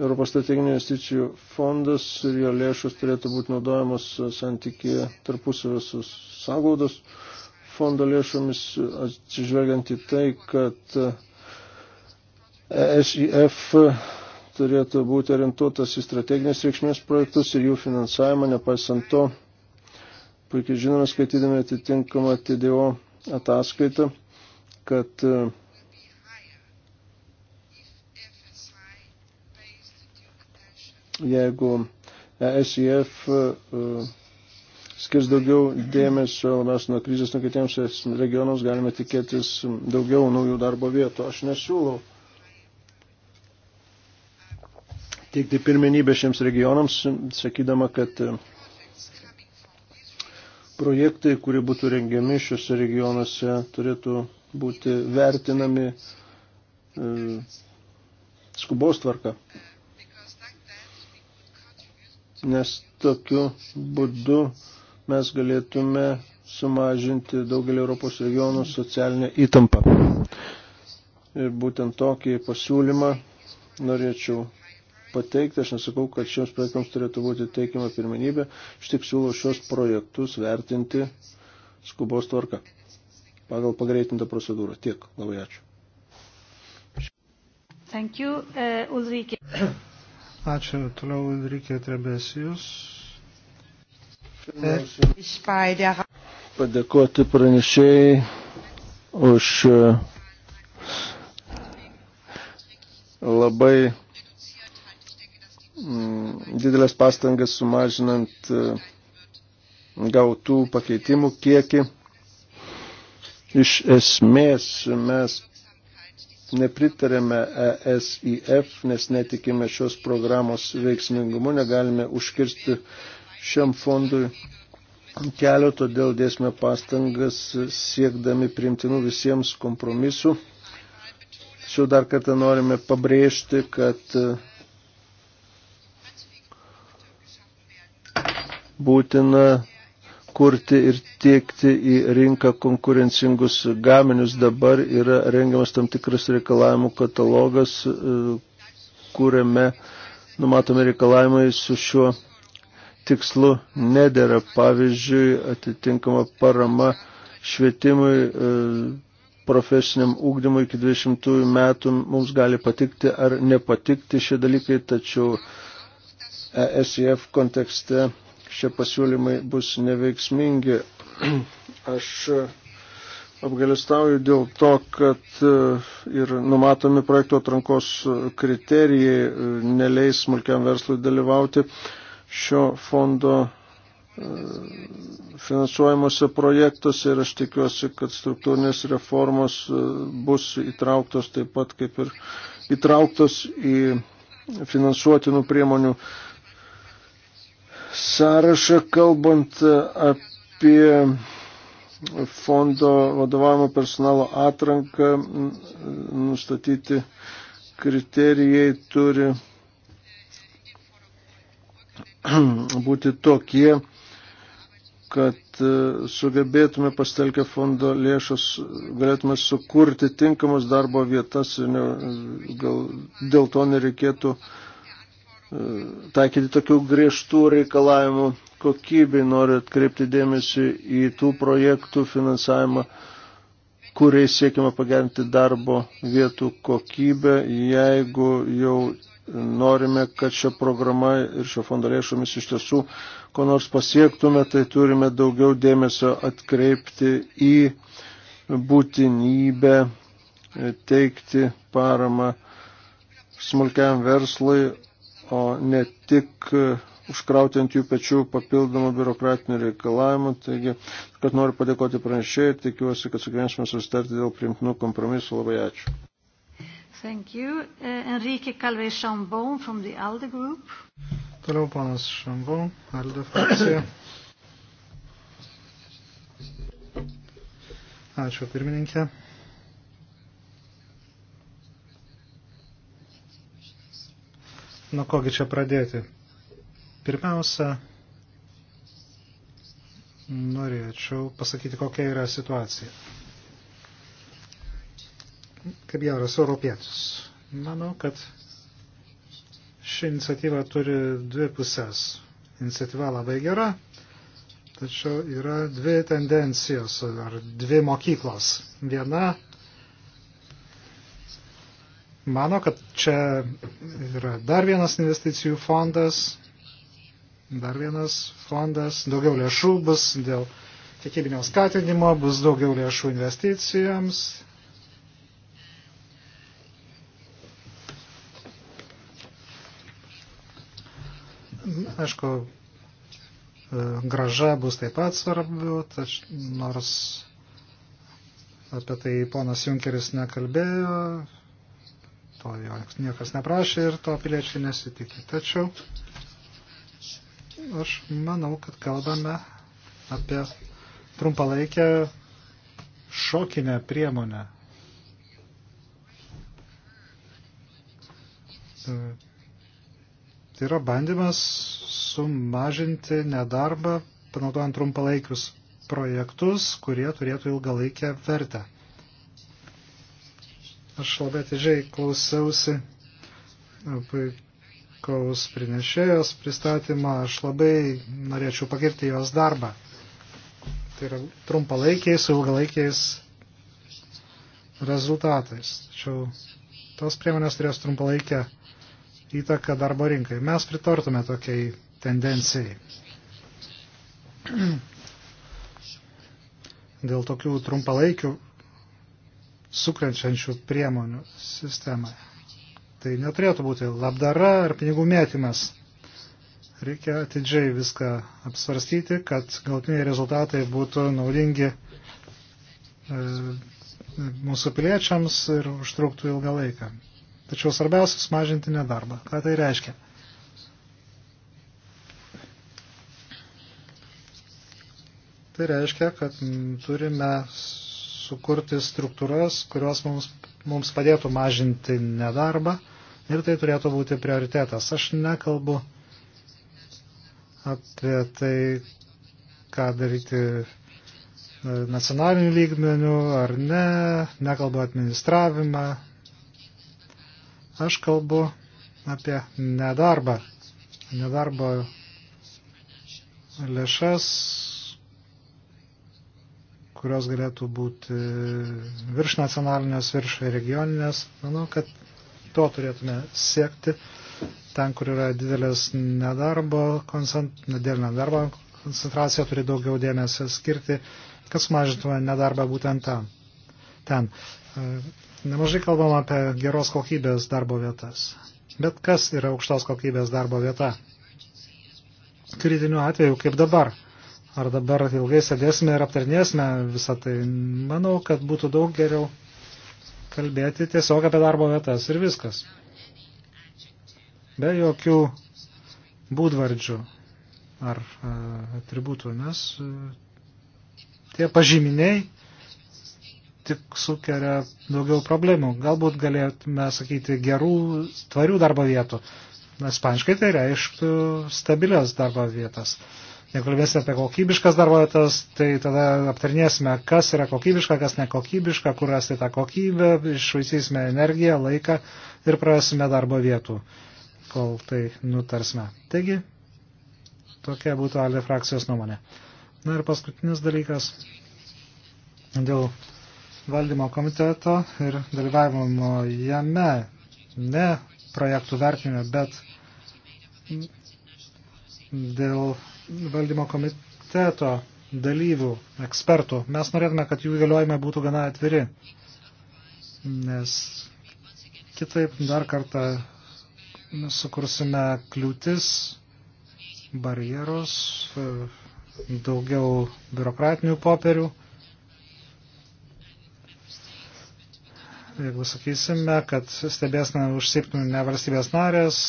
Europos strateginių investicijų fondas ir jo lėšus turėtų būti naudojamos e, santykėje tarpusavio su sągaudos fondo lėšomis, atsižvelgiant į tai, kad ESIF e turėtų būti orientuotas į strateginės reikšmės projektus ir jų finansavimą, nepaisant to, puikiai žinome, skaitydami atitinkamą TDO ataskaitą, kad uh, jeigu ESIF e, skirs daugiau dėmesio labiausiai nuo krizės nukentėjams regionams, galime tikėtis daugiau naujų darbo vietų. Aš nesiūlau teikti pirmenybę šiems regionams, sakydama, kad e, projektai, kurie būtų rengiami šiuose regionuose, turėtų būti vertinami e, skubos tvarka nes tokiu būdu mes galėtume sumažinti daugelį Europos regionų socialinę įtampą. Ir būtent tokį pasiūlymą norėčiau pateikti. Aš nesakau, kad šiems projektams turėtų būti teikiama pirmenybė. Aš tik siūlau šios projektus vertinti skubos tvarka pagal pagreitintą procedūrą. Tiek. Labai ačiū. Thank you, uh, Ulrike. Ačiū. Toliau reikia trebesijus. Padėkoti pranešėjai už e, labai mm, didelės pastangas sumažinant e, gautų pakeitimų kiekį. Iš esmės mes nepritarėme ESIF, nes netikime šios programos veiksmingumu, negalime užkirsti šiam fondui kelio, todėl dėsime pastangas siekdami primtinų visiems kompromisų. Tačiau dar kartą norime pabrėžti, kad būtina kurti ir tiekti į rinką konkurencingus gaminius. Dabar yra rengiamas tam tikras reikalavimų katalogas, e, kuriame numatomi reikalavimai su šiuo tikslu nedėra. Pavyzdžiui, atitinkama parama švietimui e, profesiniam ūkdymui iki 20 metų mums gali patikti ar nepatikti šie dalykai, tačiau ESF kontekste šie pasiūlymai bus neveiksmingi. Aš apgalistauju dėl to, kad e, ir numatomi projekto atrankos kriterijai e, neleis smulkiam verslui dalyvauti šio fondo e, finansuojamuose projektuose ir aš tikiuosi, kad struktūrinės reformos bus įtrauktos taip pat kaip ir įtrauktos į finansuotinų priemonių sąrašą, kalbant apie fondo vadovavimo personalo atranką, nustatyti kriterijai turi būti tokie, kad e, sugebėtume pastelkę fondo lėšas, galėtume sukurti tinkamas darbo vietas ir ne, gal dėl to nereikėtų uh, taikyti tokių griežtų reikalavimų kokybei, noriu atkreipti dėmesį į tų projektų finansavimą, kuriais siekiama pagerinti darbo vietų kokybę, jeigu jau norime, kad šią programą ir šio fondo lėšomis iš tiesų, ko nors pasiektume, tai turime daugiau dėmesio atkreipti į būtinybę teikti paramą smulkiam verslui, o ne tik e, užkrauti ant jų pečių papildomų biurokratinių reikalavimų. Taigi, kad noriu padėkoti pranešėjai ir tikiuosi, kad sugyvensime susitarti dėl priimtinų kompromisų. Labai ačiū. Thank you. Uh, Enrique Calvé Chambon from the ALDE group. Toliau panas Šambon, ALDE frakcija. Ačiū pirmininkė. nuo kogi čia pradėti. Pirmiausia, norėčiau pasakyti, kokia yra situacija. Kaip geras europietis. Manau, kad ši iniciatyva turi dvi pusės. Iniciatyva labai gera, tačiau yra dvi tendencijos ar dvi mokyklos. Viena mano, kad čia yra dar vienas investicijų fondas, dar vienas fondas, daugiau lėšų bus dėl kiekybinio skatinimo, bus daugiau lėšų investicijoms. Aišku, graža bus taip pat svarbu, tač, nors apie tai ponas Junkeris nekalbėjo, to jo niekas neprašė ir to piliečiai nesitikė. Tačiau aš manau, kad kalbame apie trumpalaikę šokinę priemonę. Tai yra bandymas sumažinti nedarbą, panaudojant trumpalaikius projektus, kurie turėtų ilgalaikę vertę. Aš labai atidžiai klausiausi puikaus prinešėjos pristatymą. Aš labai norėčiau pagirti jos darbą. Tai yra trumpalaikiais, ilgalaikiais rezultatais. Tačiau tos priemonės turės trumpalaikę įtaką darbo rinkai. Mes pritartume tokiai tendencijai. Dėl tokių trumpalaikių sukrenčiančių priemonių sistemą. Tai neturėtų būti labdara ar pinigų mėtymas. Reikia atidžiai viską apsvarstyti, kad galtiniai rezultatai būtų naudingi e, mūsų piliečiams ir užtruktų ilgą laiką. Tačiau svarbiausia - sumažinti nedarbą. Ką tai reiškia? Tai reiškia, kad turime sukurti struktūras, kurios mums, mums padėtų mažinti nedarbą ir tai turėtų būti prioritetas. Aš nekalbu apie tai, ką daryti e, nacionalinių lygmenių ar ne, nekalbu administravimą. Aš kalbu apie nedarbą, nedarbo lėšas, kurios galėtų būti virš nacionalinės, virš regioninės. Manau, kad to turėtume siekti ten, kur yra didelės nedarbo, koncent... nedarbo koncentracija, turi daugiau dėmesio skirti, kad sumažintume nedarbą būtent ten. ten. Nemažai kalbam apie geros kokybės darbo vietas. Bet kas yra aukštos kokybės darbo vieta? Kritiniu atveju, kaip dabar, Ar dabar ilgai sėdėsime ir aptarnėsime visą tai? Manau, kad būtų daug geriau kalbėti tiesiog apie darbo vietas ir viskas. Be jokių būdvardžių ar e, atributų, nes e, tie pažyminiai tik sukelia daugiau problemų. Galbūt galėtume sakyti gerų, tvarių darbo vietų. Ispaniškai tai reiškia stabilias darbo vietas. Jeigu kalbėsime apie kokybiškas darbo vietas, tai tada aptarnėsime, kas yra kokybiška, kas nekokybiška, kur rasti tą kokybę, išvaisysime energiją, laiką ir prarasime darbo vietų, kol tai nutarsime. Taigi, tokia būtų alė frakcijos nuomonė. Na ir paskutinis dalykas dėl valdymo komiteto ir dalyvavimo jame, ne projektų vertinime, bet dėl valdymo komiteto dalyvių, ekspertų. Mes norėtume, kad jų įgaliojimai būtų gana atviri, nes kitaip dar kartą sukursime kliūtis, barjerus, daugiau biurokratinių popierių. Jeigu sakysime, kad stebėsime už septynių ne valstybės narės,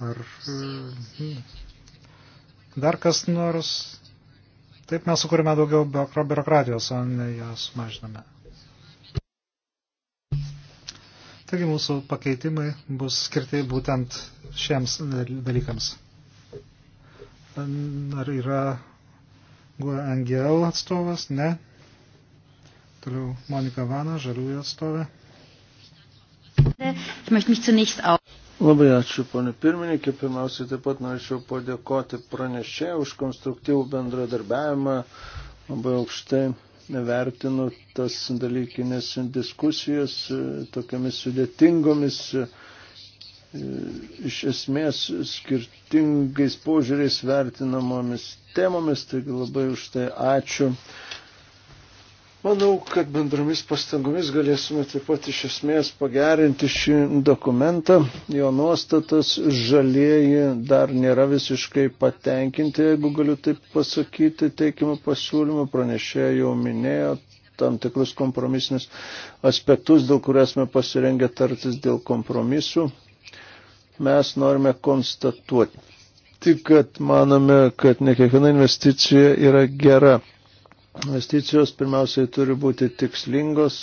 Ar mhm. dar kas nors. Taip mes sukūrime daugiau biurokratijos, o ne ją sumažiname. Taigi mūsų pakeitimai bus skirti būtent šiems dalykams. Ar yra GUNGL e atstovas? Ne. Toliau Monika Vana, žaliųjų atstovė. Ich möchte mich zunächst auch Labai ačiū, ponė pirmininkė. Pirmiausiai taip pat norėčiau padėkoti pranešėjai už konstruktyvų bendradarbiavimą. Labai aukštai vertinu tas dalykinės diskusijas e, tokiamis sudėtingomis, e, iš esmės skirtingais požiūriais vertinamomis temomis. Taigi labai už tai ačiū. Manau, kad bendromis pastangomis galėsime taip pat iš esmės pagerinti šį dokumentą. Jo nuostatas žalieji dar nėra visiškai patenkinti, jeigu galiu taip pasakyti, teikimo pasiūlymų pranešėjo jau minėjo tam tikrus kompromisinius aspektus, dėl kurių esame pasirengę tartis dėl kompromisų. Mes norime konstatuoti. Tik, kad manome, kad ne kiekviena investicija yra gera Investicijos pirmiausiai turi būti tikslingos,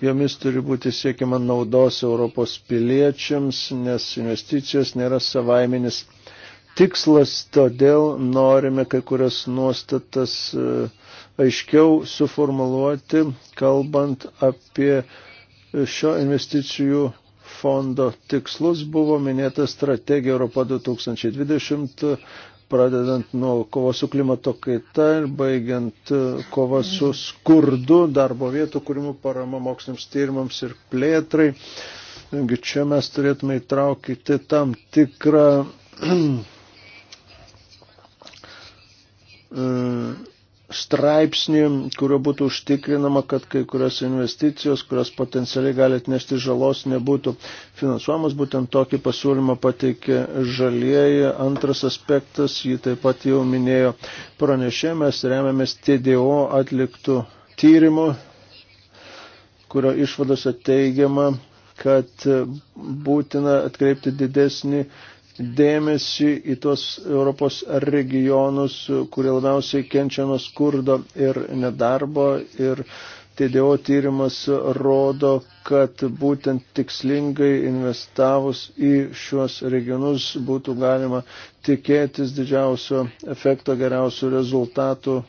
jomis turi būti siekiama naudos Europos piliečiams, nes investicijos nėra savaiminis tikslas, todėl norime kai kurias nuostatas e, aiškiau suformuluoti, kalbant apie šio investicijų fondo tikslus. Buvo minėta strategija Europa 2020 pradedant nuo kovos su klimato kaita ir baigiant e, kova su skurdu, darbo vietų kūrimu, parama moksliniams tyrimams ir plėtrai. Taigi čia mes turėtume įtraukyti tam tikrą e, straipsnį, kuriuo būtų užtikrinama, kad kai kurios investicijos, kurios potencialiai gali atnešti žalos, nebūtų finansuojamos. Būtent tokį pasiūlymą pateikė žalieji. Antras aspektas, jį taip pat jau minėjo pranešė, mes remiamės TDO atliktų tyrimų, kurio išvadose teigiama, kad būtina atkreipti didesnį dėmesį į tos Europos regionus, kurie labiausiai kenčia nuo skurdo ir nedarbo. Ir TDO tyrimas rodo, kad būtent tikslingai investavus į šiuos regionus būtų galima tikėtis didžiausio efekto, geriausių rezultatų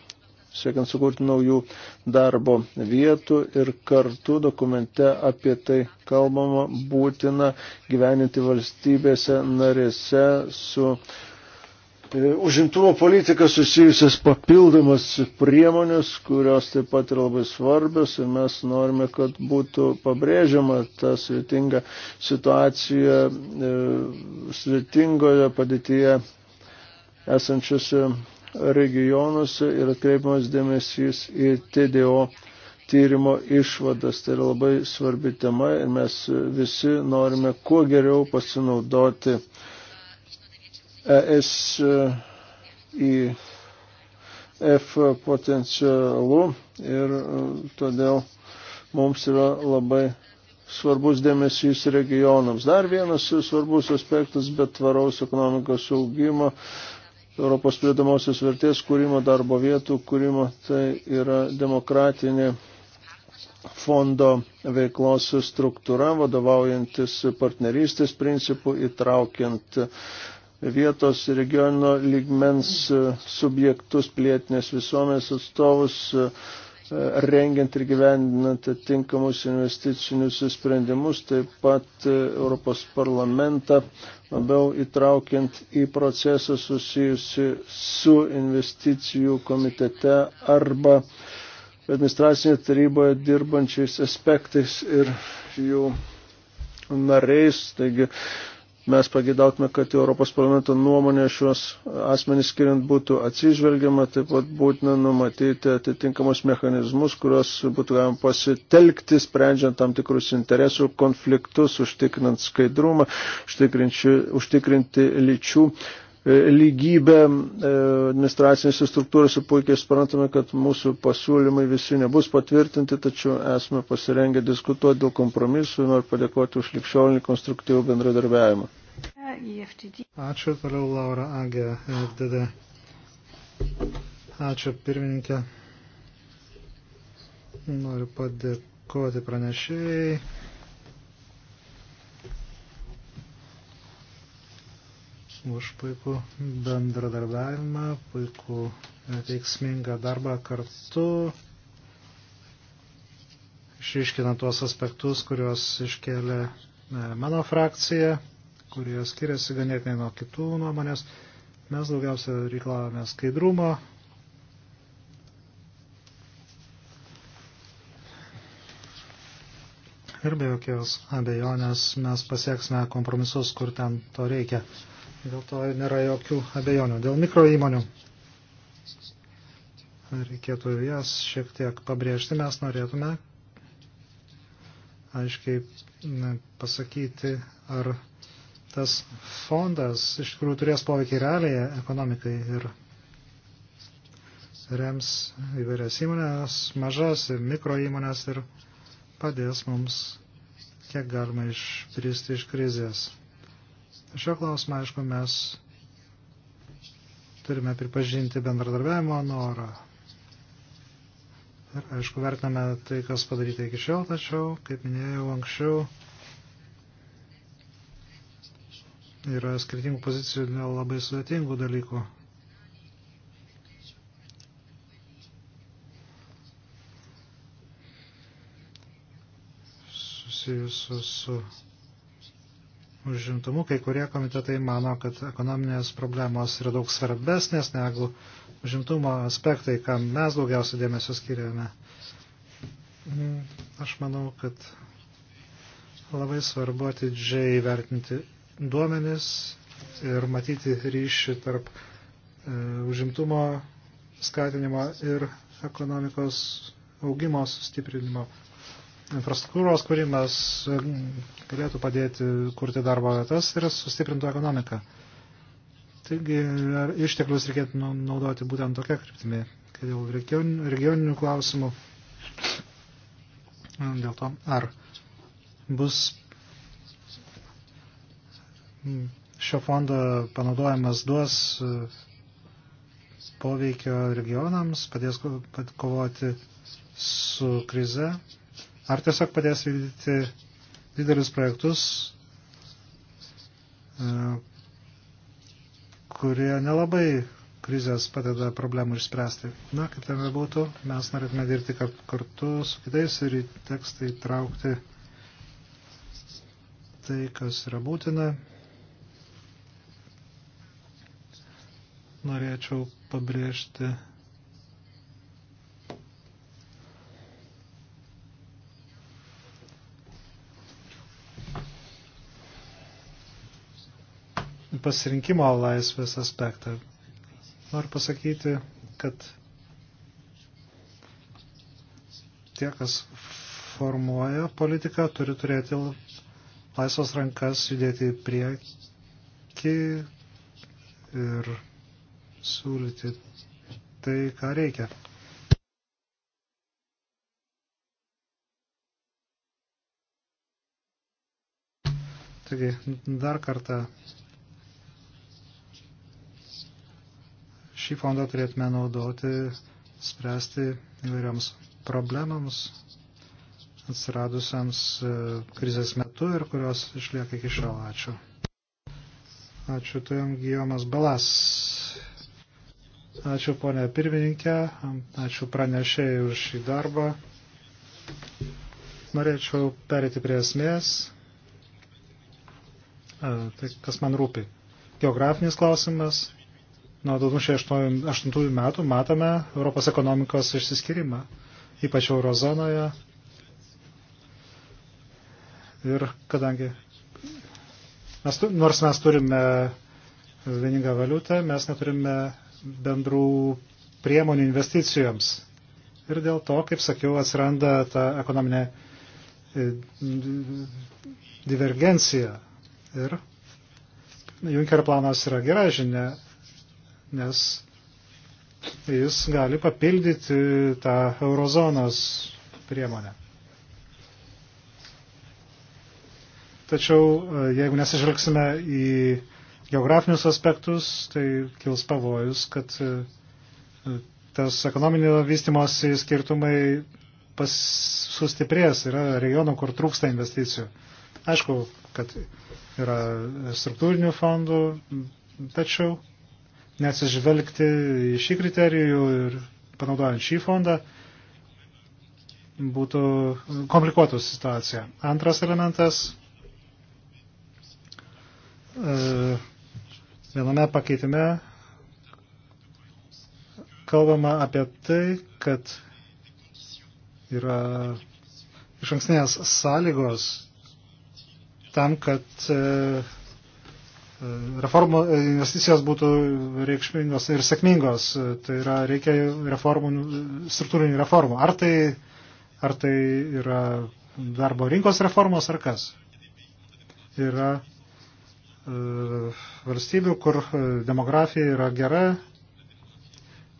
siekiant sukurti naujų darbo vietų ir kartu dokumente apie tai kalbama būtina gyveninti valstybėse narėse su e, užimtumo politika susijusias papildomas priemonės, kurios taip pat yra labai svarbios ir mes norime, kad būtų pabrėžiama ta sudėtinga situacija, e, sudėtingoje padėtyje esančiose regionuose ir atkreipiamas dėmesys į TDO tyrimo išvadas. Tai yra labai svarbi tema ir mes visi norime kuo geriau pasinaudoti ES į F potencialu ir e, todėl mums yra labai svarbus dėmesys regionams. Dar vienas svarbus aspektas, bet tvaraus ekonomikos augimo Europos pridamosios vertės kūrimo, darbo vietų kūrimo, tai yra demokratinė fondo veiklos struktūra, vadovaujantis partnerystės principų, įtraukiant vietos regiono lygmens subjektus, plėtinės visuomės atstovus, rengiant ir gyvendinant atitinkamus investicinius sprendimus, taip pat e, Europos parlamentą labiau įtraukiant į procesą susijusi su investicijų komitete arba administracinėje taryboje dirbančiais aspektais ir jų nariais. Taigi Mes pagėdautume, kad Europos parlamento nuomonė šios asmenys skiriant būtų atsižvelgiama, taip pat būtina numatyti atitinkamus mechanizmus, kuriuos būtų galima pasitelkti, sprendžiant tam tikrus interesų konfliktus, užtikrinant skaidrumą, užtikrinti lyčių e, lygybę e, administracinėse struktūrose puikiai suprantame, kad mūsų pasiūlymai visi nebus patvirtinti, tačiau esame pasirengę diskutuoti dėl kompromisų ir noriu padėkoti už likščiolinį konstruktyvų bendradarbiavimą. Ačiū toliau Laura Agė, FDD. Ačiū pirmininkė. Noriu padėkoti pranešėjai. už puikų bendradarbiavimą, puikų veiksmingą darbą kartu, išryškinant tuos aspektus, kuriuos iškėlė e, mano frakcija kurie skiriasi ganėtinai nuo kitų nuomonės. Mes daugiausia reikalavome skaidrumo. Ir be jokios abejonės mes pasieksime kompromisus, kur ten to reikia. Dėl to nėra jokių abejonių. Dėl mikro įmonių reikėtų jas šiek tiek pabrėžti. Mes norėtume aiškiai pasakyti, ar tas fondas iš tikrųjų turės poveikį realiai ekonomikai ir rems įvairias įmonės, mažas ir mikro įmonės ir padės mums kiek galima išpristi iš krizės. Šio klausimą, aišku, mes turime pripažinti bendradarbiavimo norą. Ir, aišku, vertiname tai, kas padaryta iki šiol, tačiau, kaip minėjau anksčiau, yra skirtingų pozicijų dėl labai sudėtingų dalykų. Susijusiu su užimtumu, kai kurie komitetai mano, kad ekonominės problemos yra daug svarbesnės negu užimtumo aspektai, kam mes daugiausia dėmesio skiriame. Mm, aš manau, kad labai svarbu atidžiai vertinti duomenis ir matyti ryšį tarp e, užimtumo skatinimo ir ekonomikos augimo sustiprinimo. Infrastruktūros kūrimas e, galėtų padėti kurti darbo vietas ir sustiprintų ekonomiką. Taigi išteklius reikėtų naudoti būtent tokia kryptimi, kai dėl regioninių klausimų. Dėl to, ar bus šio fondo panaudojimas duos e, poveikio regionams, padės kovoti su krize, ar tiesiog padės vykdyti didelius projektus, e, kurie nelabai krizės padeda problemų išspręsti. Na, kaip ten bebūtų, mes norėtume dirbti kartu su kitais ir į tekstą įtraukti tai, kas yra būtina. norėčiau pabrėžti pasirinkimo laisvės aspektą. Noriu pasakyti, kad tie, kas formuoja politiką, turi turėti laisvas rankas judėti į priekį ir siūlyti tai, ką reikia. Taigi, dar kartą šį fondą turėtume naudoti, spręsti įvairioms problemams atsiradusiams e, krizės metu ir kurios išlieka iki šiol. Ačiū. Ačiū, tu jam Gijomas Balas. Ačiū ponė pirmininkė, ačiū pranešėjai už šį darbą. Norėčiau perėti prie esmės, tai kas man rūpi. Geografinis klausimas. Nuo 2008 metų matome Europos ekonomikos išsiskirimą, ypač eurozonoje. Ir kadangi mes, nors mes turime vieningą valiutą, mes neturime bendrų priemonių investicijoms. Ir dėl to, kaip sakiau, atsiranda ta ekonominė e, divergencija. Ir Junker planas yra gera žinia, nes jis gali papildyti tą eurozonos priemonę. Tačiau e, jeigu nesižvelgsime į geografinius aspektus, tai kils pavojus, kad e, e, tas ekonominio vystimosi skirtumai pas, sustiprės, yra regionų, kur trūksta investicijų. Aišku, kad yra struktūrinių fondų, tačiau neatsižvelgti į šį kriterijų ir panaudojant šį fondą būtų komplikuotų situacija. Antras elementas e, Viename pakeitime kalbama apie tai, kad yra iš anksnės sąlygos tam, kad e, e, reformų e, investicijos būtų reikšmingos ir sėkmingos. Tai yra reikia reformų, struktūrinių reformų. Ar tai, ar tai yra darbo rinkos reformos ar kas? Yra valstybių, kur e, demografija yra gera,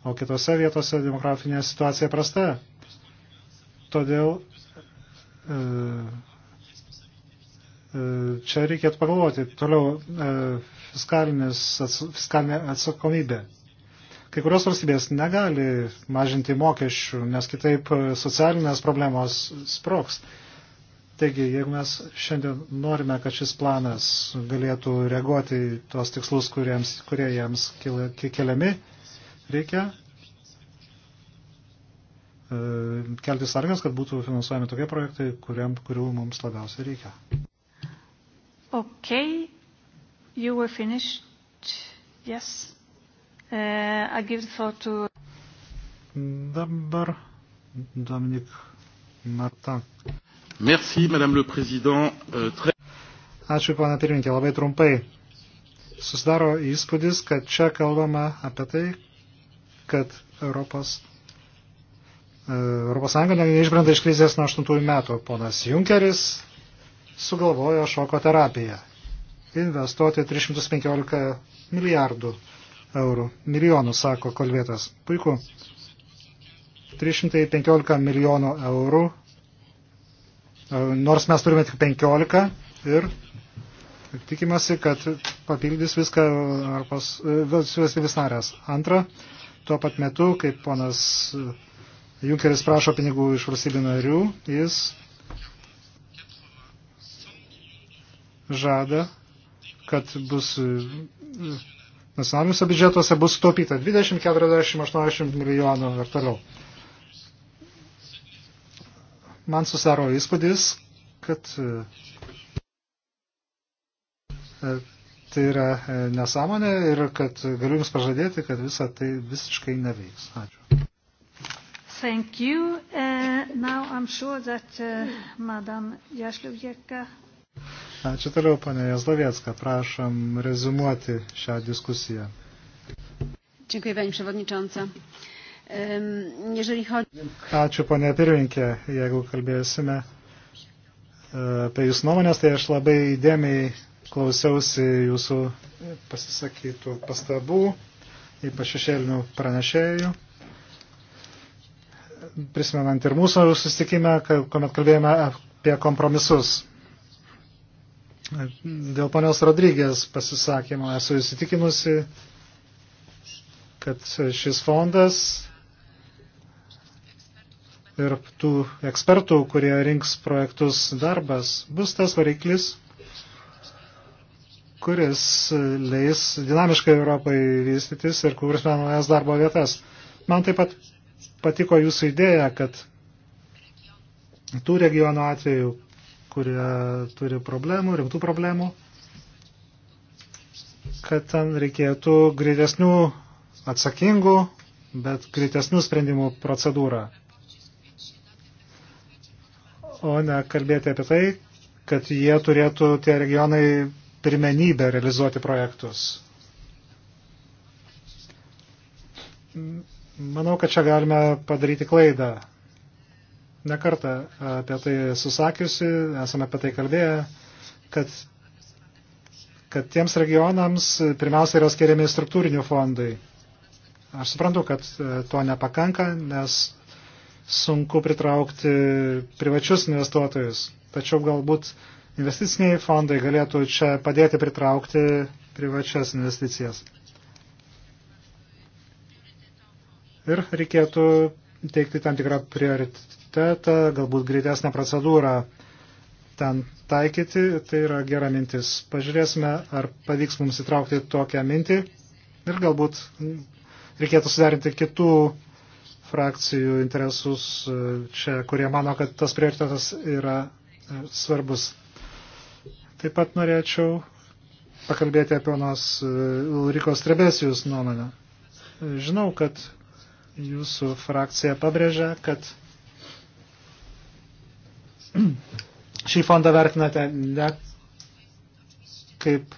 o kitose vietose demografinė situacija prasta. Todėl e, e, čia reikėtų pagalvoti. Toliau fiskalinė atsakomybė. Kai kurios valstybės negali mažinti mokesčių, nes kitaip socialinės problemos sproks. Taigi, jeigu mes šiandien norime, kad šis planas galėtų reaguoti tuos tikslus, kuriems, kurie jiems keliami, reikia e, kelti sargas, kad būtų finansuojami tokie projektai, kuriam, kurių mums labiausiai reikia. Okay. You were finished. Yes. Uh, I give the floor to... Dabar Dominik Marta. Merci, Madame le Président. Euh, Tre... Ačiū, pana pirmininkė, labai trumpai. Susidaro įspūdis, kad čia kalbama apie tai, kad Europos, e, Europos Sąjunga neišbrenda iš krizės nuo 8 metų. Ponas Junkeris sugalvojo šoko terapiją. Investuoti 315 milijardų eurų. Milijonų, sako Kolvietas. Puiku. 315 milijonų eurų E, nors mes turime tik 15 ir tikimasi, kad papildys viską Europos e, valstybės narės. Antra, tuo pat metu, kaip ponas Junkeris prašo pinigų iš valstybių narių, jis žada, kad bus e, nacionaliniuose biudžetuose bus sutaupyta 20, 40, 80 milijonų ir toliau man susidaro įspūdis, kad e, e, tai yra e, nesąmonė ir kad galiu Jums pažadėti, kad visa tai visiškai neveiks. Ačiū. Thank you. Uh, now I'm sure that uh, Madam Jašliujeka. Ačiū toliau, ponė Jazloviecka. Prašom rezumuoti šią diskusiją. Dziękuję, Pani Przewodnicząca. Ačiū, ponė pirmininkė. Jeigu kalbėsime e, apie jūsų nuomonės, tai aš labai įdėmiai klausiausi jūsų pasisakytų pastabų, ypač šešėlinių pranešėjų. Prisimenant ir mūsų susitikimą, kuomet kalbėjome apie kompromisus. Dėl ponios Rodrygės pasisakymo esu įsitikinusi, kad šis fondas ir tų ekspertų, kurie rinks projektus darbas, bus tas variklis, kuris leis dinamiškai Europai vystytis ir kurs naujas darbo vietas. Man taip pat patiko jūsų idėja, kad tų regionų atveju, kurie turi problemų, rimtų problemų, kad ten reikėtų greitesnių atsakingų, bet greitesnių sprendimų procedūrą o ne kalbėti apie tai, kad jie turėtų tie regionai pirmenybę realizuoti projektus. Manau, kad čia galime padaryti klaidą. Nekartą apie tai susakiusi, esame apie tai kalbėję, kad, kad tiems regionams pirmiausia yra skiriami struktūrinių fondai. Aš suprantu, kad e, to nepakanka, nes sunku pritraukti privačius investuotojus. Tačiau galbūt investiciniai fondai galėtų čia padėti pritraukti privačias investicijas. Ir reikėtų teikti tam tikrą prioritetą, galbūt greitesnę procedūrą ten taikyti. Tai yra gera mintis. Pažiūrėsime, ar pavyks mums įtraukti tokią mintį ir galbūt reikėtų sudarinti kitų frakcijų interesus e, čia, kurie mano, kad tas prioritetas yra e, svarbus. Taip pat norėčiau pakalbėti apie onos e, Ulrikos Trebesijus nuomonę. Žinau, kad jūsų frakcija pabrėžia, kad šį fondą vertinate ne kaip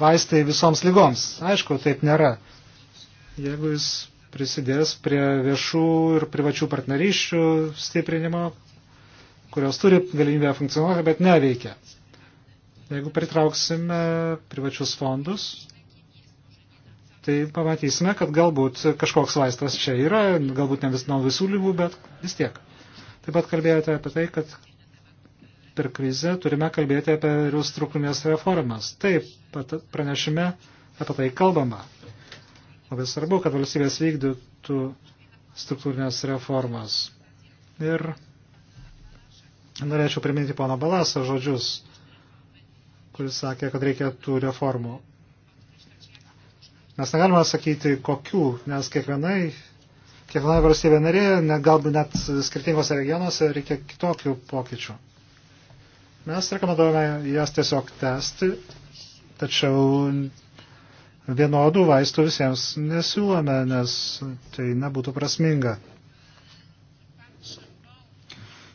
vaistai visoms lygoms. Aišku, taip nėra. Jeigu jūs prisidės prie viešų ir privačių partnerysčių stiprinimo, kurios turi galimybę funkcionuoti, bet neveikia. Jeigu pritrauksime privačius fondus, tai pamatysime, kad galbūt kažkoks vaistas čia yra, galbūt ne vis nuo visų lygų, bet vis tiek. Taip pat kalbėjote apie tai, kad per krizę turime kalbėti apie struktūrinės reformas. Taip, pranešime apie tai kalbama. Labai svarbu, kad valstybės vykdytų struktūrinės reformas. Ir norėčiau priminti pono Balasą žodžius, kuris sakė, kad reikia tų reformų. Mes negalime sakyti, kokių, nes kiekvienai, kiekvienai valstybė narėje, ne, galbūt net skirtingose regionuose reikia kitokių pokyčių. Mes rekomenduojame jas tiesiog tęsti, tačiau vienodų vaistų visiems nesiūlome, nes tai nebūtų prasminga.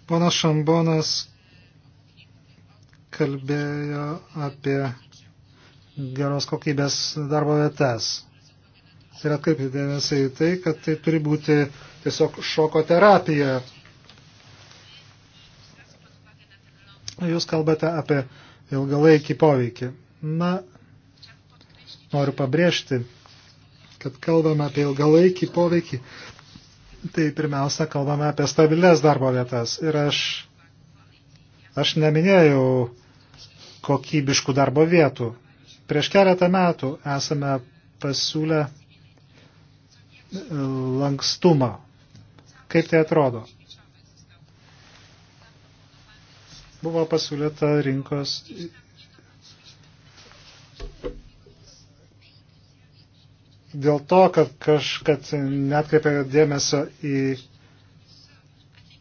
Ponas Šambonas kalbėjo apie geros kokybės darbo vietas. Ir tai atkreipti dėmesį į tai, kad tai turi būti tiesiog šoko terapija. Jūs kalbate apie ilgalaikį poveikį. Na, noriu pabrėžti, kad kalbame apie ilgalaikį poveikį, tai pirmiausia kalbame apie stabilės darbo vietas. Ir aš, aš neminėjau kokybiškų darbo vietų. Prieš keletą metų esame pasiūlę lankstumą. Kaip tai atrodo? Buvo pasiūlyta rinkos dėl to, kad kažkad netkreipė dėmesio į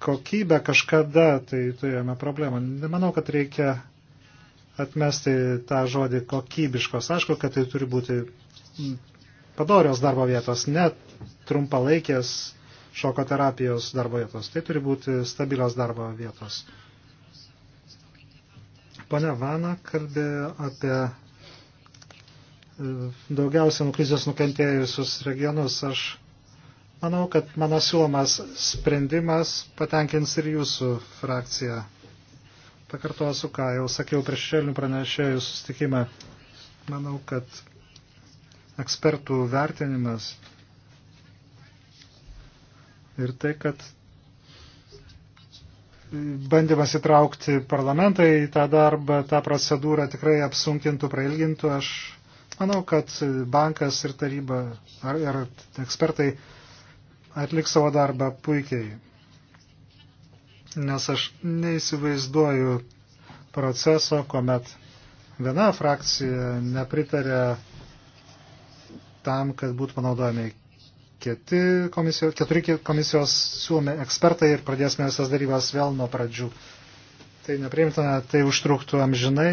kokybę kažkada, tai turėjome problemą. Manau, kad reikia atmesti tą žodį kokybiškos. Aišku, kad tai turi būti padorios darbo vietos, ne trumpalaikės šoko terapijos darbo vietos. Tai turi būti stabilios darbo vietos. Pane Vana kalbėjo apie daugiausia nuo krizės nukentėjusius regionus. Aš manau, kad mano siūlomas sprendimas patenkins ir jūsų frakciją. Pakartosiu, ką jau sakiau prieš šelnių pranešėjų sustikimą. Manau, kad ekspertų vertinimas ir tai, kad bandymas įtraukti parlamentą į tą darbą, tą procedūrą tikrai apsunkintų, prailgintų. Aš Manau, kad bankas ir taryba ar, ar ekspertai atliks savo darbą puikiai, nes aš neįsivaizduoju proceso, kuomet viena frakcija nepritarė tam, kad būtų panaudojami kiti komisijos, keturi komisijos siūlomi ekspertai ir pradėsime visas darybas vėl nuo pradžių. Tai nepriimtina, tai užtruktų amžinai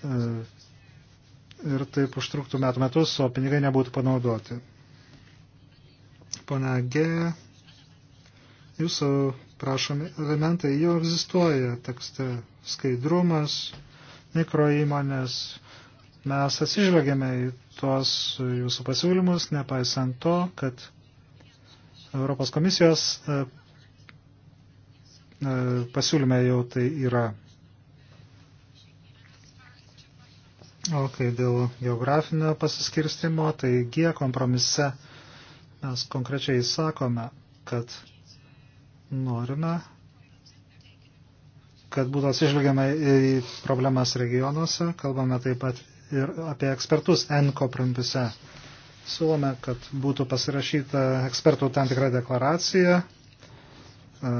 E, ir taip užtruktų metų metus, o pinigai nebūtų panaudoti. Pone G, jūsų prašomi elementai jau egzistuoja tekste skaidrumas, mikroįmonės. Mes atsižvelgėme į tuos jūsų pasiūlymus, nepaisant to, kad Europos komisijos e, e, pasiūlyme jau tai yra O kai dėl geografinio pasiskirstimo, tai G kompromise mes konkrečiai sakome, kad norime, kad būtų atsižvelgiama į problemas regionuose, kalbame taip pat ir apie ekspertus N kompromise. Siūlome, kad būtų pasirašyta ekspertų tam tikra deklaracija, e,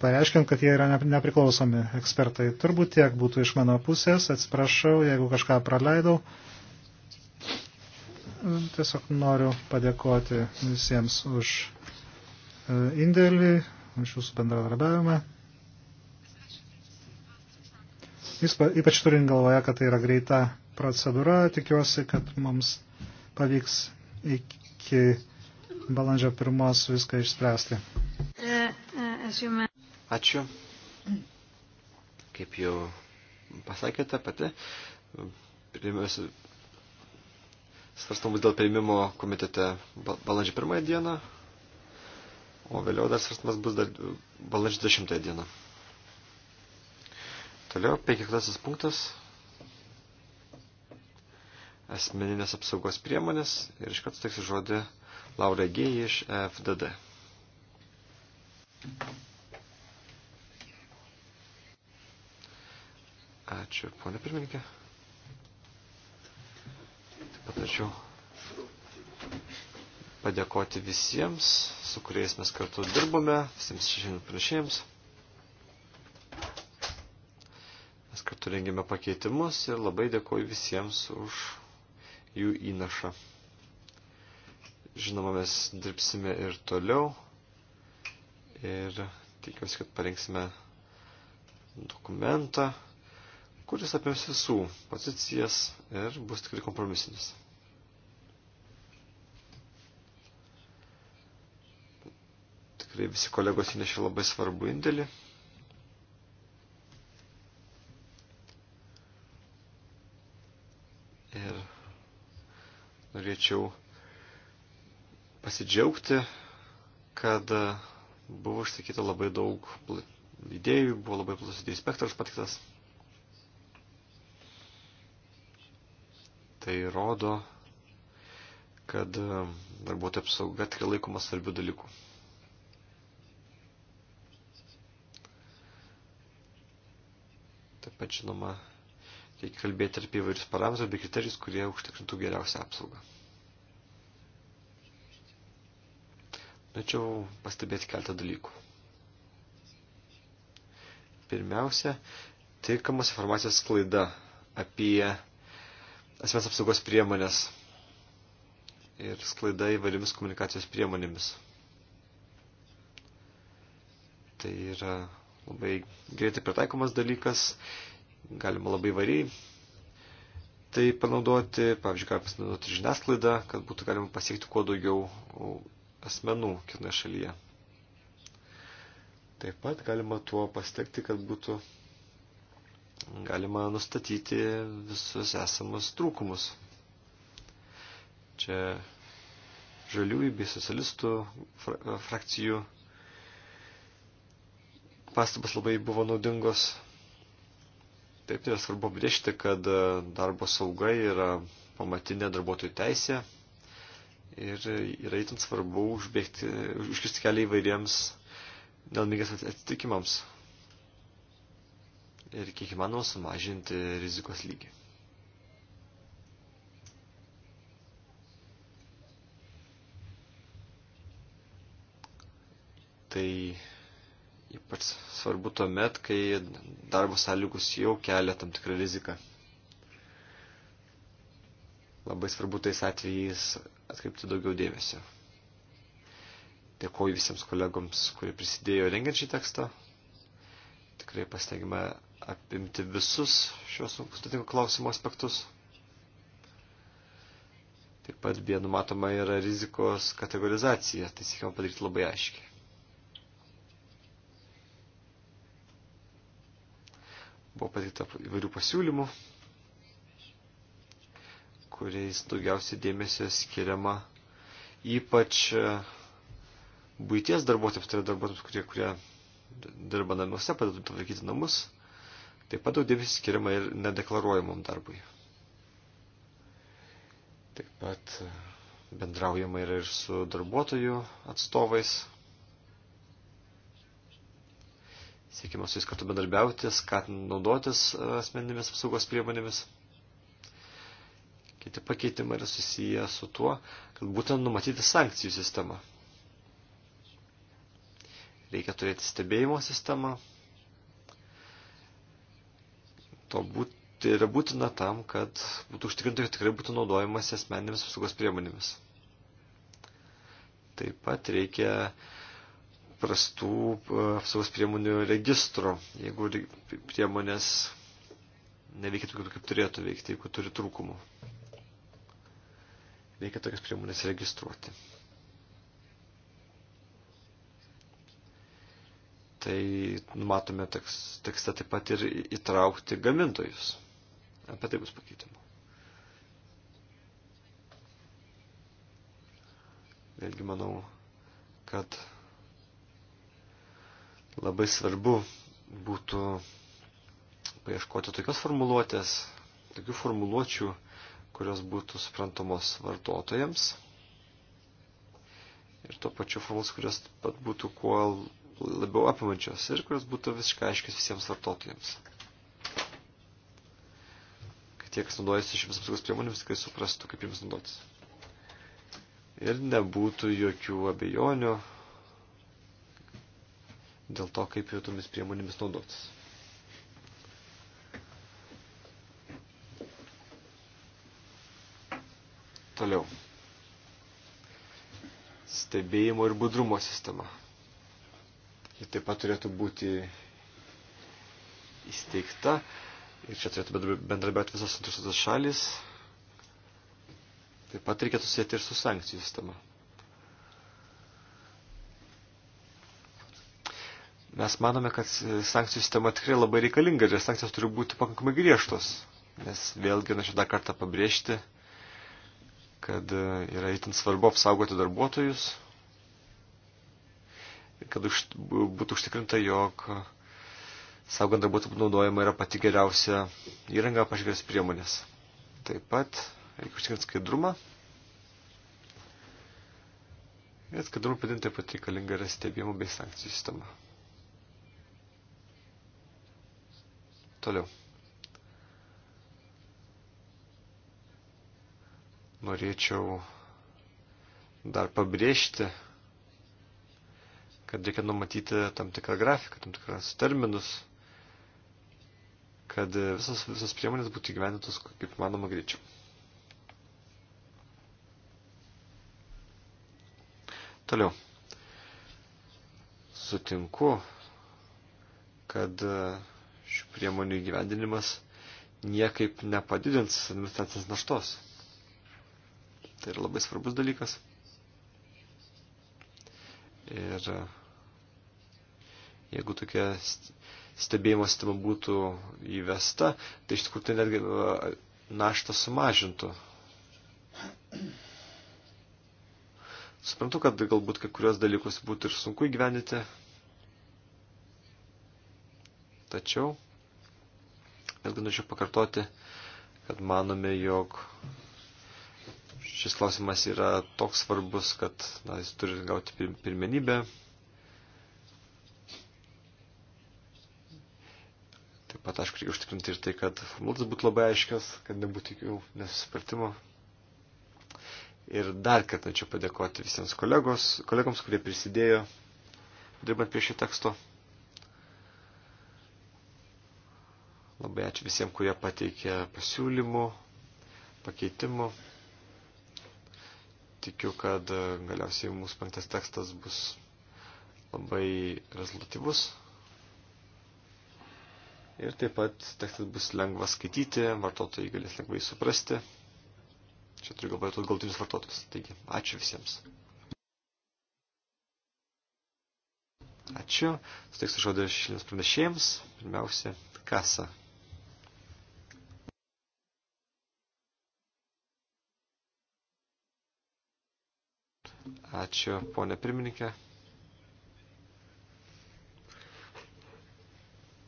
pareiškiant, kad jie yra nepriklausomi ekspertai. Turbūt tiek būtų iš mano pusės, atsiprašau, jeigu kažką praleidau. Tiesiog noriu padėkoti visiems už e, indėlį, už jūsų bendradarbiavimą. Ypač turint galvoje, kad tai yra greita procedūra, tikiuosi, kad mums pavyks iki balandžio pirmos viską išspręsti. Uh, uh, Ačiū. Kaip jau pasakėte pati, pirmiausia, svarstom bus dėl priimimo komitete balandžio pirmąją dieną, o vėliau dar svarstamas bus dar balandžio dešimtąją dieną. Toliau, penkiklasis punktas. Asmeninės apsaugos priemonės ir iškart suteiksiu žodį Laura Gėjai iš e FDD. Thank you. Ačiū, ponė pirmininkė. Taip pat ačiū padėkoti visiems, su kuriais mes kartu dirbome, visiems šiandien pranešėjams. Mes kartu rengėme pakeitimus ir labai dėkoju visiems už jų įnašą. Žinoma, mes dirbsime ir toliau ir tikiuosi, kad parengsime dokumentą kuris apie visų pozicijas ir bus tikrai kompromisinis. Tikrai visi kolegos įnešė labai svarbu indėlį. Ir norėčiau pasidžiaugti, kad buvo išsakyta labai daug idėjų, buvo labai platus idėjų spektras patiktas. Tai rodo, kad e, darbuotojų apsauga tikrai laikoma svarbių dalykų. Taip pat, žinoma, reikia kalbėti apie įvairius parametrus bei kriterijus, kurie užtikrintų geriausią apsaugą. Norėčiau pastebėti keltą dalykų. Pirmiausia, tinkamas informacijos sklaida apie asmens apsaugos priemonės ir sklaida įvairiomis komunikacijos priemonėmis. Tai yra labai greitai pritaikomas dalykas, galima labai variai tai panaudoti, pavyzdžiui, galima pasinaudoti žiniasklaidą, kad būtų galima pasiekti kuo daugiau asmenų kitoje šalyje. Taip pat galima tuo pasitekti, kad būtų galima nustatyti visus esamus trūkumus. Čia žaliųjų bei socialistų frakcijų pastabas labai buvo naudingos. Taip, tai yra svarbu apdėžti, kad e, darbo sauga yra pamatinė darbuotojų teisė ir yra įtin svarbu užbėgti, užkirsti kelią įvairiems nelmingas atsitikimams ir kiek įmanoma sumažinti rizikos lygį. Tai ypač svarbu tuo met, kai darbo sąlygus jau kelia tam tikrą riziką. Labai svarbu tais atvejais atkreipti daugiau dėmesio. Dėkuoju visiems kolegoms, kurie prisidėjo rengiant šį tekstą. Tikrai pastengime apimti visus šios nustatymo klausimo aspektus. Taip pat beje numatoma yra rizikos kategorizacija, tai siekime padaryti labai aiškiai. Buvo pateikta įvairių pasiūlymų, kuriais daugiausiai dėmesio skiriama ypač e, būties darbuotojams, tai yra darbuotojams, kurie, kurie dirba namuose, padeda tvarkyti namus. Taip pat daug dėmesio skiriama ir nedeklaruojamam darbui. Taip pat e, bendraujama yra ir su darbuotojų atstovais. Siekime su jais kartu bendarbiauti, skatinti naudotis e, asmeninėmis apsaugos priemonėmis. Kiti pakeitimai yra susiję su tuo, kad būtent numatyti sankcijų sistemą. Reikia turėti stebėjimo sistemą, to būt, tai yra būtina tam, kad būtų užtikrinta, kad tikrai būtų naudojamas asmeninėmis apsaugos priemonėmis. Taip pat reikia prastų e, apsaugos priemonių registro, jeigu priemonės neveikia tokiu, kaip turėtų veikti, jeigu turi trūkumų. Reikia tokias priemonės registruoti. Tai matome tekste taip pat ir įtraukti gamintojus. Apie tai bus pakeitimų. Vėlgi manau, kad labai svarbu būtų paieškoti tokios formuluotės, tokių formuluočių, kurios būtų suprantamos vartotojams. Ir tuo pačiu formulas, kurios pat būtų kuo labiau apimančios ir kurios būtų visiškai aiškios visiems vartotojams. Kad tie, kas naudojasi šiomis apsaugos priemonėmis, tikrai suprastų, kaip jums naudotis. Ir nebūtų jokių abejonių dėl to, kaip jau tomis priemonėmis naudotis. Toliau. Stebėjimo ir budrumo sistema. Ji taip pat turėtų būti įsteigta ir čia turėtų bendrabiauti visos interesuotas šalis. Taip pat reikėtų susijęti ir su sankcijų sistema. Mes manome, kad sankcijų sistema tikrai labai reikalinga ir sankcijos turi būti pakankamai griežtos. Nes vėlgi norėčiau dar kartą pabrėžti, kad e, yra itin svarbu apsaugoti darbuotojus, kad už, būtų užtikrinta, jog saugant darbuotojų naudojama yra pati geriausia įranga pažvės priemonės. Taip pat reikia užtikrinti skaidrumą. Ir skaidrumą padinti taip pat reikalinga yra stebėjimo bei sankcijų sistema. Toliau. Norėčiau dar pabrėžti, kad reikia numatyti tam tikrą grafiką, tam tikras terminus, kad visas, visas priemonės būtų įgyvendintos kaip manoma greičiau. Toliau. Sutinku, kad šių priemonių įgyvendinimas niekaip nepadidins administracinės naštos. Tai yra labai svarbus dalykas. Ir Jeigu tokia stebėjimo sistema būtų įvesta, tai iš tikrųjų tai netgi naštą sumažintų. Suprantu, kad galbūt kai kurios dalykus būtų ir sunku įgyvendinti, tačiau vėlgi norėčiau pakartoti, kad manome, jog šis klausimas yra toks svarbus, kad na, jis turi gauti pirmenybę. Bet aišku, reikia užtikrinti ir tai, kad formuluotės būtų labai aiškios, kad nebūtų jokių nesusipratimo. Ir dar kartą čia padėkoti visiems kolegos, kolegoms, kurie prisidėjo dirbant prie šį teksto. Labai ačiū visiems, kurie pateikė pasiūlymų, pakeitimų. Tikiu, kad galiausiai mūsų penktas tekstas bus labai rezultatyvus. Ir taip pat tekstas bus lengvas skaityti, vartotojai galės lengvai suprasti. Čia turiu galvoje tos galtinius vartotojus. Taigi, ačiū visiems. Ačiū. Suteiksiu žodį šiliems pranešėjams. Pirmiausia, kasa. Ačiū, ponė pirmininkė.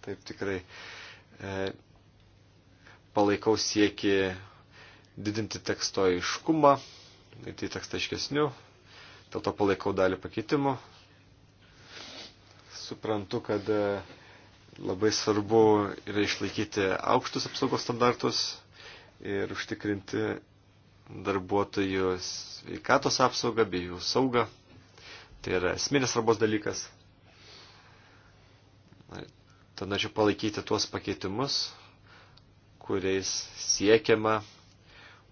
Taip tikrai e, palaikau sieki didinti teksto aiškumą, tai tekstą aiškesniu, dėl to palaikau dalį pakeitimų. Suprantu, kad e, labai svarbu yra išlaikyti aukštus apsaugos standartus ir užtikrinti darbuotojų sveikatos apsaugą bei jų saugą. Tai yra esminės svarbos dalykas. Tad norėčiau palaikyti tuos pakeitimus, kuriais siekiama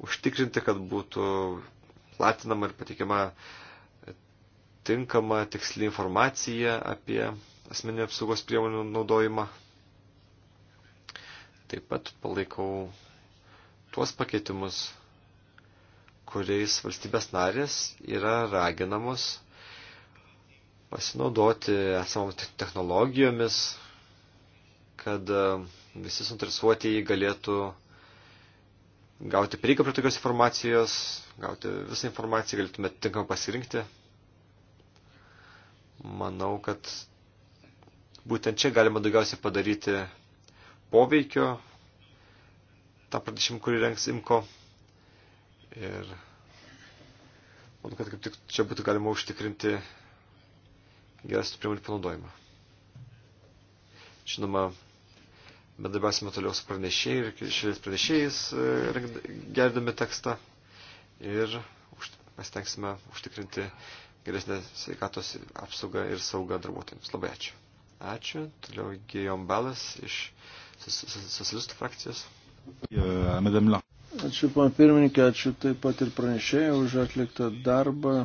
užtikrinti, kad būtų platinama ir patikima tinkama tiksli informacija apie asmeninio apsaugos priemonių naudojimą. Taip pat palaikau tuos pakeitimus, kuriais valstybės narės yra raginamos pasinaudoti esamomis technologijomis, kad e, visi suinteresuotieji galėtų gauti prieigą prie tokios informacijos, gauti visą informaciją, galėtumėte tinkamai pasirinkti. Manau, kad būtent čia galima daugiausiai padaryti poveikio tą pranešimą, kurį rengs Imko. Ir manau, kad kaip tik čia būtų galima užtikrinti geras priemonių panaudojimą. Žinoma, bendarbiausime toliau su pranešėjai ir šiais pranešėjais e, gerdami tekstą ir pasitengsime užtikrinti geresnę sveikatos apsaugą ir saugą darbuotojams. Labai ačiū. Ačiū. Toliau Gijom Balas iš socialistų frakcijos. E, ačiū, pana pirmininkė, ačiū taip pat ir pranešėjai už atliktą darbą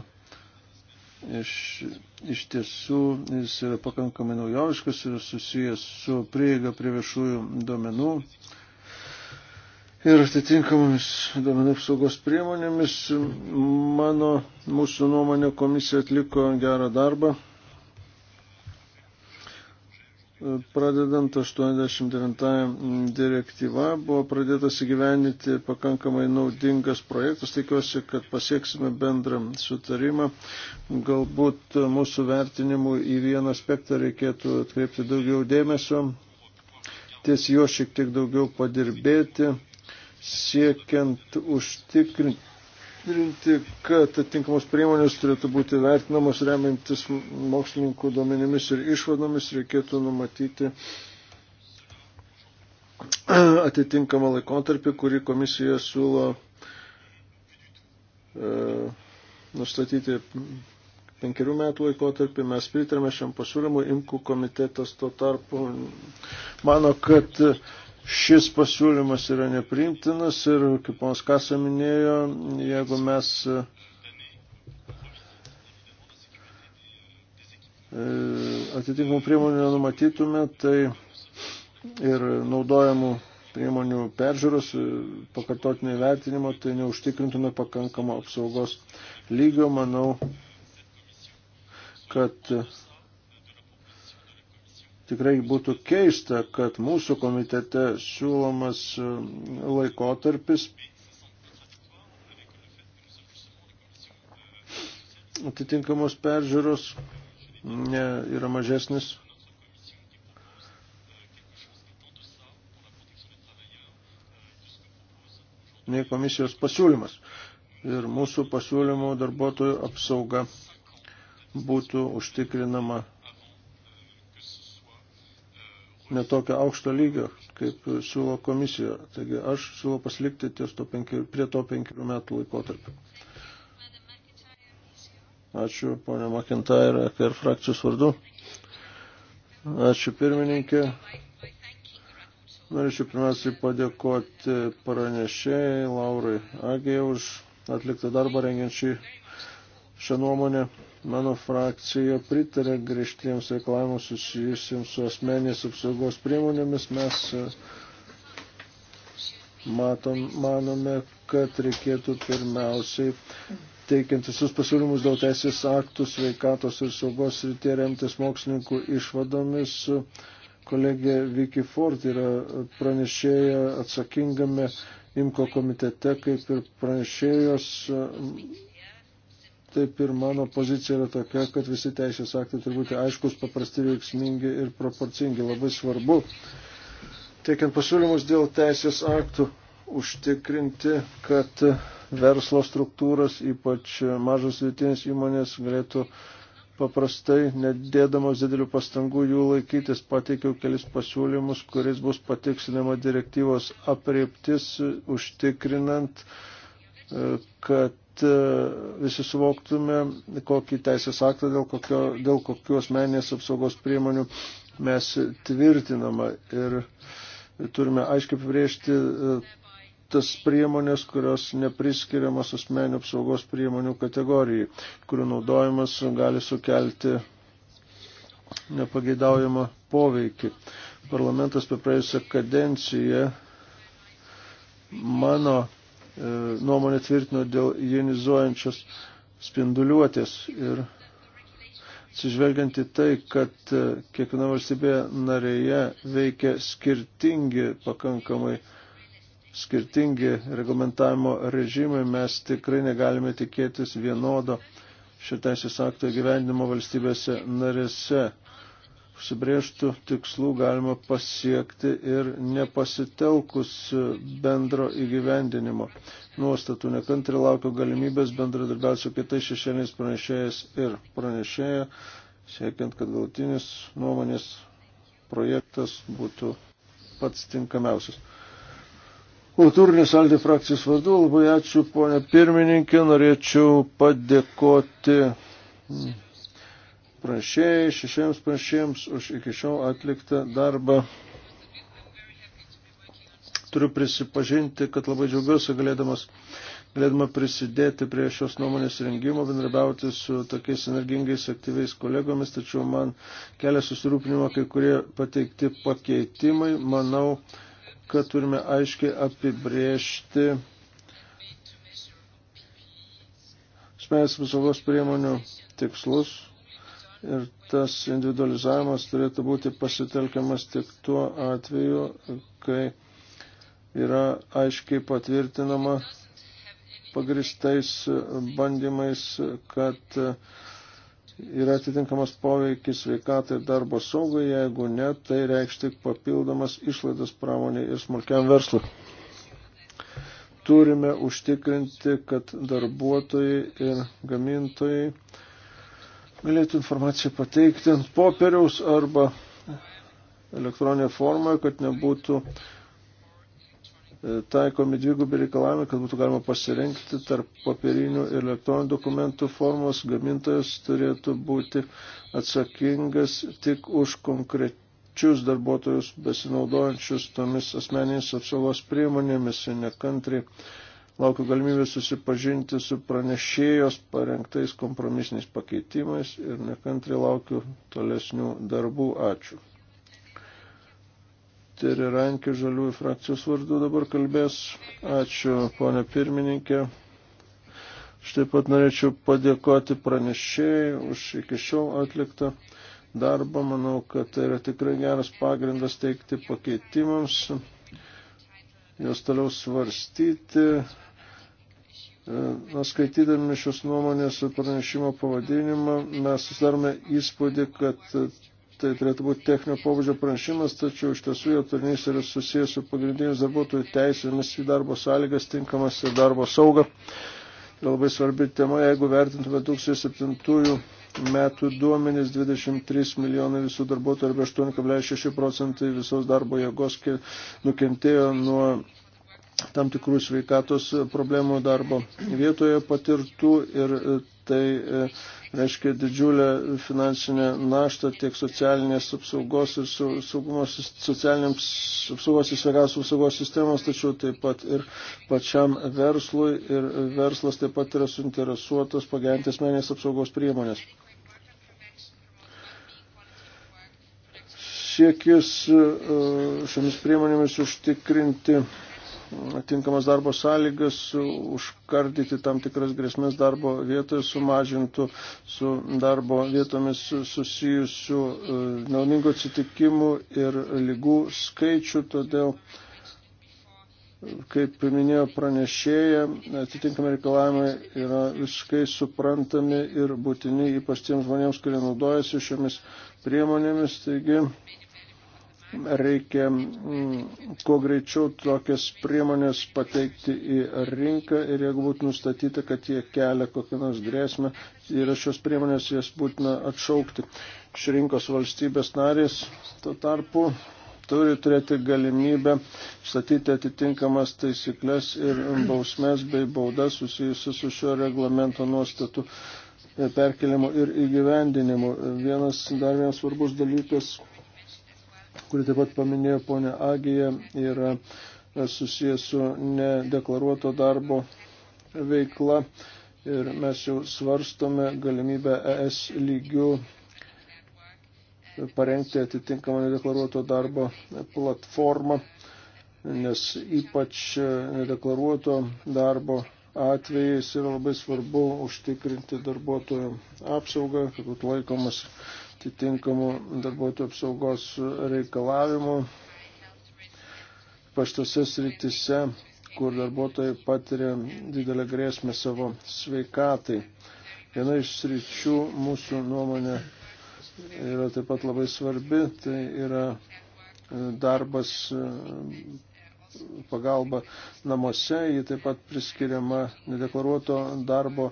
iš, iš tiesų jis yra pakankamai naujoviškas ir susijęs su prieiga prie viešųjų duomenų ir atitinkamomis duomenų apsaugos priemonėmis. Mano, mūsų nuomonė, komisija atliko gerą darbą pradedant 89 direktyva, buvo pradėtas įgyveninti pakankamai naudingas projektas. Tikiuosi, kad pasieksime bendrą sutarimą. Galbūt mūsų vertinimu į vieną aspektą reikėtų atkreipti daugiau dėmesio, ties juo šiek tiek daugiau padirbėti, siekiant užtikrinti užtikrinti, kad atitinkamos priemonės turėtų būti vertinamos remiantis mokslininkų duomenimis ir išvadomis, reikėtų numatyti e, atitinkamą laikotarpį, kurį komisija siūlo e, nustatyti penkerių metų laikotarpį. Mes pritarėme šiam pasiūlymui, imkų komitetas tuo tarpu mano, kad e, šis pasiūlymas yra nepriimtinas ir, kaip ponas Kasa minėjo, jeigu mes e, atitinkamų priemonių nenumatytume, tai ir naudojamų priemonių peržiūros, e, pakartotinio vertinimo, tai neužtikrintume pakankamo apsaugos lygio. Manau, kad tikrai būtų keista, kad mūsų komitete siūlomas e, laikotarpis atitinkamos peržiūros ne, yra mažesnis. nei komisijos pasiūlymas. Ir mūsų pasiūlymų darbuotojų apsauga būtų užtikrinama netokio aukšto lygio, kaip siūlo komisija. Taigi aš siūlau pasilikti ties to penki, prie to penkerių metų laikotarpio. Ačiū, ponė Makintairė, ir frakcijos vardu. Ačiū, pirmininkė. Norėčiau pirmiausiai padėkoti pranešėjai Laurai Agė už atliktą darbą rengiant šį Šią nuomonę mano frakcija pritarė griežtiems reikalavimus susijusiems su asmenės apsaugos priemonėmis. Mes e, matom, manome, kad reikėtų pirmiausiai teikiant visus pasiūlymus dėl teisės aktų, sveikatos ir saugos srityje remtis mokslininkų išvadomis. Kolegė Vicky Ford yra pranešėja atsakingame IMKO komitete, kaip ir pranešėjos taip ir mano pozicija yra tokia, kad visi teisės aktai turi būti aiškus, paprasti, veiksmingi ir proporcingi. Labai svarbu, teikiant pasiūlymus dėl teisės aktų, užtikrinti, kad verslo struktūros, ypač mažos vietinės įmonės, galėtų paprastai, nedėdamos didelių pastangų jų laikytis, pateikiau kelis pasiūlymus, kuris bus patikslinama direktyvos apriektis, užtikrinant, e, kad E, visi suvoktume, kokį teisės aktą, dėl, kokio, dėl kokių asmeninės apsaugos priemonių mes tvirtinama ir turime aiškiai apibriežti e, tas priemonės, kurios nepriskiriamas asmeninių apsaugos priemonių kategorijai, kurių naudojimas gali sukelti nepageidaujamą poveikį. Parlamentas per praėjusią kadenciją mano E, nuomonę tvirtino dėl jonizuojančios spinduliuotės ir atsižvelgiant į tai, kad e, kiekviena valstybė narėje veikia skirtingi pakankamai skirtingi reglamentavimo režimai, mes tikrai negalime tikėtis vienodo šio teisės akto gyvenimo valstybėse narėse užsibrėžtų tikslų galima pasiekti ir nepasitelkus bendro įgyvendinimo nuostatų. Nekantri laukiu galimybės bendradarbiauti su kitais šešėliais pranešėjais ir pranešėja, siekiant, kad galutinis nuomonės projektas būtų pats tinkamiausias. Kultūrinės aldė frakcijos vadu, labai ačiū ponė pirmininkė, norėčiau padėkoti pranešėjai, šešiems pranešėjams už iki šiol atliktą darbą. Turiu prisipažinti, kad labai džiaugiuosi galėdamas galėdama prisidėti prie šios nuomonės rengimo, bendrabiauti su tokiais energingais aktyviais kolegomis, tačiau man kelia susirūpinimo kai kurie pateikti pakeitimai. Manau, kad turime aiškiai apibriežti asmenės apsaugos priemonių tikslus, Ir tas individualizavimas turėtų būti pasitelkiamas tik tuo atveju, kai yra aiškiai patvirtinama pagristais bandymais, kad yra atitinkamas poveikis sveikatai ir darbo saugai, jeigu ne, tai reikš tik papildomas išlaidas pramoniai ir smulkiam verslui. Turime užtikrinti, kad darbuotojai ir gamintojai galėtų informaciją pateikti ant popieriaus arba elektroninė forma, kad nebūtų e, taikomi dvigubi reikalavimai, kad būtų galima pasirinkti tarp papirinių ir elektroninių dokumentų formos. Gamintojas turėtų būti atsakingas tik už konkrečius darbuotojus besinaudojančius tomis asmeninės apsaugos priemonėmis ir nekantriai laukiu galimybę susipažinti su pranešėjos parengtais kompromisiniais pakeitimais ir nekantri laukiu tolesnių darbų. Ačiū. Tiri Rankė žaliųjų frakcijos vardu dabar kalbės. Ačiū, ponė pirmininkė. Aš taip pat norėčiau padėkoti pranešėjai už iki šiol atliktą darbą. Manau, kad tai yra tikrai geras pagrindas teikti pakeitimams jos toliau svarstyti. E, skaitydami šios nuomonės ir pranešimo pavadinimą, mes susidarome įspūdį, kad tai turėtų būti techninio pobūdžio pranešimas, tačiau iš tiesų jo turinys yra susijęs su pagrindiniais darbuotojų teisėmis į darbo sąlygas, tinkamas ir darbo saugą. Tai labai svarbi tema, jeigu vertintume 2007 metų duomenys 23 milijonai visų darbuotojų arba 8,6 procentai visos darbo jėgos nukentėjo nuo tam tikrų sveikatos problemų darbo vietoje patirtų ir e, tai e, reiškia didžiulę finansinę naštą tiek socialinės apsaugos ir saugumo, socialinėms apsaugos ir sveikatos apsaugos sistemos, tačiau taip pat ir pačiam verslui ir verslas taip pat yra suinteresuotas pagerinti asmenės apsaugos priemonės. siekis e, e, šiomis priemonėmis užtikrinti mm, atinkamas darbo sąlygas, užkardyti tam tikras grėsmės darbo vietoje, sumažintų su darbo vietomis susijusių e, naudingų atsitikimų ir lygų skaičių, todėl, kaip minėjo pranešėja, atitinkami reikalavimai yra visiškai suprantami ir būtini ypač tiems žmonėms, kurie naudojasi šiomis priemonėmis. Taigi, reikia mm, kuo greičiau tokias priemonės pateikti į rinką ir jeigu būtų nustatyta, kad jie kelia kokią nors grėsmę, yra šios priemonės, jas būtina atšaukti. Iš rinkos valstybės narės tuo tarpu turi turėti galimybę statyti atitinkamas taisyklės ir bausmės bei baudas susijusi su šio reglamento nuostatų perkelimu ir įgyvendinimu. Vienas dar vienas svarbus dalykas kurį taip pat paminėjo ponė Agija, yra susijęs su nedeklaruoto darbo veikla ir mes jau svarstome galimybę ES lygių parengti atitinkamą nedeklaruoto darbo platformą, nes ypač nedeklaruoto darbo atvejais yra labai svarbu užtikrinti darbuotojų apsaugą, kad būtų laikomas atitinkamų darbuotojų apsaugos reikalavimų, paštose sritise, kur darbuotojai patiria didelę grėsmę savo sveikatai. Viena iš sričių mūsų nuomonė yra taip pat labai svarbi, tai yra darbas pagalba namuose, ji taip pat priskiriama nedeklaruoto darbo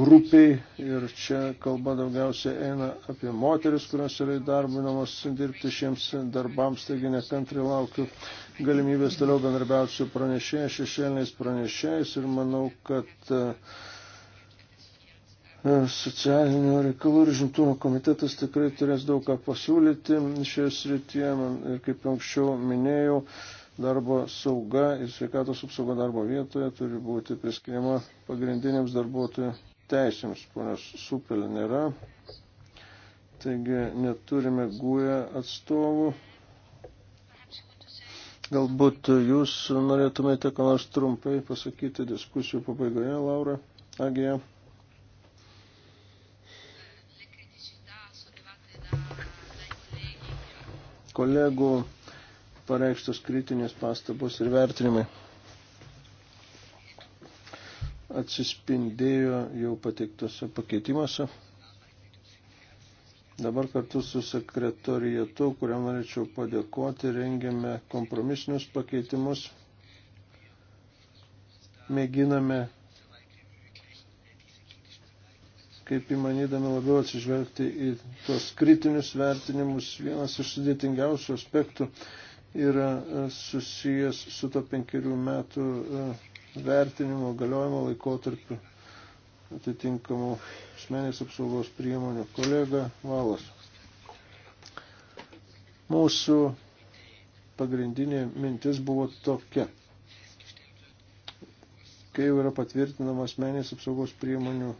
grupiai ir čia kalba daugiausia eina apie moteris, kurios yra įdarbinamos dirbti šiems darbams, taigi nekantri laukiu galimybės toliau bendarbiauti su pranešėjais, šešėliniais pranešėjais ir manau, kad e, socialinio reikalų ir žimtumo komitetas tikrai turės daug ką pasiūlyti šioje srityje. Man, kaip anksčiau minėjau, darbo sauga ir sveikatos apsauga darbo vietoje turi būti priskiriama pagrindinėms darbuotojų teisėms, ponios supelė nėra. Taigi neturime guoja atstovų. Galbūt jūs norėtumėte ką nors trumpai pasakyti diskusijų pabaigoje, Laura Agija. Kolegų pareikštos kritinės pastabos ir vertinimai atsispindėjo jau pateiktose pakeitimuose. Dabar kartu su sekretorijatu, kuriam norėčiau padėkoti, rengiame kompromisinius pakeitimus. Mėginame, kaip įmanydami labiau atsižvelgti į tuos kritinius vertinimus. Vienas iš sudėtingiausių aspektų yra e, susijęs su to penkerių metų e, vertinimo galiojimo laikotarpiu atitinkamų asmenės apsaugos priemonių. Kolega Valas. Mūsų pagrindinė mintis buvo tokia. Kai jau yra patvirtinama asmenės apsaugos priemonių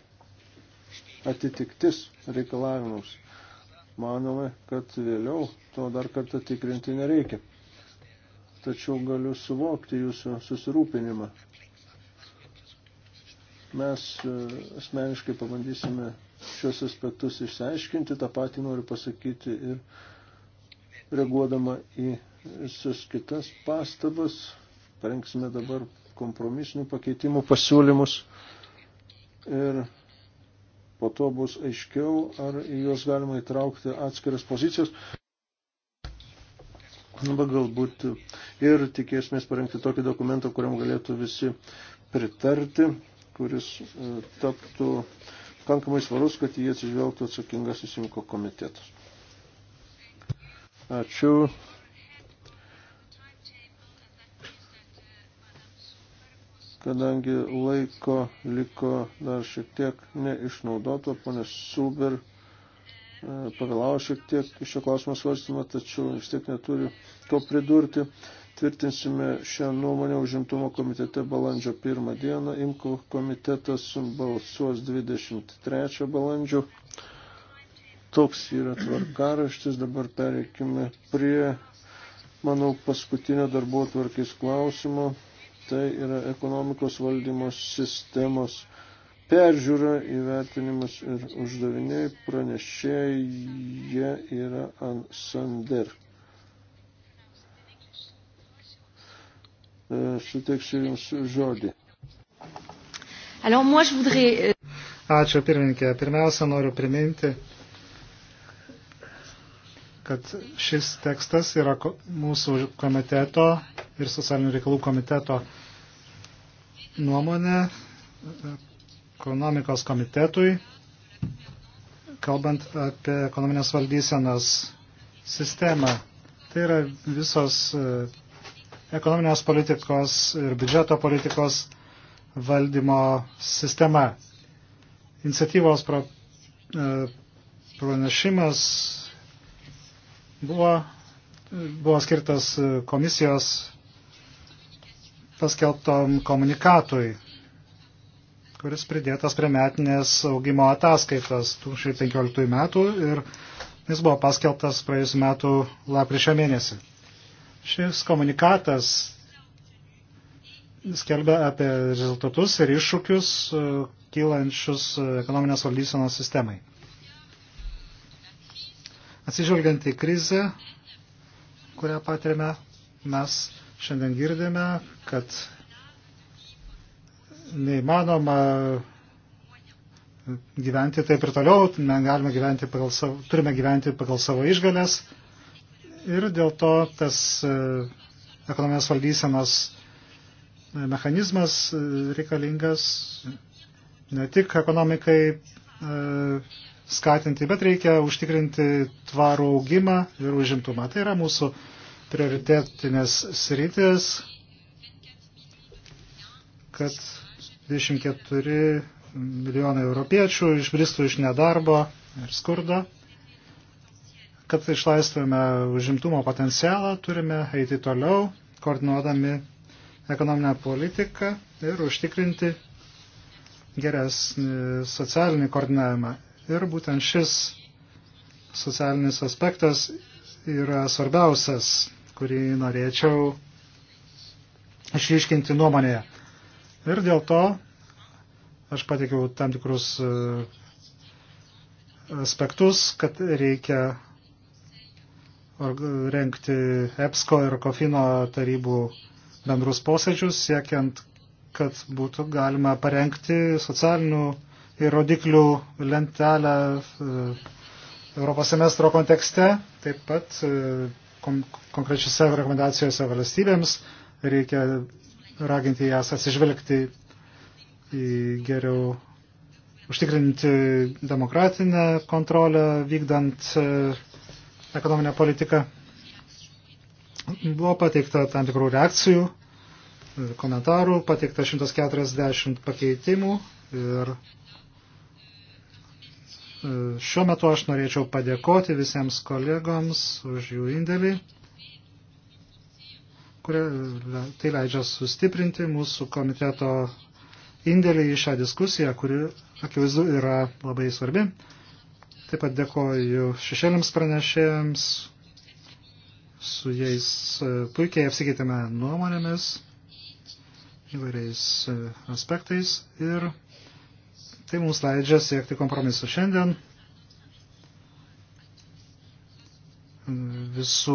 atitiktis reikalavimams, manome, kad vėliau to dar kartą tikrinti nereikia tačiau galiu suvokti jūsų susirūpinimą. Mes e, asmeniškai pabandysime šios aspektus išsiaiškinti, tą patį noriu pasakyti ir reaguodama į visas kitas pastabas, parengsime dabar kompromisinių pakeitimų pasiūlymus ir po to bus aiškiau, ar į juos galima įtraukti atskiras pozicijas. Arba galbūt ir tikėsimės parengti tokį dokumentą, kuriam galėtų visi pritarti, kuris e, taptų pakankamai svarus, kad jį atsižvelgtų atsakingas įsimko komitetas. Ačiū. Kadangi laiko liko dar šiek tiek neišnaudoto, ponė Suber. E, pavėlavo šiek tiek iš šio klausimo svarstymą, tačiau vis tiek neturi ko pridurti. Tvirtinsime šią nuomonę užimtumo komitete balandžio 1 dieną. Imko komitetas balsuos 23 balandžio. Toks yra tvarkaraštis. Dabar pereikime prie, manau, paskutinio darbo tvarkės klausimo. Tai yra ekonomikos valdymo sistemos peržiūra, įvertinimas ir uždaviniai pranešėje yra ant sander. E, suteiksiu Jums žodį. Alors, moi, je voudrais... Euh, Ačiū pirmininkė. Pirmiausia, noriu priminti, kad šis tekstas yra mūsų komiteto ir socialinių reikalų komiteto nuomonė ekonomikos komitetui, kalbant apie ekonominės valdysenos sistemą. Tai yra visos e, ekonominės politikos ir biudžeto politikos valdymo sistema. Iniciatyvos pro, e, pranešimas buvo, buvo skirtas komisijos paskelbtom komunikatui kuris pridėtas prie metinės augimo ataskaitas 2015 metų ir jis buvo paskelbtas praėjusiu metu lapkričio mėnesį. Šis komunikatas skelbia apie rezultatus ir iššūkius e, kylančius e, ekonominės valdysenos sistemai. Atsižvelgiant į krizę, kurią patirime, mes šiandien girdime, kad neįmanoma gyventi taip ir toliau, negalime gyventi pagal savo, turime gyventi pagal savo išgalės ir dėl to tas e, ekonominės valdysenos e, mechanizmas e, reikalingas ne tik ekonomikai skatinti, bet reikia užtikrinti tvarų augimą ir užimtumą. Tai yra mūsų prioritetinės sritis, kad 24 milijonai europiečių išbristų iš nedarbo ir skurdo. Kad išlaistume užimtumo potencialą, turime eiti toliau, koordinuodami ekonominę politiką ir užtikrinti geresnį socialinį koordinavimą. Ir būtent šis socialinis aspektas yra svarbiausias, kurį norėčiau išryškinti nuomonėje. Ir dėl to aš pateikiau tam tikrus e, aspektus, kad reikia renkti EPSCO ir COFINO tarybų bendrus posėdžius, siekiant, kad būtų galima parengti socialinių ir rodiklių lentelę e, Europos semestro kontekste, taip pat e, konkrečiose rekomendacijose valstybėms reikia raginti jas atsižvelgti į geriau užtikrinti demokratinę kontrolę vykdant e, ekonominę politiką. Buvo pateikta tam tikrų reakcijų, e, komentarų, pateikta 140 pakeitimų ir e, šiuo metu aš norėčiau padėkoti visiems kolegoms už jų indėlį kurie tai leidžia sustiprinti mūsų komiteto indėlį į šią diskusiją, kuri akivaizdu yra labai svarbi. Taip pat dėkoju šešėliams pranešėjams, su jais e, puikiai apsikeitėme nuomonėmis įvairiais e, aspektais ir tai mums leidžia siekti kompromisu. Šiandien visų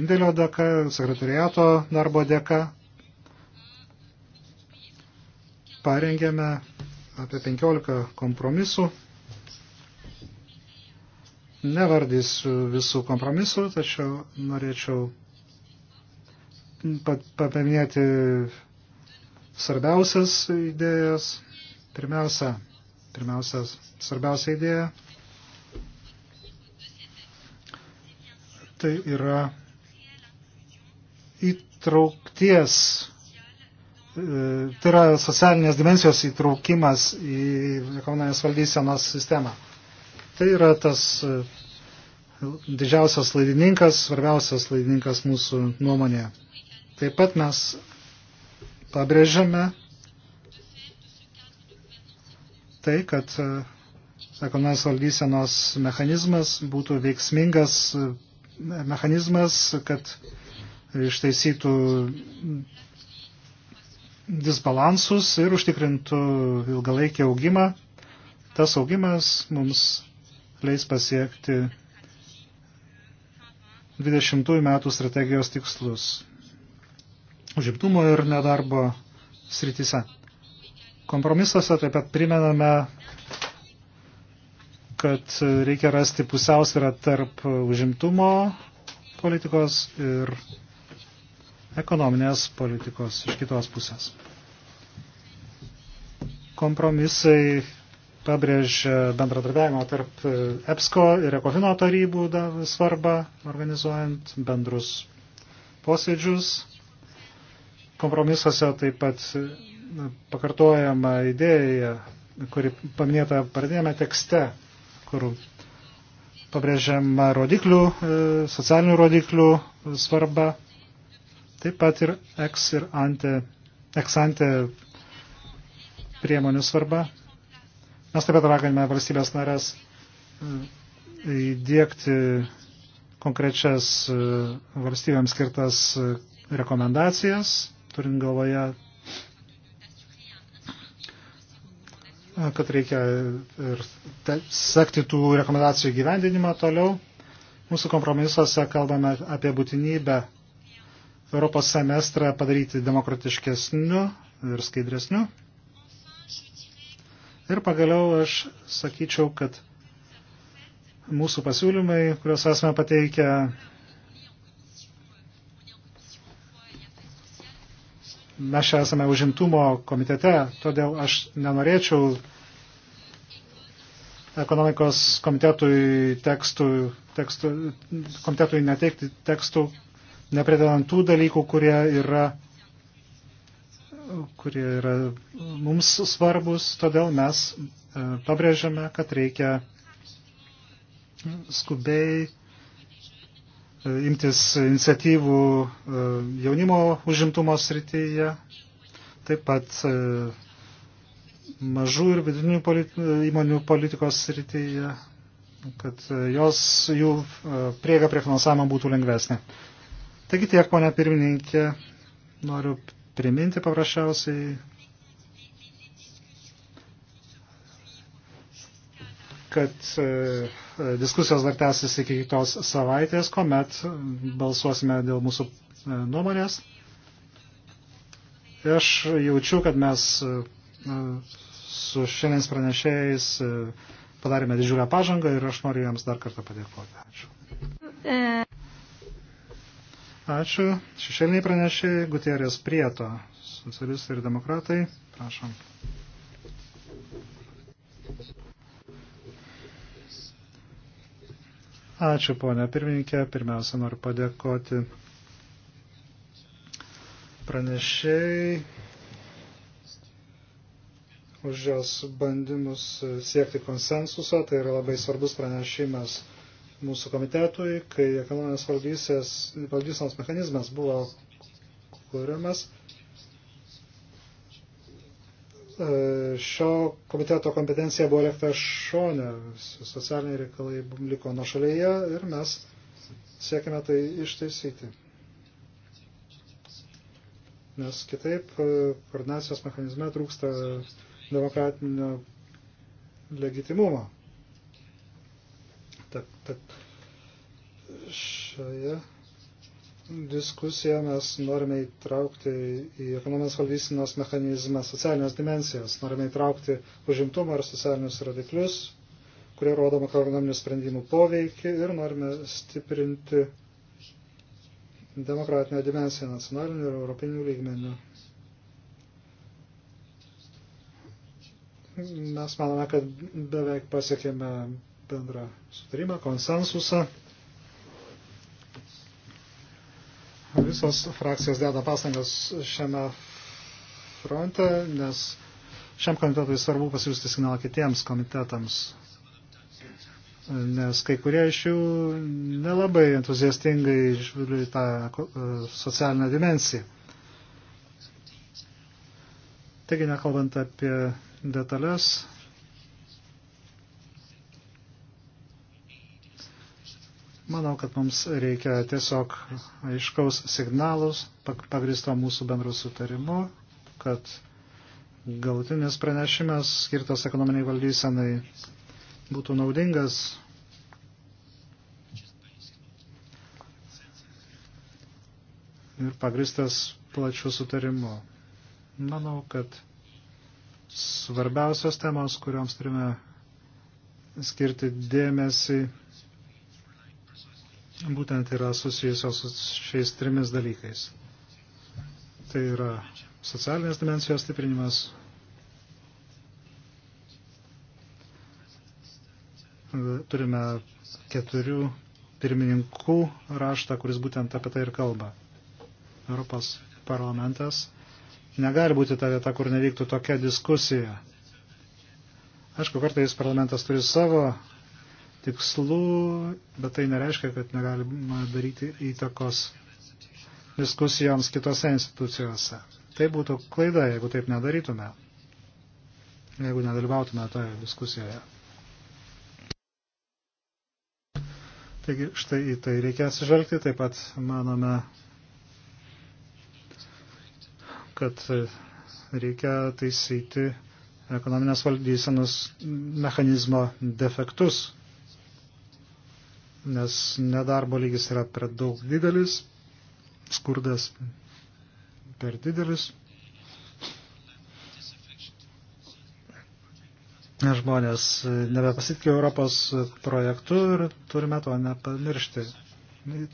indėlio dėka, sekretariato darbo dėka parengėme apie 15 kompromisų. Nevardysiu visų kompromisų, tačiau norėčiau paminėti svarbiausias idėjas. Pirmiausia, pirmiausia svarbiausia idėja tai yra įtraukties, e, tai yra socialinės dimensijos įtraukimas į ekonominės valdysenos sistemą. Tai yra tas e, didžiausias laidininkas, svarbiausias laidininkas mūsų nuomonėje. Taip pat mes pabrėžiame tai, kad e, ekonominės valdysenos mechanizmas būtų veiksmingas mechanizmas, kad ištaisytų disbalansus ir užtikrintų ilgalaikį augimą. Tas augimas mums leis pasiekti 20 metų strategijos tikslus užimtumo ir nedarbo srityse. Kompromisuose taip pat primename kad reikia rasti pusiausvyrą tarp užimtumo politikos ir ekonominės politikos iš kitos pusės. Kompromisai pabrėžia bendradarbiavimo tarp EPSCO ir ECOFINO tarybų svarbą organizuojant bendrus posėdžius. Kompromisuose taip pat pakartojama idėja, kuri paminėta pradėjame tekste kur pabrėžiama rodiklių, e, socialinių rodiklių svarba, taip pat ir ex ir ante, ex ante priemonių svarba. Mes taip pat raginame valstybės narės e, įdėkti konkrečias e, valstybėms skirtas rekomendacijas, turint galvoje kad reikia ir sekti tų rekomendacijų gyvendinimą toliau. Mūsų kompromisuose kalbame apie būtinybę Europos semestrą padaryti demokratiškesniu ir skaidresniu. Ir pagaliau aš sakyčiau, kad mūsų pasiūlymai, kuriuos esame pateikę, mes čia esame užimtumo komitete, todėl aš nenorėčiau ekonomikos komitetui, tekstų, tekstų, komitetui neteikti tekstų, nepridedant tų dalykų, kurie yra, kurie yra mums svarbus, todėl mes e, pabrėžiame, kad reikia skubiai E, imtis iniciatyvų e, jaunimo užimtumo srityje, taip pat e, mažų ir vidinių politi įmonių politikos srityje, kad jos, jų prieiga prie finansavimo būtų lengvesnė. Taigi tiek, ponia pirmininkė, noriu priminti paprasčiausiai, kad e, diskusijos dar tęsis iki kitos savaitės, kuomet balsuosime dėl mūsų e, nuomonės. Aš jaučiu, kad mes e, su šiandienis pranešėjais e, padarėme didžiulę pažangą ir aš noriu jiems dar kartą padėkoti. Ačiū. Ačiū. Šešėliniai pranešėjai Gutierės Prieto, socialistai ir demokratai. Prašom. Ačiū, ponia pirmininkė. Pirmiausia, noriu padėkoti pranešėjai už jos bandymus siekti konsensuso. Tai yra labai svarbus pranešimas mūsų komitetui, kai ekonominės valdysenos mechanizmas buvo kuriamas. E, šio komiteto kompetencija buvo lėkta šonė, socialiniai reikalai liko nuo šalyje ir mes siekime tai ištaisyti. Nes kitaip e, koordinacijos mechanizme trūksta demokratinio legitimumo. Tad, tad šioje diskusiją mes norime įtraukti į ekonominės valdysinos mechanizmą socialinės dimensijas. Norime įtraukti užimtumą ir socialinius rodiklius, kurie rodo makroekonominių sprendimų poveikį ir norime stiprinti demokratinę dimensiją nacionalinių ir europinių lygmenių. Mes manome, kad beveik pasiekėme bendrą sutarimą, konsensusą. Visos frakcijos deda pastangas šiame fronte, nes šiam komitetui svarbu pasiūsti signalą kitiems komitetams, nes kai kurie iš jų nelabai entuziastingai žiūri tą e, socialinę dimensiją. Taigi, nekalbant apie detalės, Manau, kad mums reikia tiesiog aiškaus signalus, pagristo mūsų bendrų sutarimu, kad galutinis pranešimas skirtas ekonominiai valdysenai būtų naudingas. Ir pagristas plačiu sutarimu. Manau, kad svarbiausios temos, kuriuoms turime skirti dėmesį būtent yra susijusios su šiais trimis dalykais. Tai yra socialinės dimensijos stiprinimas, turime keturių pirmininkų raštą, kuris būtent apie tai ir kalba. Europos parlamentas negali būti ta vieta, kur nevyktų tokia diskusija. Aišku, kartais parlamentas turi savo tikslų, bet tai nereiškia, kad negalima daryti įtakos diskusijoms kitose institucijose. Tai būtų klaida, jeigu taip nedarytume, jeigu nedalyvautume toje diskusijoje. Taigi štai į tai reikia atsižvelgti, taip pat manome, kad reikia taisyti ekonominės valdysenos mechanizmo defektus, nes nedarbo lygis yra per daug didelis, skurdas per didelis. Žmonės nebepasitikė Europos projektu ir turime to nepamiršti.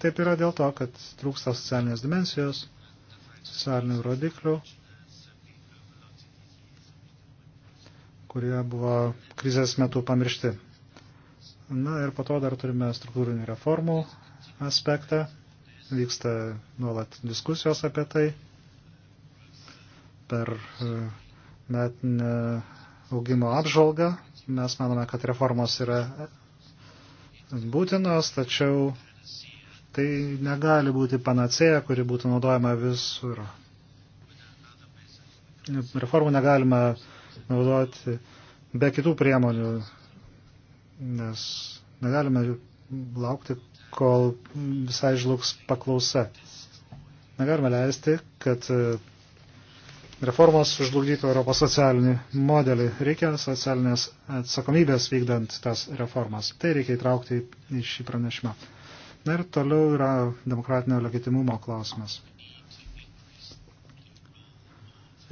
Taip yra dėl to, kad trūksta socialinės dimensijos, socialinių rodiklių, kurie buvo krizės metu pamiršti. Na ir po to dar turime struktūrinių reformų aspektą. Vyksta nuolat diskusijos apie tai per e, metinę augimo apžvalgą. Mes manome, kad reformos yra būtinos, tačiau tai negali būti panacėja, kuri būtų naudojama visur. Reformų negalima naudoti be kitų priemonių nes negalime laukti, kol visai žlugs paklausa. Negalime leisti, kad e, reformos žlugdytų Europos socialinį modelį. Reikia socialinės atsakomybės vykdant tas reformas. Tai reikia įtraukti į šį pranešimą. Na ir toliau yra demokratinio legitimumo klausimas.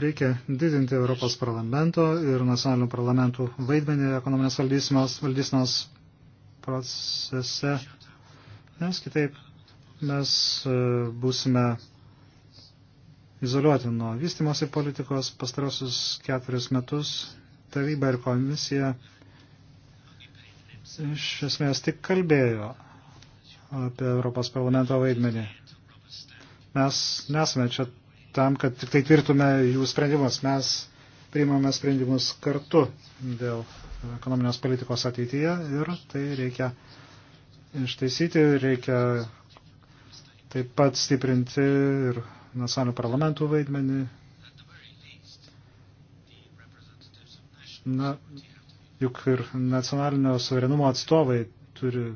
Reikia didinti Europos parlamento ir nacionalinių parlamentų vaidmenį ekonominės valdysinos, valdysinos procese, nes kitaip mes e, būsime izoliuoti nuo vystimosi politikos pastarosius ketverius metus. Taryba ir komisija iš esmės tik kalbėjo apie Europos parlamento vaidmenį. Mes nesame čia tam, kad tik tai tvirtume jų sprendimus. Mes priimame sprendimus kartu dėl ekonominės politikos ateityje ir tai reikia ištaisyti, reikia taip pat stiprinti ir nacionalinių parlamentų vaidmenį. Na, juk ir nacionalinio suverenumo atstovai turi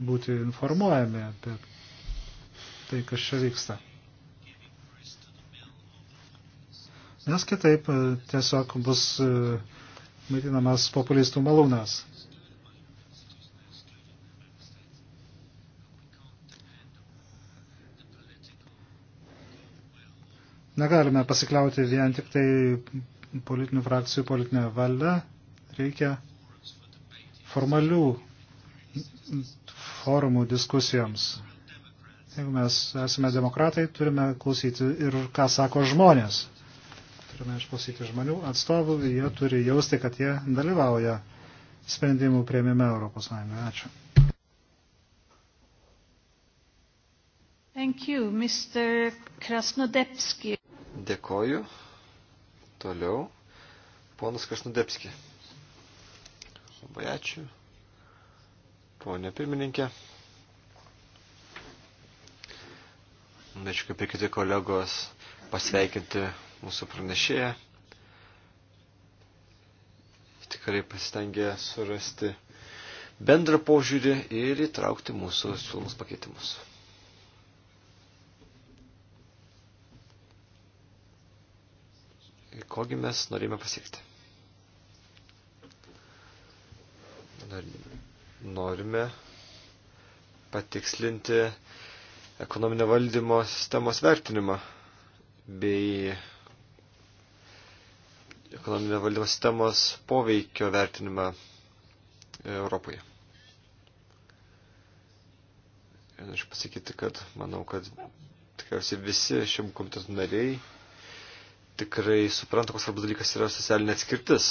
būti informuojami apie tai, kas čia vyksta. nes kitaip e, tiesiog bus e, maitinamas populistų malūnas. Negalime pasikliauti vien tik tai politinių frakcijų politinę valią, reikia formalių forumų diskusijoms. Jeigu mes esame demokratai, turime klausyti ir ką sako žmonės turime išklausyti žmonių atstovų, jie turi jausti, kad jie dalyvauja sprendimų prieimime Europos Sąjungoje. Ačiū. Thank you, Mr. Krasnodepski. Dėkoju. Toliau. Ponas Krasnodepski. Labai ačiū. Pone pirmininkė. Norėčiau kaip ir kiti kolegos pasveikinti mūsų pranešėja. Tikrai pasistengė surasti bendrą požiūrį ir įtraukti mūsų siūlomus pakeitimus. Ir kogi mes norime pasiekti? Norime patikslinti ekonominio valdymo sistemos vertinimą bei ekonominio valdymo sistemos poveikio vertinimą Europoje. Ir aš pasakyti, kad manau, kad tikriausiai visi šiam komitetų nariai tikrai supranta, koks svarbus dalykas yra socialinė atskirtis.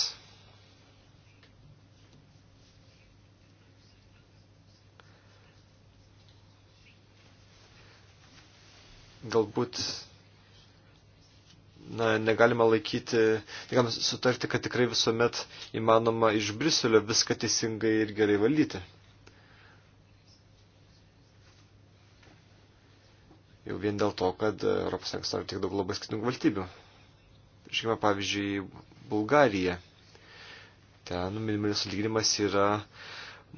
Galbūt na, negalima laikyti, negalima sutarti, kad tikrai visuomet įmanoma iš Briselio viską teisingai ir gerai valdyti. Jau vien dėl to, kad e, Europos Sąjungos yra tiek daug labai skirtingų valstybių. Žiūrėkime, pavyzdžiui, Bulgarija. Ten minimalinis atlyginimas yra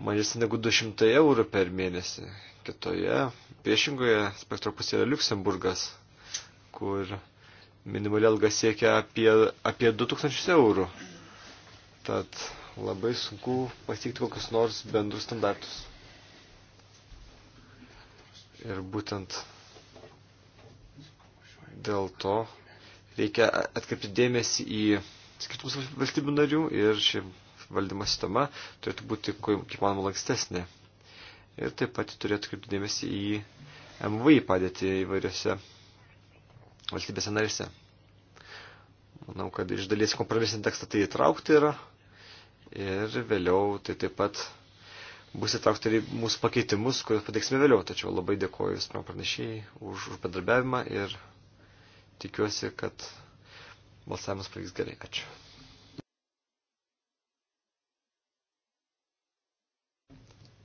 mažesnė negu 200 eurų per mėnesį. Kitoje priešingoje spektro pusėje yra Luxemburgas, kur minimali alga siekia apie, apie 2000 eurų. Tad labai sunku pasiekti kokius nors bendrus standartus. Ir būtent dėl to reikia atkreipti dėmesį į skirtumus valstybių narių ir ši valdymo sistema turėtų būti kaip manoma lankstesnė. Ir taip pat turėtų kreipti dėmesį į MVI padėtį įvairiose valstybėse narėse. Manau, kad iš dalies kompromisinį tekstą tai įtraukti yra ir vėliau tai taip pat bus įtraukti ir mūsų pakeitimus, kuriuos pateiksime vėliau. Tačiau labai dėkoju Spram pranešėjai už, už bendradarbiavimą ir tikiuosi, kad balsavimas pavyks gerai. Ačiū.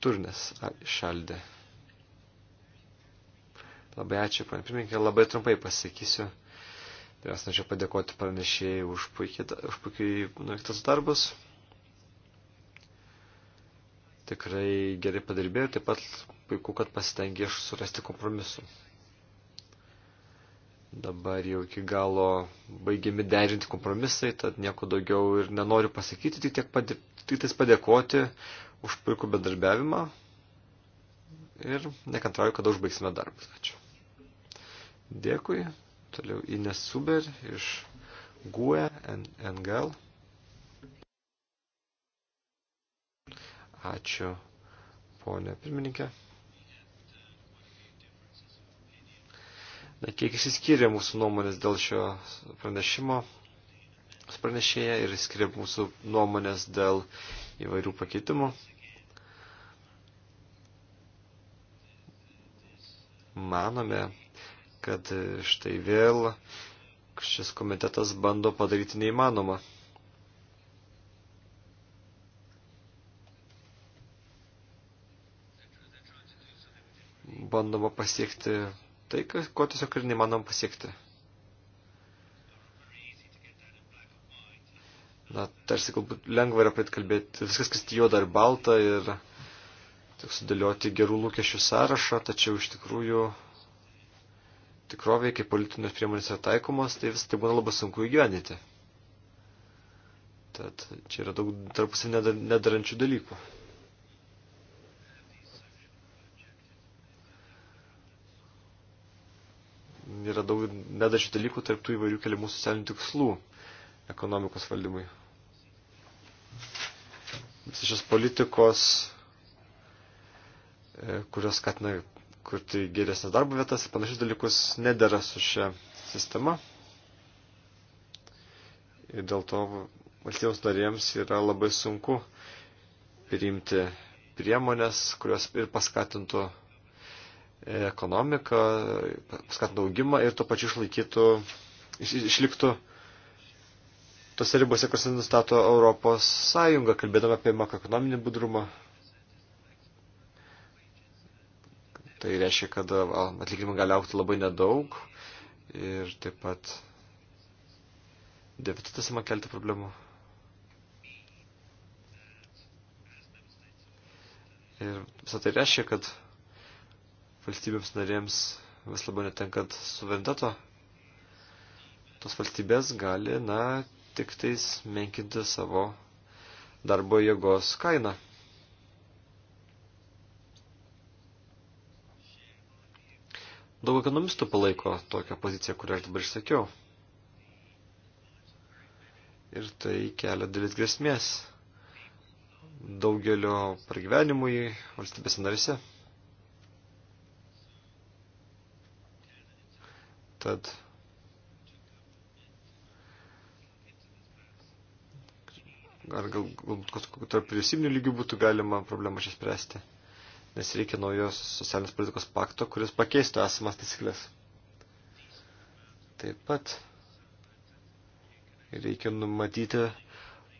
Turnes šaldė. Labai ačiū, pan pirmininkė, labai trumpai pasakysiu. Pirmiausia, norėčiau padėkoti pranešėjai už puikiai, už puikiai nuveiktas darbus. Tikrai gerai padirbėjo, taip pat puiku, kad pasitengė surasti kompromisu. Dabar jau iki galo baigiami derinti kompromisai, tad nieko daugiau ir nenoriu pasakyti, tik tiek padė, tik padėkoti už puikų bendarbiavimą ir nekantrauju, kada užbaigsime darbus. Ačiū. Dėkui. Toliau Ines Suber iš GUE NGL. Ačiū, ponė pirmininkė. Na, kiek išsiskyrė mūsų nuomonės dėl šio pranešimo, pranešėja ir skiria mūsų nuomonės dėl įvairių pakeitimų. Manome, kad štai vėl šis komitetas bando padaryti neįmanomą. Bandoma pasiekti tai, ko tiesiog ir neįmanom pasiekti. Na, tarsi galbūt lengva yra pradėti kalbėti viskas, kas juoda ir balta ir tik sudėlioti gerų lūkesčių sąrašą, tačiau iš tikrųjų tikrovėje, kai politinės priemonės yra taikomos, tai vis tai būna labai sunku įgyvendinti. Tad čia yra daug tarpusai nedarančių dalykų. Yra daug nedarančių dalykų tarp tų įvairių keliamų socialinių tikslų ekonomikos valdymui. Visi šios politikos, e, kurios skatina kurti geresnės darbo vietas ir panašius dalykus nedėra su šia sistema. Ir dėl to valstybėms narėms yra labai sunku priimti priemonės, kurios ir paskatintų ekonomiką, paskatintų augimą ir tuo pačiu išlaikytų, išliktų tose ribose, kuriuose nustato Europos Sąjunga, kalbėdama apie makroekonominį budrumą Tai reiškia, kad atlyginimai gali aukti labai nedaug ir taip pat deficitas ima kelti problemų. Ir visą tai reiškia, kad valstybėms narėms vis labiau netenkant suvereniteto, tos valstybės gali, na, tik tais menkinti savo darbo jėgos kainą. Daug ekonomistų palaiko tokią poziciją, kurią aš dabar išsakiau. Ir tai kelia dalis grėsmės daugelio pragyvenimui valstybės narise. Tad ar galbūt gal, tarp vyriausybinių lygių būtų galima problemą šią spręsti nes reikia naujos socialinės politikos pakto, kuris pakeistų esamas taisyklės. Taip pat reikia numatyti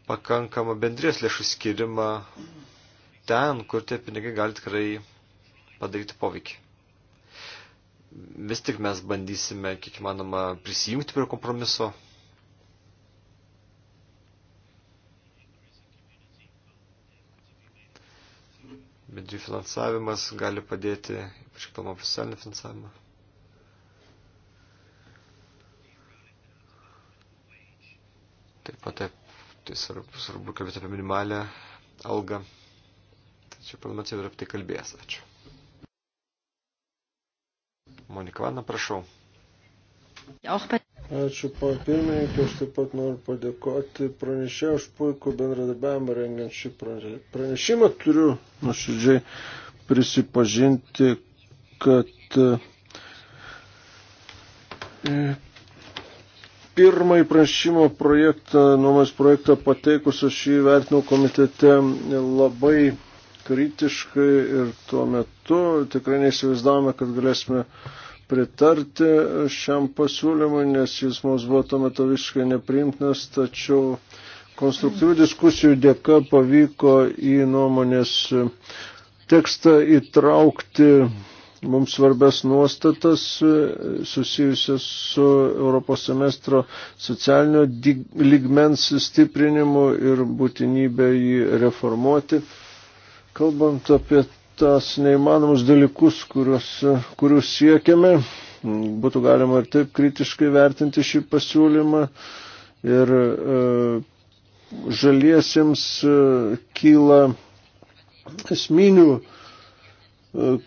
pakankamą bendrės lėšų skirimą ten, kur tie pinigai gali tikrai padaryti poveikį. Vis tik mes bandysime, kiek įmanoma, prisijungti prie kompromiso bendrijų finansavimas gali padėti, ypač kalbam apie socialinį finansavimą. Taip pat taip, tai svarbu, svarbu kalbėti apie minimalę algą. Tačiau parlamentas jau yra apie tai kalbėjęs. Ačiū. Monikvana, prašau. Ačiū, pana pirmininkė, aš taip pat noriu padėkoti pranešėjai už puikų bendradarbiavimą rengiant šį pranešimą. Turiu nuoširdžiai prisipažinti, kad e, pirmąjį pranešimo projektą, nuomas projektą pateikus, aš jį vertinau komitete labai kritiškai ir tuo metu tikrai neįsivaizdavome, kad galėsime pritarti šiam pasiūlymui, nes jis mums buvo tuo metu visiškai neprimtinas, tačiau konstruktyvių diskusijų dėka pavyko į nuomonės tekstą įtraukti mums svarbės nuostatas susijusias su Europos semestro socialinio lygmens stiprinimu ir būtinybė jį reformuoti. Kalbant apie tas neįmanomus dalykus, kuriuos, kurių siekiame. Būtų galima ir taip kritiškai vertinti šį pasiūlymą. Ir e, žaliesiems e, kyla esminių e,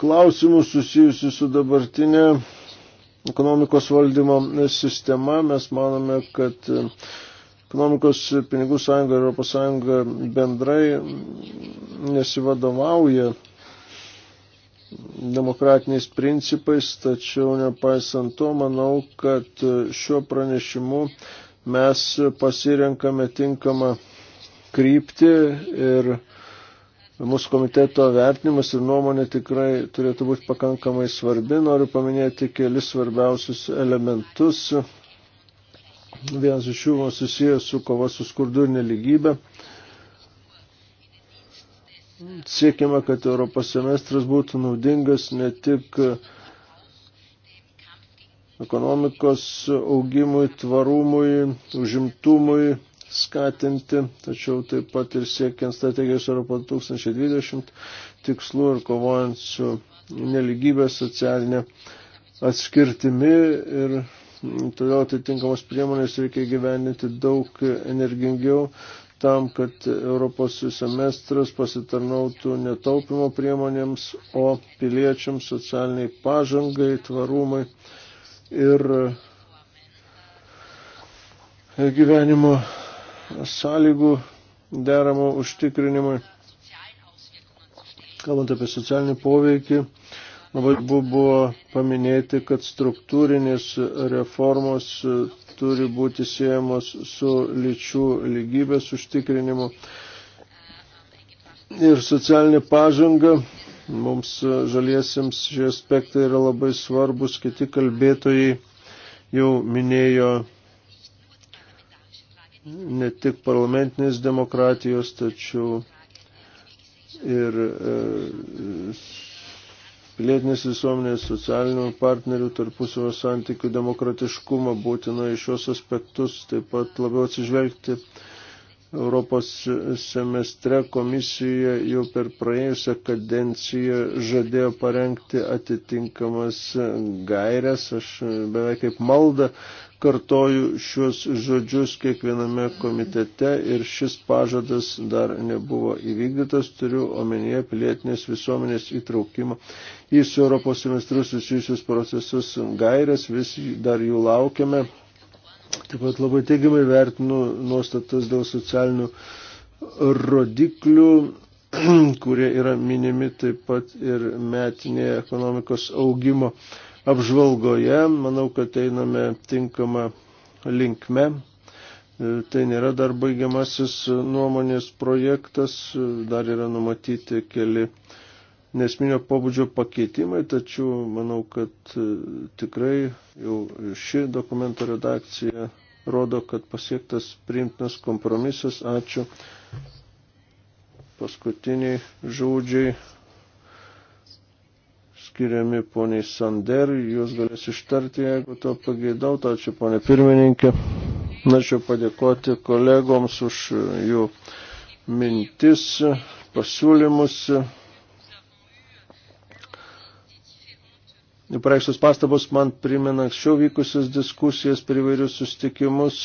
klausimų susijusių su dabartinė ekonomikos valdymo sistema. Mes manome, kad e, ekonomikos pinigų sąjunga ir Europos sąjunga bendrai nesivadovauja demokratiniais principais, tačiau nepaisant to, manau, kad šiuo pranešimu mes pasirenkame tinkamą kryptį ir mūsų komiteto vertinimas ir nuomonė tikrai turėtų būti pakankamai svarbi. Noriu paminėti kelis svarbiausius elementus. Vienas iš jų susijęs su kova su skurdu ir neligybė siekiama, kad Europos semestras būtų naudingas ne tik ekonomikos augimui, tvarumui, užimtumui skatinti, tačiau taip pat ir siekiant strategijos Europo 2020 tikslų ir kovojant su neligybė socialinė atskirtimi ir todėl atitinkamos priemonės reikia gyveninti daug energingiau, tam, kad Europos semestras pasitarnautų ne taupimo priemonėms, o piliečiams socialiniai pažangai, tvarumai ir e, gyvenimo sąlygų deramo užtikrinimui. Kalbant apie socialinį poveikį, labai buvo paminėti, kad struktūrinės reformos turi būti siejamos su lyčių lygybės užtikrinimu ir socialinė pažanga. Mums žaliesiems šie aspektai yra labai svarbus, kiti kalbėtojai jau minėjo ne tik parlamentinės demokratijos, tačiau ir e, pilietinės visuomenės socialinių partnerių tarpusavio santykių demokratiškumą būtina į šios aspektus taip pat labiau atsižvelgti Europos semestre komisija jau per praėjusią kadenciją žadėjo parengti atitinkamas gairias. Aš beveik kaip malda kartoju šiuos žodžius kiekviename komitete ir šis pažadas dar nebuvo įvykdytas, turiu omenyje pilietinės visuomenės įtraukimą į su Europos semestrus susijusius procesus gairias, vis dar jų laukiame, Taip pat labai teigiamai vertinu nuostatas dėl socialinių rodiklių, kurie yra minimi taip pat ir metinėje ekonomikos augimo apžvalgoje. Manau, kad einame tinkamą linkme. Tai nėra dar baigiamasis nuomonės projektas, dar yra numatyti keli nesminio pobūdžio pakeitimai, tačiau manau, kad e, tikrai jau ši dokumento redakcija rodo, kad pasiektas priimtinas kompromisas. Ačiū. Paskutiniai žodžiai skiriami poniai Sander, jūs galės ištarti, jeigu to pageidau. Ačiū, ponė pirmininkė. Norėčiau padėkoti kolegoms už jų mintis, pasiūlymus. Pareikštos pastabos man primena anksčiau vykusias diskusijas per įvairius sustikimus.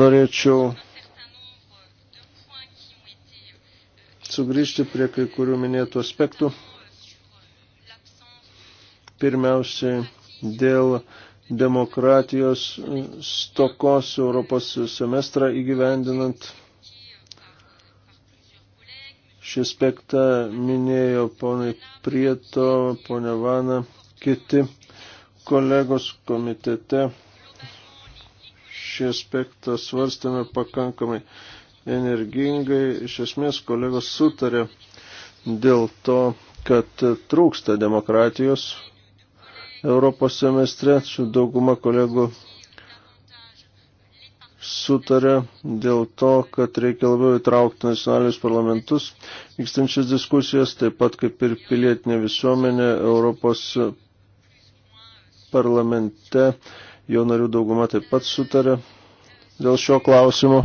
Norėčiau sugrįžti prie kai kurių minėtų aspektų. Pirmiausiai dėl demokratijos stokos Europos semestrą įgyvendinant Šį aspektą minėjo ponai Prieto, ponia Vana, kiti kolegos komitete. Šį aspektą svarstame pakankamai energingai. Iš esmės kolegos sutarė dėl to, kad trūksta demokratijos Europos semestre, su dauguma kolegų sutarė dėl to, kad reikia labiau įtraukti nacionalinius parlamentus, vykstančias diskusijas, taip pat kaip ir pilietinė visuomenė Europos parlamente, jo narių dauguma taip pat sutarė dėl šio klausimo.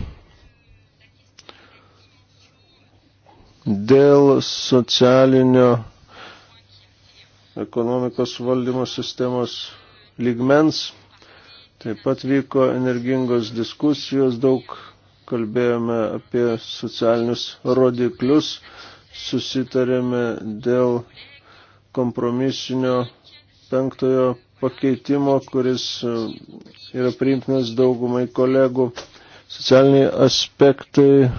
Dėl socialinio ekonomikos valdymo sistemos lygmens Taip pat vyko energingos diskusijos, daug kalbėjome apie socialinius rodiklius, susitarėme dėl kompromisinio penktojo pakeitimo, kuris e, yra priimtinas daugumai kolegų. Socialiniai aspektai,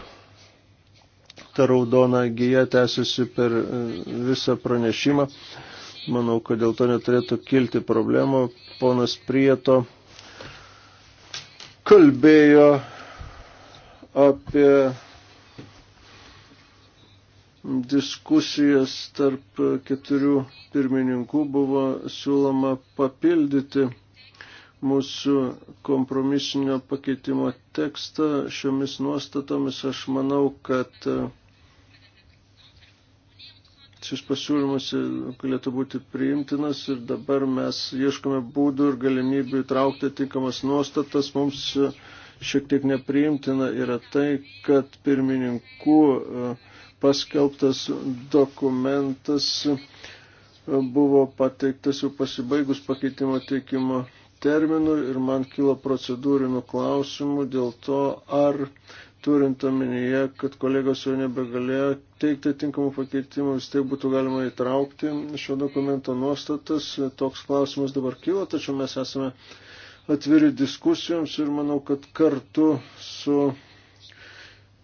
ta raudona gyja tęsiasi per e, visą pranešimą. Manau, kad dėl to neturėtų kilti problemų. Ponas Prieto kalbėjo apie diskusijas tarp keturių pirmininkų buvo siūloma papildyti mūsų kompromisinio pakeitimo tekstą šiomis nuostatomis. Aš manau, kad šis pasiūlymas galėtų būti priimtinas ir dabar mes ieškome būdų ir galimybių įtraukti tinkamas nuostatas. Mums e, šiek tiek nepriimtina yra tai, kad pirmininkų e, paskelbtas dokumentas e, buvo pateiktas jau pasibaigus pakeitimo teikimo terminų ir man kilo procedūrinių klausimų dėl to, ar turint omenyje, kad kolegos jau nebegalėjo teikti tinkamų pakeitimų, vis tiek būtų galima įtraukti šio dokumento nuostatas. Toks klausimas dabar kyla, tačiau mes esame atviri diskusijoms ir manau, kad kartu su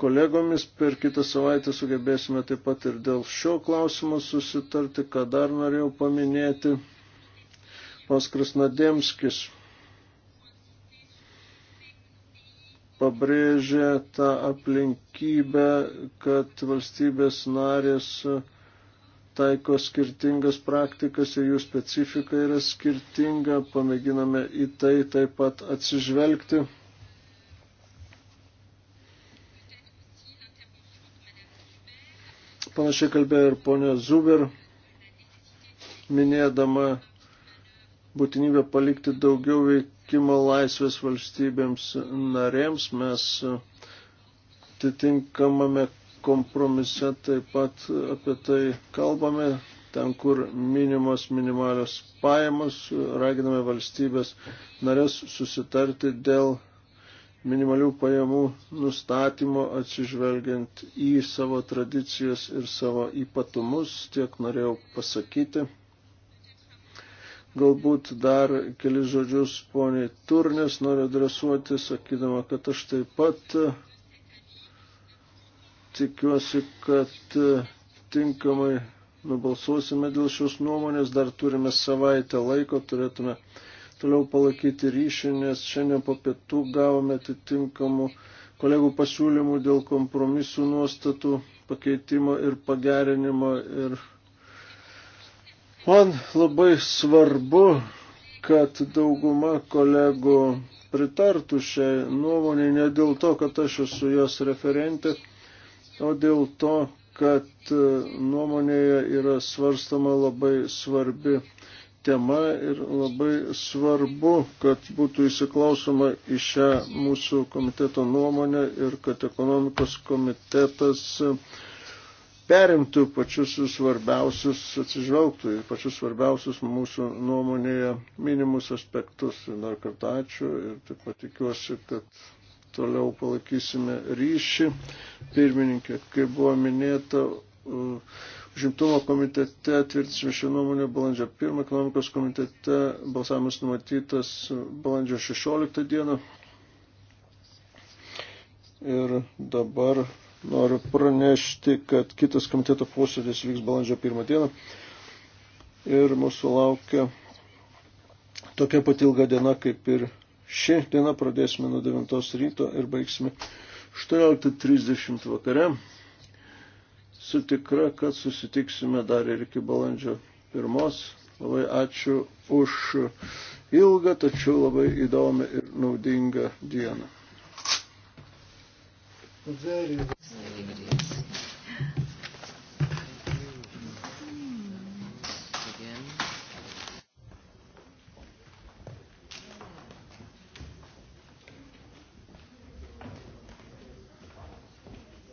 kolegomis per kitą savaitę sugebėsime taip pat ir dėl šio klausimo susitarti, ką dar norėjau paminėti. Paskras Nademskis pabrėžė tą aplinkybę, kad valstybės narės taiko skirtingas praktikas ir jų specifika yra skirtinga. Pamėginame į tai taip pat atsižvelgti. Panašiai kalbėjo ir ponia Zuber, minėdama būtinybę palikti daugiau veikimų pasirinkimo laisvės valstybėms narėms. Mes atitinkamame kompromise taip pat apie tai kalbame, ten, kur minimos minimalios pajamos, raginame valstybės narės susitarti dėl minimalių pajamų nustatymo atsižvelgiant į savo tradicijas ir savo ypatumus, tiek norėjau pasakyti. Galbūt dar keli žodžius poniai Turnės noriu adresuoti, sakydama, kad aš taip pat e, tikiuosi, kad e, tinkamai nubalsuosime dėl šios nuomonės, dar turime savaitę laiko, turėtume toliau palaikyti ryšį, nes šiandien po pietų gavome atitinkamų kolegų pasiūlymų dėl kompromisų nuostatų pakeitimo ir pagerinimo ir Man labai svarbu, kad dauguma kolegų pritartų šiai nuomonė ne dėl to, kad aš esu jos referentė, o dėl to, kad e, nuomonėje yra svarstama labai svarbi tema ir labai svarbu, kad būtų įsiklausoma į šią mūsų komiteto nuomonę ir kad ekonomikos komitetas uh, perimtų pačius svarbiausius, atsižvelgtų į pačius svarbiausius mūsų nuomonėje minimus aspektus. Dar kartą ačiū ir taip pat tikiuosi, kad toliau palaikysime ryšį. Pirmininkė, kaip buvo minėta, Užimtumo komitete tvirtinsime šią nuomonę balandžio 1, ekonomikos komitete balsavimas numatytas balandžio 16 dieną. Ir dabar Noriu pranešti, kad kitas komiteto posėdis vyks balandžio pirmą dieną ir mūsų laukia tokia pati ilga diena, kaip ir ši diena. Pradėsime nuo 9 ryto ir baigsime 18.30 vakare. Sutikra, kad susitiksime dar ir iki balandžio pirmos. Labai ačiū už ilgą, tačiau labai įdomią ir naudingą dieną. Very, very.